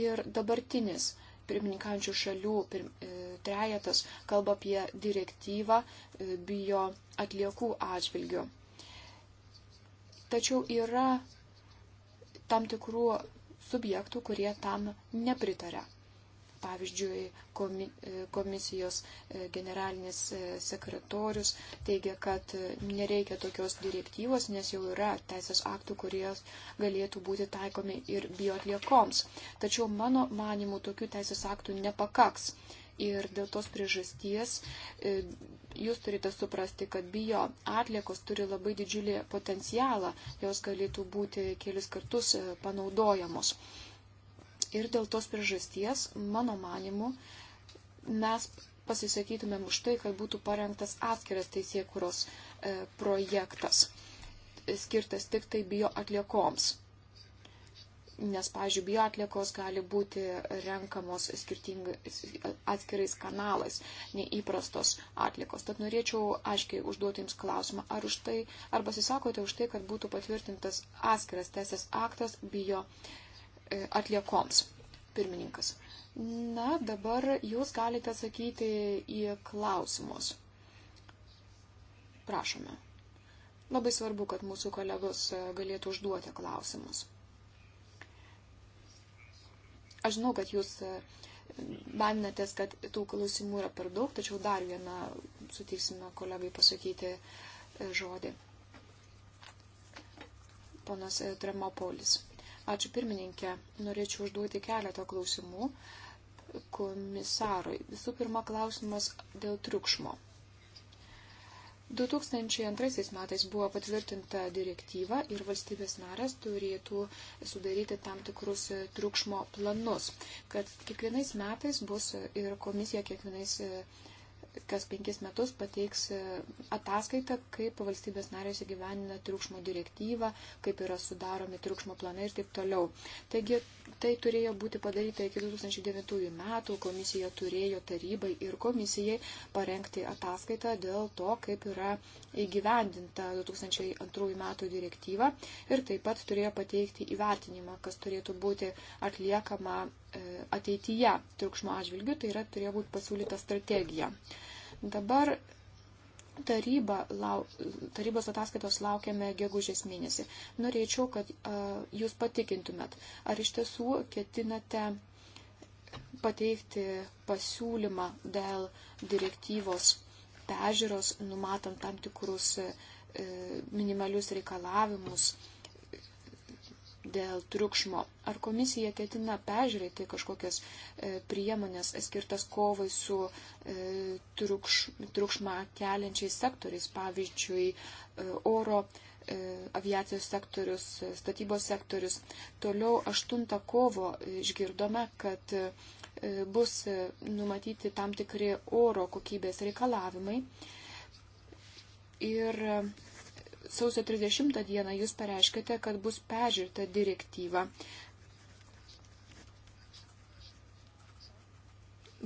Ir dabartinis uh, pirmininkančių šalių pirm, e, trejetas kalba apie direktyvą e, bio atliekų atžvilgių. Tačiau yra tam tikrų subjektų, kurie tam nepritaria. Pavyzdžiui, e, komisijos e, generalinis e, sekretorius teigia, kad nereikia tokios direktyvos, nes jau yra teisės aktų, kurie galėtų būti taikomi ir biotliekoms. Tačiau mano manimu tokių teisės aktų nepakaks. Ir dėl tos priežasties jūs turite suprasti, kad bio atliekos turi labai didžiulį potencialą, jos galėtų būti kelis kartus panaudojamos ir dėl tos priežasties, mano manimu, mes pasisakytumėm už tai, kad būtų parengtas atskiras teisėkuros e, projektas, e, skirtas tik tai bio atliekoms. Nes, pavyzdžiui, bio atliekos gali būti renkamos atskirais kanalais, neįprastos atliekos. Tad norėčiau aiškiai užduoti Jums klausimą, ar už tai, ar pasisakote už tai, kad būtų patvirtintas atskiras teisės aktas bio atliekoms E, atliekoms. Pirmininkas. Na, dabar jūs galite sakyti į klausimus. Prašome. Labai svarbu, kad mūsų kolegos e, galėtų užduoti klausimus. Aš žinau, kad jūs e, baninatės, kad tų klausimų yra per daug, tačiau dar vieną sutiksime kolegai pasakyti žodį. Ponas Tremopolis. Ačiū pirmininkė. Norėčiau užduoti keletą klausimų komisarui. Visų pirma, klausimas dėl triukšmo. 2002 metais buvo patvirtinta direktyva ir valstybės narės turėtų sudaryti tam tikrus triukšmo planus, kad kiekvienais metais bus ir komisija kiekvienais kas penkis metus pateiks e, ataskaitą, kaip valstybės narės įgyvenina triukšmo direktyvą, kaip yra sudaromi triukšmo planai ir taip toliau. Taigi tai turėjo būti padaryta iki 2009 metų, komisija turėjo tarybai ir komisijai parengti ataskaitą dėl to, kaip yra įgyvendinta 2002 metų direktyva ir taip pat turėjo pateikti įvertinimą, kas turėtų būti atliekama E, ateityje triukšmo atžvilgių, tai yra turėjo būti pasiūlyta strategija. Dabar taryba, lau, tarybos ataskaitos laukiame gegužės mėnesį. Norėčiau, kad a, e, jūs patikintumėt, ar iš tiesų ketinate pateikti pasiūlymą dėl direktyvos pežiūros, numatant tam tikrus e, minimalius reikalavimus. E, dėl triukšmo. Ar komisija ketina peržiūrėti kažkokias e, priemonės skirtas kovai su e, triukš, triukšmą keliančiais sektoriais, pavyzdžiui, e, oro aviacijos sektorius, statybos sektorius. Toliau 8 kovo išgirdome, kad bus numatyti tam tikri oro kokybės reikalavimai. Ir sausio 30 dieną jūs pareiškite, kad bus peržiūrta direktyva.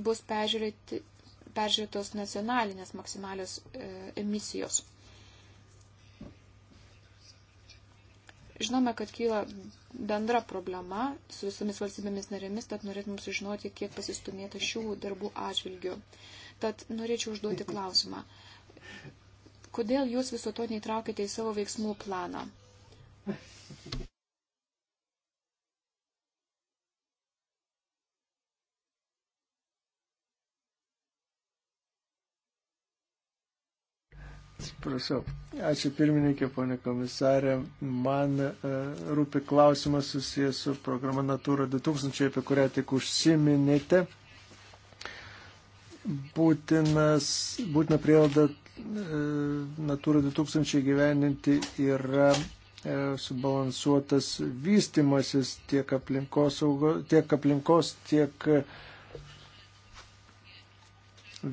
Bus peržiūrėti, peržiūrėtos nacionalinės maksimalios e, emisijos. Žinome, kad kyla bendra problema su visomis valstybėmis narėmis, tad norėtumėm sužinoti, kiek pasistumėta šių darbų atžvilgių. Tad norėčiau užduoti klausimą. Kodėl jūs viso to neįtraukite į savo veiksmų planą? Prašau. Ačiū pirmininkė, ponė komisarė. Man uh, rūpi klausimas susijęs su programa Natūra 2000, apie kurią tik užsiminėte. Būtinas, būtina prielada E, Natūra 2000 gyveninti yra e, subalansuotas vystimasis tiek aplinkos, saugo, tiek, aplinkos tiek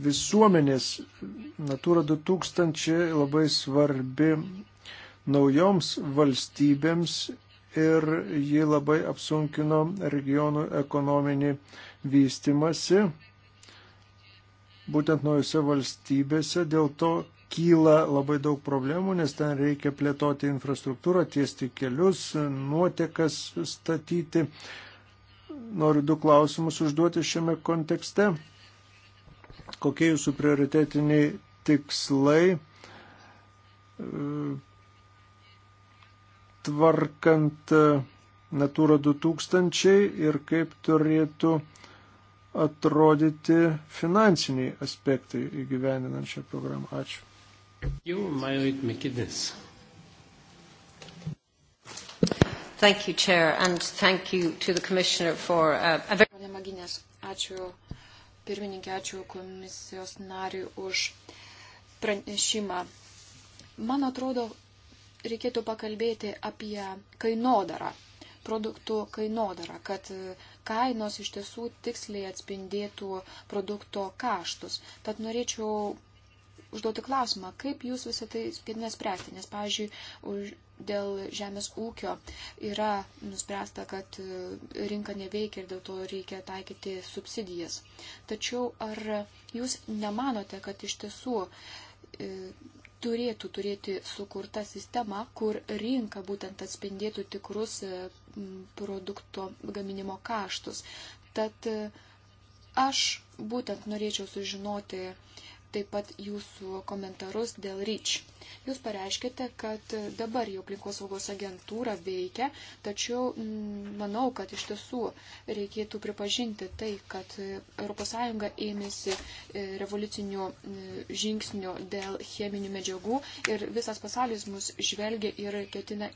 visuomenės. Natūra 2000 labai svarbi naujoms valstybėms ir ji labai apsunkino regionų ekonominį vystimasi būtent naujose valstybėse, dėl to kyla labai daug problemų, nes ten reikia plėtoti infrastruktūrą, tiesti kelius, nuotekas statyti. Noriu du klausimus užduoti šiame kontekste. Kokie jūsų prioritetiniai tikslai e, tvarkant e, Natūra 2000 ir kaip turėtų uh, atrodyti finansiniai aspektai įgyveninant šią programą. Ačiū. You, Marit McInnes. Thank you, Chair, and thank you to the Commissioner for uh, a very... Ačiū pirmininkė, ačiū komisijos nariui už pranešimą. Man atrodo, reikėtų pakalbėti apie kainodarą, produktų kainodarą, kad uh, kainos iš tiesų tiksliai atspindėtų produkto kaštus. Tad norėčiau užduoti klausimą, kaip jūs visą tai ketinate spręsti, nes, pavyzdžiui, už, dėl žemės ūkio yra nuspręsta, kad e, rinka neveikia ir dėl to reikia taikyti subsidijas. Tačiau ar jūs nemanote, kad iš tiesų e, turėtų turėti sukurta sistema, kur rinka būtent atspindėtų tikrus e, produkto gaminimo kaštus. Tad e, aš būtent norėčiau sužinoti taip pat jūsų komentarus dėl REACH. Jūs pareiškite, kad dabar jau aplinkosaugos agentūra veikia, tačiau mm, manau, kad iš tiesų reikėtų pripažinti tai, kad ES ėmėsi e, revoliucinių e, žingsnių dėl cheminių medžiagų ir visas pasaulis mus žvelgia ir ketina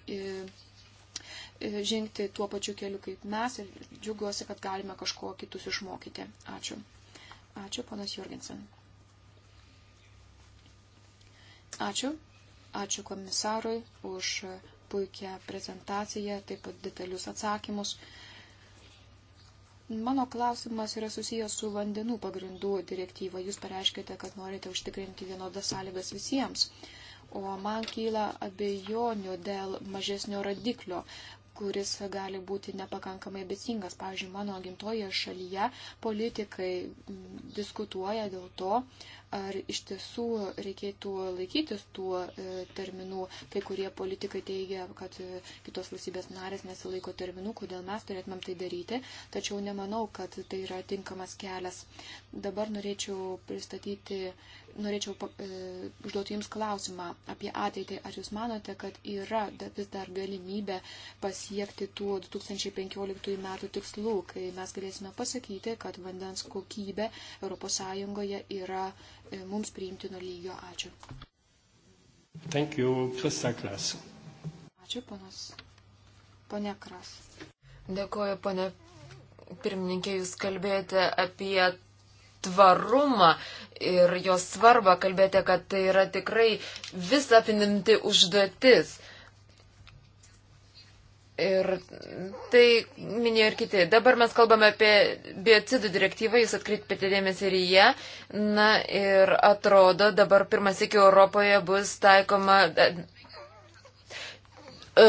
žengti tuo pačiu keliu kaip mes ir džiugiuosi, kad galime kažko kitus išmokyti. Ačiū. Ačiū, ponas Jurgensen. Ačiū. Ačiū komisarui už puikią prezentaciją, taip pat detalius atsakymus. Mano klausimas yra susijęs su vandenų pagrindų direktyva. Jūs pareiškite, kad norite užtikrinti vienodas sąlygas visiems o man kyla abejonių dėl mažesnio radiklio kuris gali būti nepakankamai ambicingas. Pavyzdžiui, mano gimtoje šalyje politikai diskutuoja dėl to, ar iš tiesų reikėtų laikytis tų e, terminų. Kai kurie politikai teigia, kad e, kitos valstybės narės nesilaiko terminų, kodėl mes turėtumėm tai daryti, tačiau nemanau, kad tai yra tinkamas kelias. Dabar norėčiau pristatyti, norėčiau e, užduoti Jums klausimą apie ateitį. Ar Jūs manote, kad yra vis dar galimybė pasiekti tų 2015 metų tikslų, kai mes galėsime pasakyti, kad vandens kokybė ES yra E, mums priimtino lygio. Ačiū. Thank you, Krista Klas. Ačiū, panas. Pone Kras. Dėkuoju, pone pirmininkė, jūs kalbėjote apie tvarumą ir jos svarbą, kalbėjote, kad tai yra tikrai visapinimti užduotis. Ir tai minėjo ir kiti. Dabar mes kalbame apie biocidų direktyvą, jūs atkreipėte dėmesį ir į ją. Na ir atrodo, dabar pirmas iki Europoje bus taikoma e, e,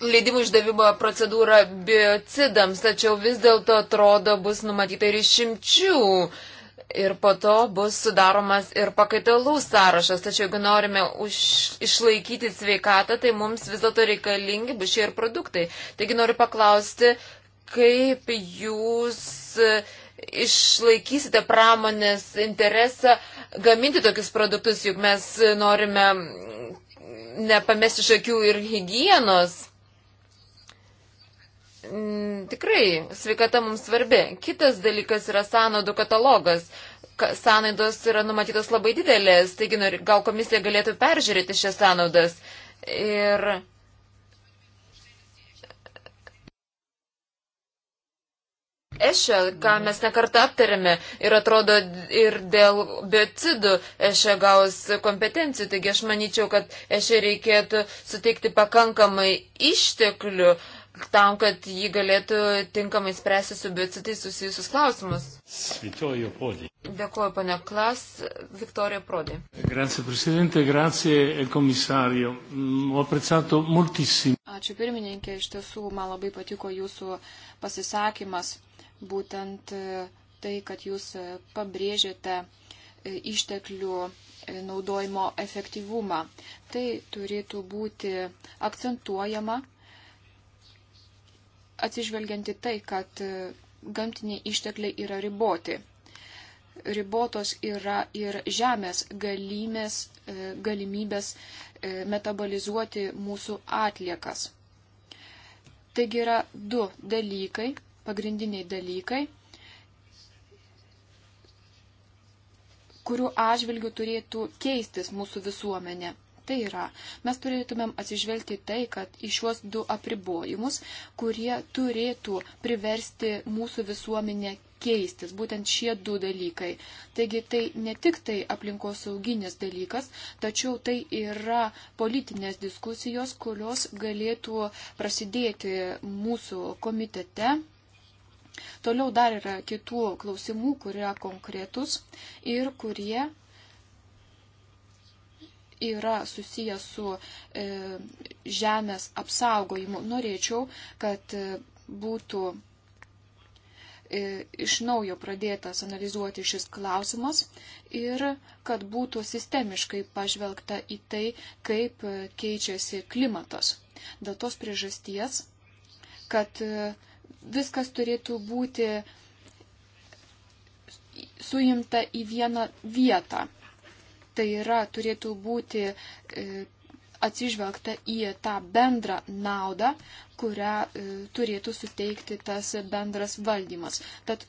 leidimų išdavimo procedūra biocidams, tačiau vis dėlto atrodo bus numatyta ir išimčių. Iš ir po to bus sudaromas ir pakaitalų sąrašas. Tačiau jeigu norime už, išlaikyti sveikatą, tai mums vis dėlto reikalingi bus šie ir produktai. Taigi noriu paklausti, kaip jūs išlaikysite pramonės interesą gaminti tokius produktus, juk mes norime nepamesti iš akių ir hygienos. Mm, tikrai sveikata mums svarbi. Kitas dalykas yra sąnaudų katalogas. Sąnaudos yra numatytos labai didelės, taigi gal komisija galėtų peržiūrėti šias sąnaudas. Ir Ešė, ką mes nekartą aptarėme ir atrodo ir dėl biocidų Ešė gaus kompetencijų, taigi aš manyčiau, kad Ešė reikėtų suteikti pakankamai išteklių uh, tam, kad jį galėtų tinkamai spręsti su biocitais susijusius klausimus. Svitojo podį. Dėkuoju, pane Klas, Viktorija Prodi. Grazie, prezidente, grazie, komisario. Eh, mm, ho apprezzato moltissimo. Ačiū pirmininkė, iš tiesų man labai patiko jūsų pasisakymas, būtent eh, tai, kad jūs eh, pabrėžėte išteklių naudojimo efektyvumą. Tai turėtų būti akcentuojama atsižvelgianti tai, kad e, gamtiniai ištekliai yra riboti. Ribotos yra ir žemės galimės, e, galimybės e, metabolizuoti mūsų atliekas. Taigi yra du dalykai, pagrindiniai dalykai, kurių atžvilgių turėtų keistis mūsų visuomenė. Tai yra, mes turėtumėm atsižvelgti tai, kad į šiuos du apribojimus, kurie turėtų priversti mūsų visuomenę keistis, būtent šie du dalykai. Taigi tai ne tik tai aplinkosauginis dalykas, tačiau tai yra politinės diskusijos, kurios galėtų prasidėti mūsų komitete Toliau dar yra kitų klausimų, kurie konkretus ir kurie yra susijęs su e, žemės apsaugojimu. Norėčiau, kad e, būtų e, iš naujo pradėtas analizuoti šis klausimas ir kad būtų sistemiškai pažvelgta į tai, kaip e, keičiasi klimatas. Dėl tos priežasties, kad e, viskas turėtų būti suimta į vieną vietą Tai yra, turėtų būti e, atsižvelgta į tą bendrą naudą, kurią e, turėtų suteikti tas bendras valdymas. Tad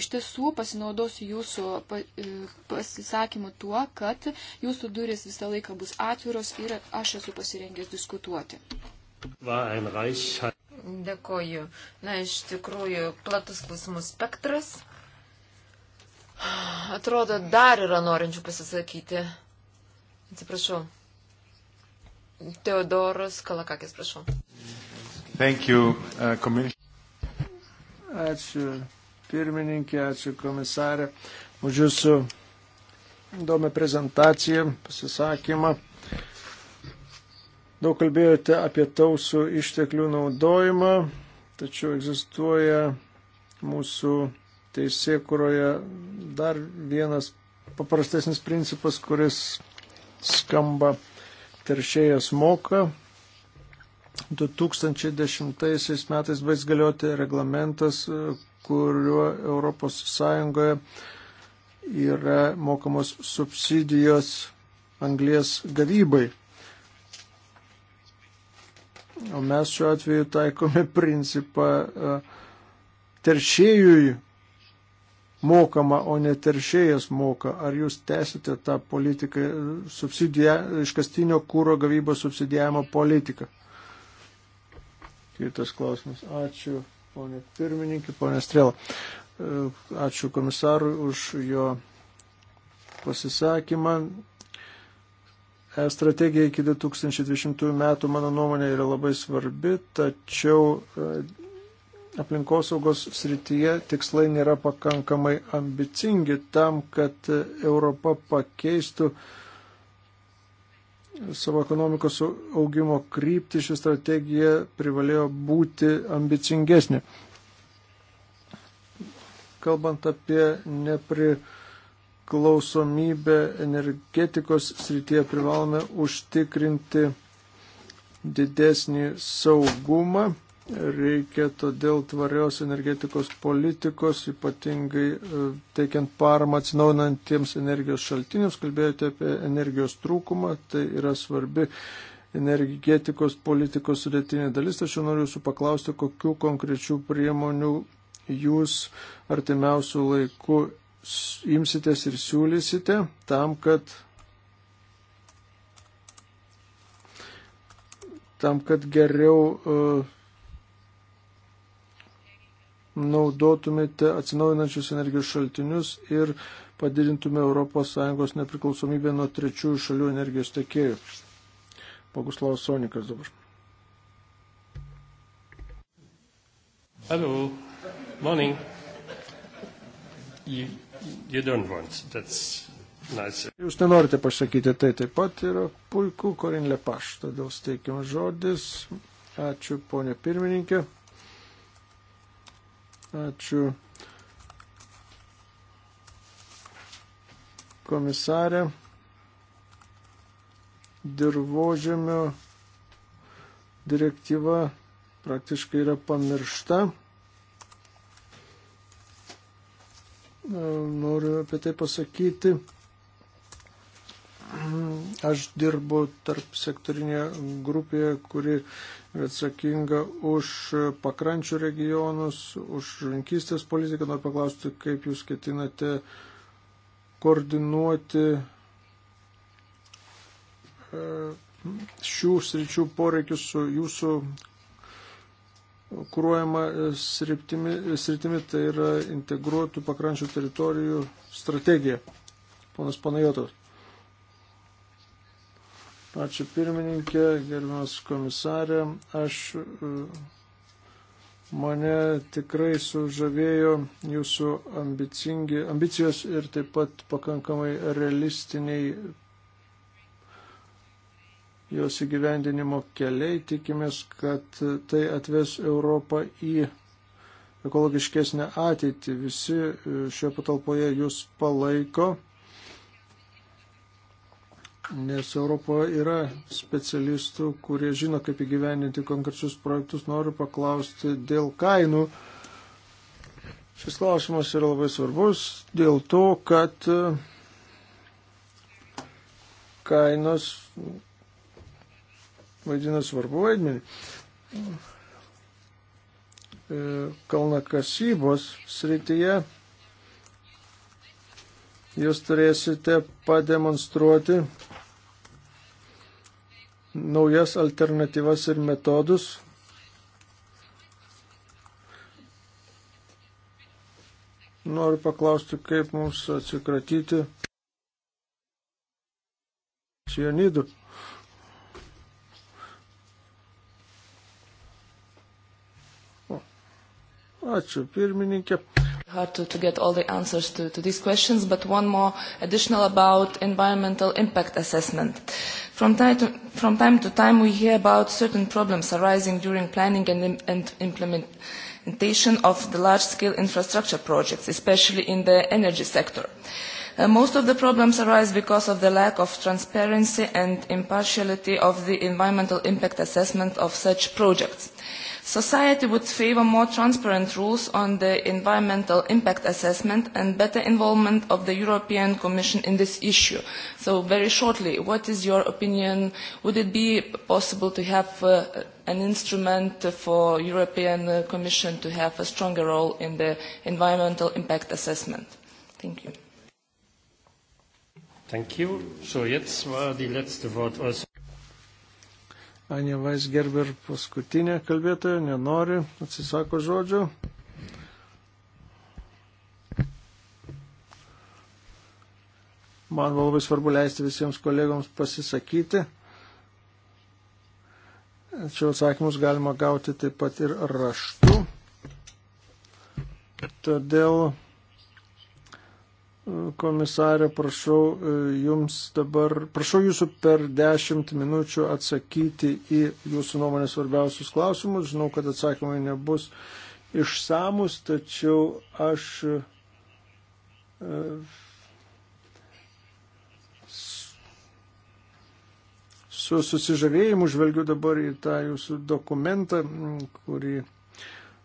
iš tiesų pasinaudosiu jūsų e, pasisakymu tuo, kad jūsų duris visą laiką bus atviros ir aš esu pasirengęs diskutuoti. Dėkoju. Na, iš tikrųjų, platus klausimų spektras. Atrodo, dar yra norinčių pasisakyti. Atsiprašau. Teodoras Kalakakis, prašau. Thank you, uh, komis... ačiū pirmininkė, ačiū komisarė už jūsų įdomią prezentaciją, pasisakymą. Daug kalbėjote apie tausų išteklių naudojimą, tačiau egzistuoja mūsų teisėkuroje dar vienas paprastesnis principas, kuris skamba teršėjas moka. 2010 metais baigs galioti reglamentas, kuriuo ES yra mokamos subsidijos anglės gavybai. O mes šiuo atveju taikome principą e, teršėjui mokama, o ne teršėjas moka. Ar jūs tęsite tą politiką, subsidia, iškastinio kūro gavybos subsidijavimo politiką? Kitas klausimas. Ačiū, ponė pirmininkė, ponė Strela. E, ačiū komisarui už jo pasisakymą. E strategija iki 2020 metų, mano nuomonė, yra labai svarbi, tačiau e, aplinkosaugos srityje tikslai nėra pakankamai ambicingi tam, kad Europa pakeistų savo ekonomikos augimo kryptį, ši strategija privalėjo būti ambicingesnė. Kalbant apie nepriklausomybę energetikos srityje, privalome užtikrinti didesnį saugumą Reikia todėl tvarios energetikos politikos, ypatingai e, teikiant paramą atsinaunantiems energijos šaltinius. Kalbėjote apie energijos trūkumą, tai yra svarbi energetikos politikos sudėtinė dalis. Tačiau noriu jūsų paklausti, kokiu konkrečiu priemonių jūs artimiausių laikų imsitės ir siūlysite tam, kad tam, kad geriau uh, naudotumėte atsinaujinančius energijos šaltinius ir padidintume ES nepriklausomybę nuo trečiųjų šalių energijos tiekėjų. Boguslavas Sonikas dabar. Hello. Morning. You, you don't want. That's nice. Jūs nenorite pasakyti, tai taip pat yra puiku, Korin Lepaš, todėl steikiamas žodis. Ačiū, ponė pirmininkė. Ačiū. Komisarė. Dirbožėmio direktyva praktiškai yra pamiršta. Noriu apie tai pasakyti. Mhm. Aš dirbu tarp sektorinėje grupėje, kuri atsakinga už pakrančių regionus, už žankystės politiką. Noriu paklausti, kaip jūs ketinate koordinuoti e, šių sričių poreikius su jūsų kūruojama e, sritimi, e, sritimi, tai yra integruotų pakrančių teritorijų strategija. Ponas Panajotovas. Ačiū pirmininkė, gerbiamas komisarė. Aš e, mane tikrai sužavėjo jūsų ambicijos ir taip pat pakankamai realistiniai jos įgyvendinimo keliai. Tikimės, kad tai atves Europą į ekologiškesnę ateitį. Visi e, šioje patalpoje jūs palaiko nes Europoje yra specialistų, kurie žino, kaip įgyveninti konkrečius projektus. Noriu paklausti dėl kainų. Šis klausimas yra labai svarbus dėl to, kad e, kainos vaidina svarbu vaidmenį. E, kalnakasybos srityje jūs turėsite pademonstruoti naujas alternatyvas ir metodus. Noriu paklausti, kaip mums atsikratyti cianidų. Ačiū pirmininkė hard to, to get all the answers to, to these questions, but one more additional about environmental impact assessment. From time, to, from time to time, we hear about certain problems arising during planning and, and implementation of the large-scale infrastructure projects, especially in the energy sector. Uh, most of the problems arise because of the lack of transparency and impartiality of the environmental impact assessment of such projects. Society would favor more transparent rules on the environmental impact assessment and better involvement of the European Commission in this issue. So very shortly, what is your opinion? Would it be possible to have uh, an instrument for European uh, Commission to have a stronger role in the environmental impact assessment? Thank you. Thank you. So jetzt war die letzte Wort aus Anja Weisgerber paskutinė kalbėtoja, nenori, atsisako žodžio. Man buvo labai svarbu leisti visiems kolegoms pasisakyti. Tačiau atsakymus galima gauti taip pat ir raštu. Todėl Komisarė, prašau, e, jums dabar, prašau jūsų per dešimt minučių atsakyti į jūsų nuomonės svarbiausius klausimus. Žinau, kad atsakymai nebus išsamus, tačiau aš e, su susižavėjimu žvelgiu dabar į tą jūsų dokumentą, kurį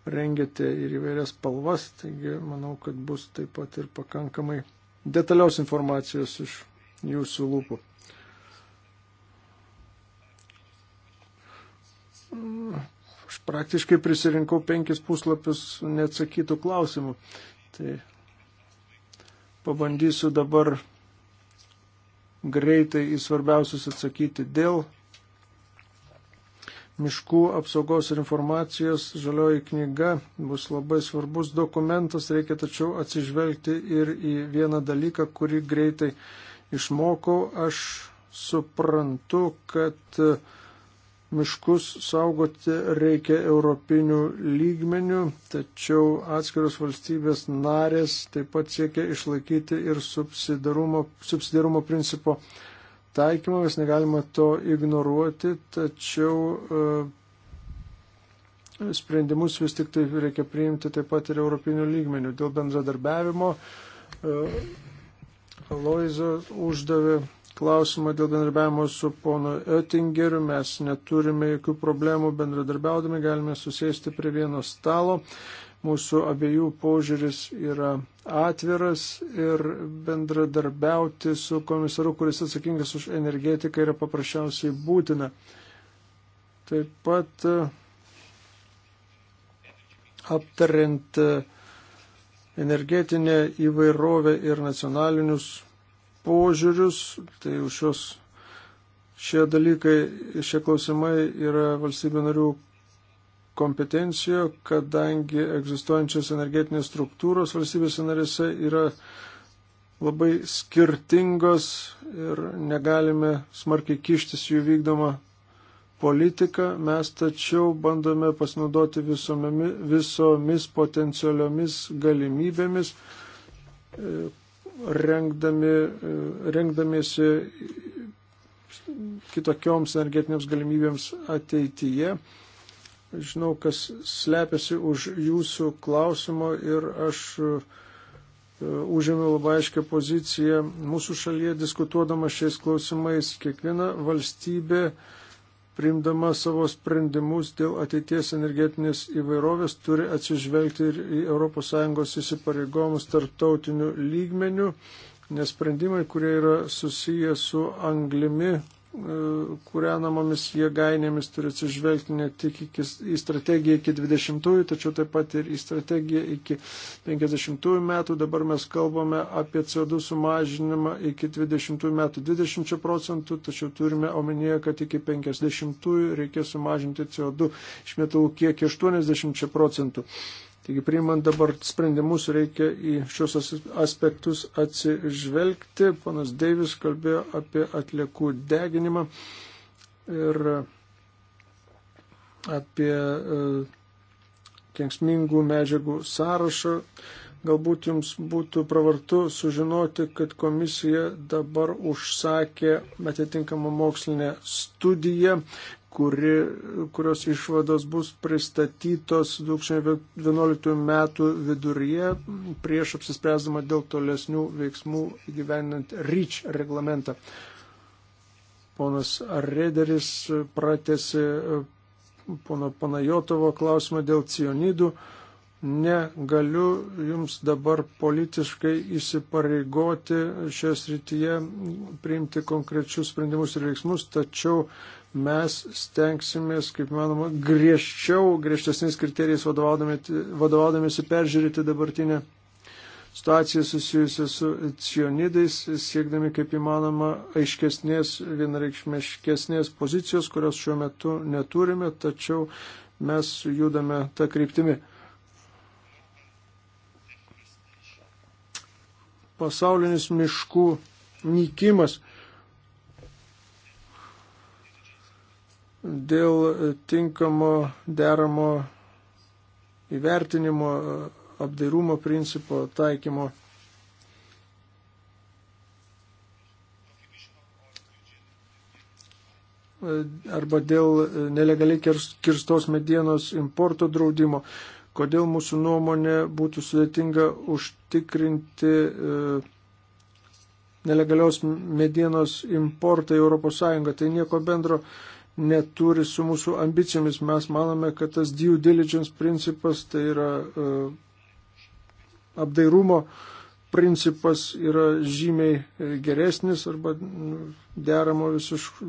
rengiate ir įvairias spalvas, taigi manau, kad bus taip pat ir pakankamai detaliaus informacijos iš jūsų lūpų. Aš praktiškai prisirinkau penkis puslapius neatsakytų klausimų. Tai pabandysiu dabar greitai į svarbiausius atsakyti dėl miškų apsaugos ir informacijos žalioji knyga bus labai svarbus dokumentas, reikia tačiau atsižvelgti ir į vieną dalyką, kurį greitai išmokau. Aš suprantu, kad miškus saugoti reikia europinių lygmenių, tačiau atskiros valstybės narės taip pat siekia išlaikyti ir subsidarumo, subsidarumo principo taikymą, mes negalima to ignoruoti, tačiau e, sprendimus vis tik tai reikia priimti taip pat ir europinių lygmenių. Dėl bendradarbiavimo e, Aloiza uždavė klausimą dėl bendradarbiavimo su ponu Oettingeriu. Mes neturime jokių problemų bendradarbiaudami, galime susėsti prie vieno stalo. Mūsų abiejų požiūris yra atviras ir bendradarbiauti su komisaru, kuris atsakingas už energetiką, yra paprasčiausiai būtina. Taip pat e, aptariant e, energetinę įvairovę ir nacionalinius požiūrius, tai už šios šie dalykai, šie klausimai yra valstybių narių kompetencijų, kadangi egzistuojančios energetinės struktūros valstybės narėse yra labai skirtingos ir negalime smarkiai kištis jų vykdomą politiką. Mes tačiau bandome pasinaudoti visomis, visomis potencialiomis galimybėmis, e, rengdami, e, rengdamiesi kitokioms energetinėms galimybėms ateityje žinau, kas slepiasi už jūsų klausimo ir aš e, užėmiau labai aiškę poziciją mūsų šalyje diskutuodama šiais klausimais. Kiekviena valstybė priimdama savo sprendimus dėl ateities energetinės įvairovės turi atsižvelgti ir į ES įsipareigomus tarptautiniu lygmeniu, nes sprendimai, kurie yra susiję su anglimi E, kūrenamomis jėgainėmis turi atsižvelgti ne tik iki, į strategiją iki 20-ųjų, tačiau taip pat ir į strategiją iki 50-ųjų metų. Dabar mes kalbame apie CO2 sumažinimą iki 20-ųjų metų 20 procentų, tačiau turime omenyje, kad iki 50-ųjų reikės sumažinti CO2 išmetalų kiekį 80 procentų. Taigi, priimant dabar sprendimus, reikia į šios aspektus atsižvelgti. Panas Deivis kalbėjo apie atliekų deginimą ir e, apie e, kenksmingų medžiagų sąrašą. Galbūt jums būtų pravartu sužinoti, kad komisija dabar užsakė atitinkamą mokslinę studiją, kuri, kurios išvados bus pristatytos 2011 metų viduryje prieš apsispręsdama dėl tolesnių veiksmų gyvenant REACH reglamentą. Ponas Rederis pratėsi e, pono Panajotovo klausimą dėl cionidų. Negaliu jums dabar politiškai įsipareigoti šią srityje priimti konkrečius sprendimus ir veiksmus, tačiau uh, mes stengsimės, kaip manoma, griežčiau, griežtesniais kriterijais vadovaudamėsi peržiūrėti dabartinę situaciją susijusią su cionidais, siekdami kaip įmanoma aiškesnės, vienareikšmeškesnės pozicijos, kurios šiuo metu neturime, tačiau mes judame tą kryptimį. Pasaulinis miškų nykimas dėl tinkamo deramo įvertinimo apdairumo principo taikymo. arba dėl nelegaliai kirstos medienos importo draudimo, kodėl mūsų nuomonė būtų sudėtinga užtikrinti e, nelegalios medienos importą į ES. Tai nieko bendro neturi su mūsų ambicijomis. Mes manome, kad tas due diligence principas, tai yra e, apdairumo principas yra žymiai e, geresnis arba deramo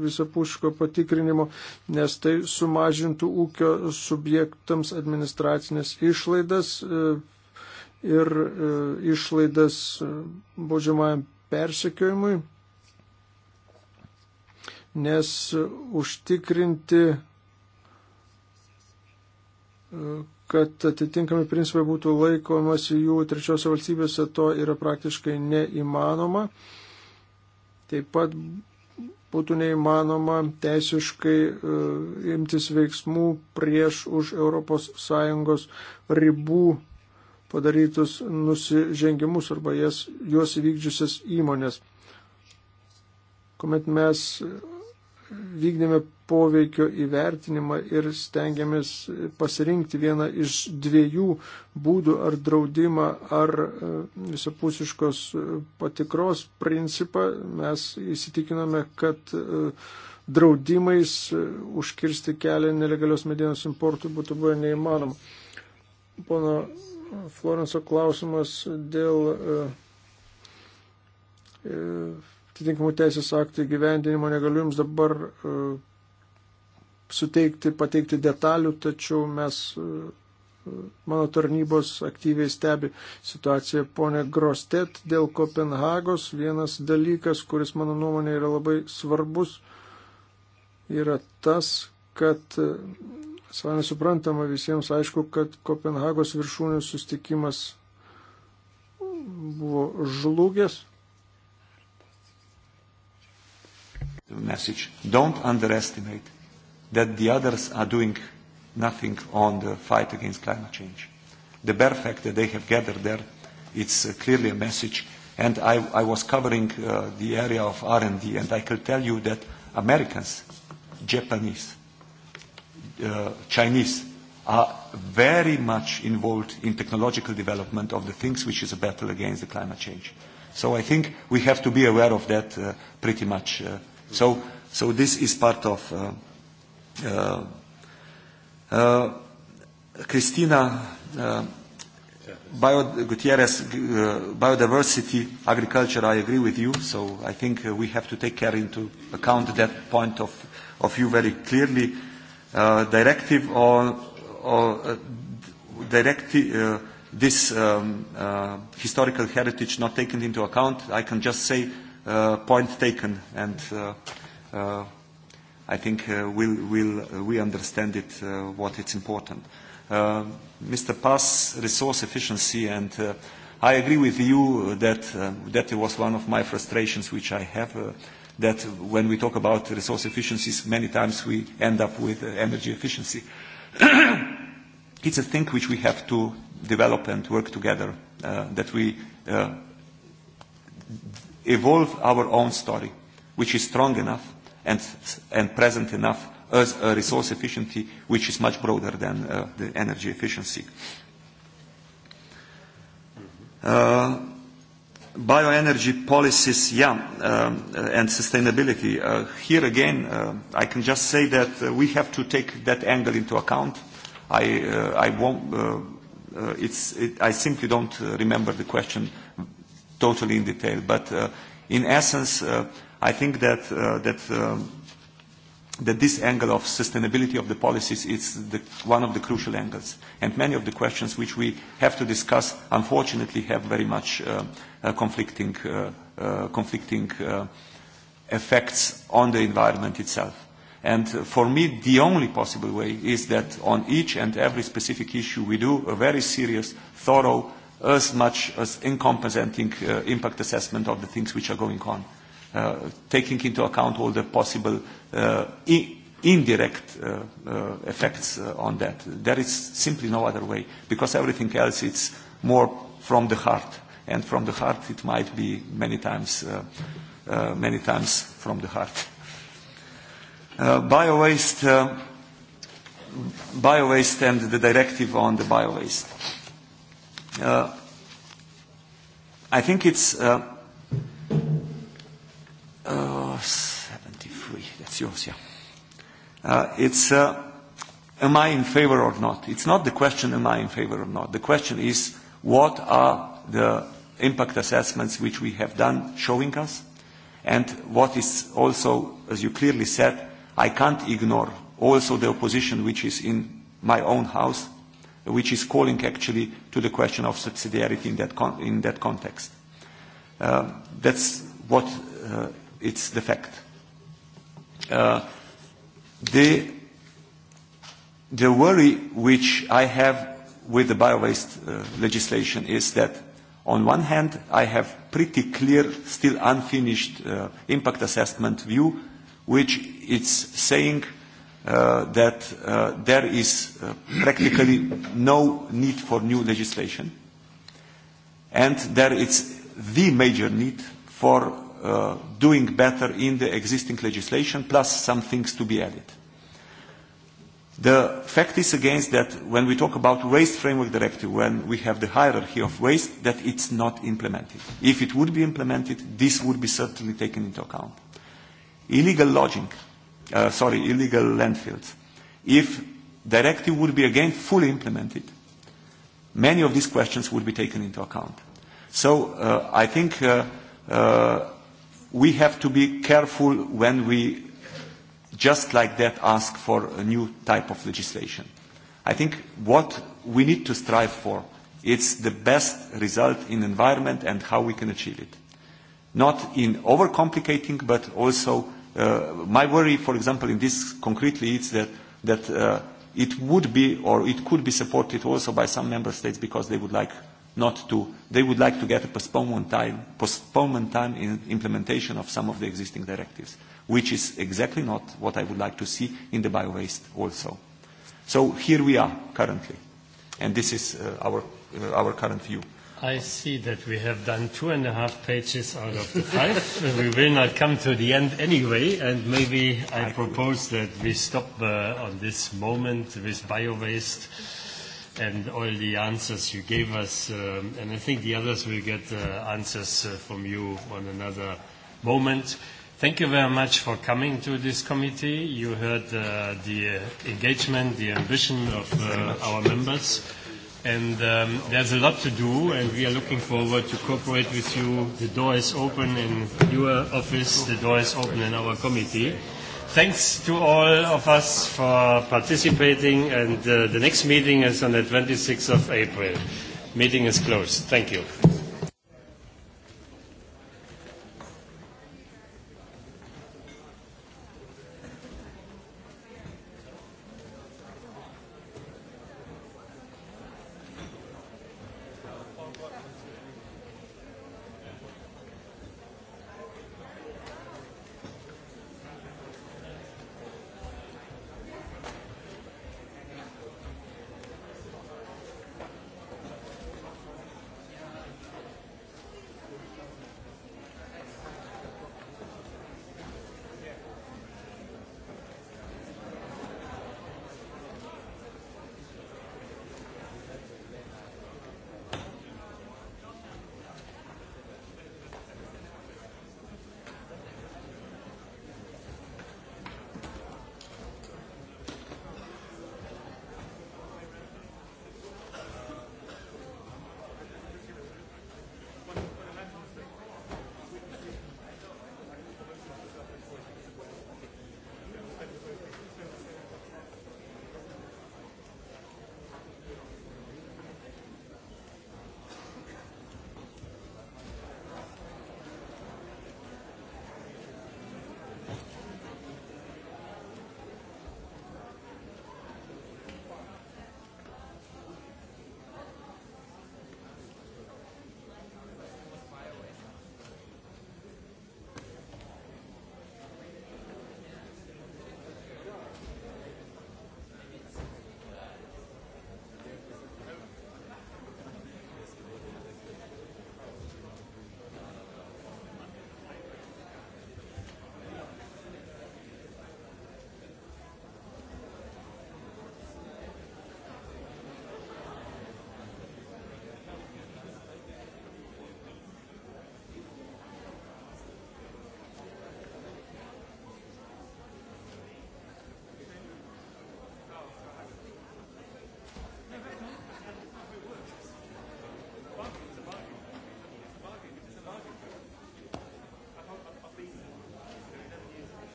visapuško patikrinimo, nes tai sumažintų ūkio subjektams administracinės išlaidas e, ir išlaidas baudžiamajam persekiojimui nes užtikrinti, kad atitinkami principai būtų laikomasi jų trečiose valstybėse, to yra praktiškai neįmanoma. Taip pat būtų neįmanoma teisiškai e, imtis veiksmų prieš už ES ribų padarytus nusižengimus arba jas, juos įvykdžiusias įmonės. Komet mes vykdėme poveikio įvertinimą ir stengiamės pasirinkti vieną iš dviejų būdų ar draudimą ar e, visapusiškos e, patikros principą. Mes įsitikinome, kad e, draudimais užkirsti kelią nelegalios medienos importui būtų buvę neįmanoma. Pono Florenso klausimas dėl. E, e, atitinkamų teisės aktų įgyvendinimo. Negaliu Jums dabar e, suteikti, pateikti detalių, tačiau mes, e, mano tarnybos aktyviai stebi situaciją. Pone Grostet, dėl Kopenhagos vienas dalykas, kuris mano nuomonė yra labai svarbus, yra tas, kad e, Savame suprantama visiems aišku, kad Kopenhagos viršūnių sustikimas buvo žlugęs. message. Don't underestimate that the others are doing nothing on the fight against climate change. The bare fact that they have gathered there, it's uh, clearly a message. And I, I was covering uh, the area of R&D, and I can tell you that Americans, Japanese, uh, Chinese are very much involved in technological development of the things which is a battle against the climate change. So I think we have to be aware of that uh, pretty much uh, So, so this is part of. Uh, uh, uh, Christina uh, bio, Gutierrez, uh, biodiversity, agriculture, I agree with you. So I think uh, we have to take care into account that point of, of you very clearly. Uh, directive or, or uh, directive, uh, this um, uh, historical heritage not taken into account, I can just say uh, point taken, and uh, uh, I think uh, we'll, we'll, uh, we understand it, uh, what it's important. Uh, Mr. Pass, resource efficiency, and uh, I agree with you that uh, that was one of my frustrations which I have, uh, that when we talk about resource efficiencies, many times we end up with uh, energy efficiency. it's a thing which we have to develop and work together, uh, that we uh, evolve our own story, which is strong enough and, and present enough as a resource efficiency which is much broader than uh, the energy efficiency. Uh, bioenergy policies, yeah, um, uh, and sustainability. Uh, here again, uh, I can just say that uh, we have to take that angle into account. I, uh, I won't, uh, uh, it's, it, I simply don't uh, remember the question totally in detail. But uh, in essence, uh, I think that, uh, that, um, that this angle of sustainability of the policies is the, one of the crucial angles. And many of the questions which we have to discuss, unfortunately, have very much uh, uh, conflicting, uh, uh, conflicting uh, effects on the environment itself. And uh, for me, the only possible way is that on each and every specific issue we do a very serious, thorough as much as incomprehending uh, impact assessment of the things which are going on, uh, taking into account all the possible uh, I- indirect uh, uh, effects uh, on that. There is simply no other way, because everything else it's more from the heart, and from the heart it might be many times, uh, uh, many times from the heart. Uh, biowaste, uh, biowaste and the directive on the biowaste. Uh, uh, I think it's uh, uh, 73. That's yours, yeah. Uh, it's uh, am I in favor or not? It's not the question am I in favor or not. The question is what are the impact assessments which we have done showing us, and what is also, as you clearly said, I can't ignore also the opposition which is in my own house which is calling actually to the question of subsidiarity in that, con in that context. Uh, that's what uh, it's the fact. Uh, the, the worry which I have with the bio-waste uh, legislation is that on one hand, I have pretty clear, still unfinished uh, impact assessment view, which it's saying uh, that uh, there is uh, practically no need for new legislation and there is the major need for uh, doing better in the existing legislation plus some things to be added. The fact is against that when we talk about waste framework directive, when we have the hierarchy of waste, that it's not implemented. If it would be implemented, this would be certainly taken into account. Illegal lodging. Uh, uh, sorry, illegal landfills. If directive would be again fully implemented, many of these questions would be taken into account. So uh, I think uh, uh, we have to be careful when we just like that ask for a new type of legislation. I think what we need to strive for it's the best result in environment and how we can achieve it. Not in overcomplicating, but also Uh, my worry, for example, in this concretely is that, that uh, it would be or it could be supported also by some member states because they would like not to, they would like to get a postponement time, postponement time in implementation of some of the existing directives, which is exactly not what I would like to see in the bio-waste also. So here we are currently, and this is uh, our, uh, our current view. I see that we have done two and a half pages out of the five. we will not come to the end anyway, and maybe I, I propose that we stop uh, on this moment with biowaste and all the answers you gave us. Um, and I think the others will get uh, answers uh, from you on another moment. Thank you very much for coming to this committee. You heard uh, the uh, engagement, the ambition of uh, our members and um, there's a lot to do, and we are looking forward to cooperate with you. The door is open in your office, the door is open in our committee. Thanks to all of us for participating, and uh, the next meeting is on the 26th of April. Meeting is closed. Thank you.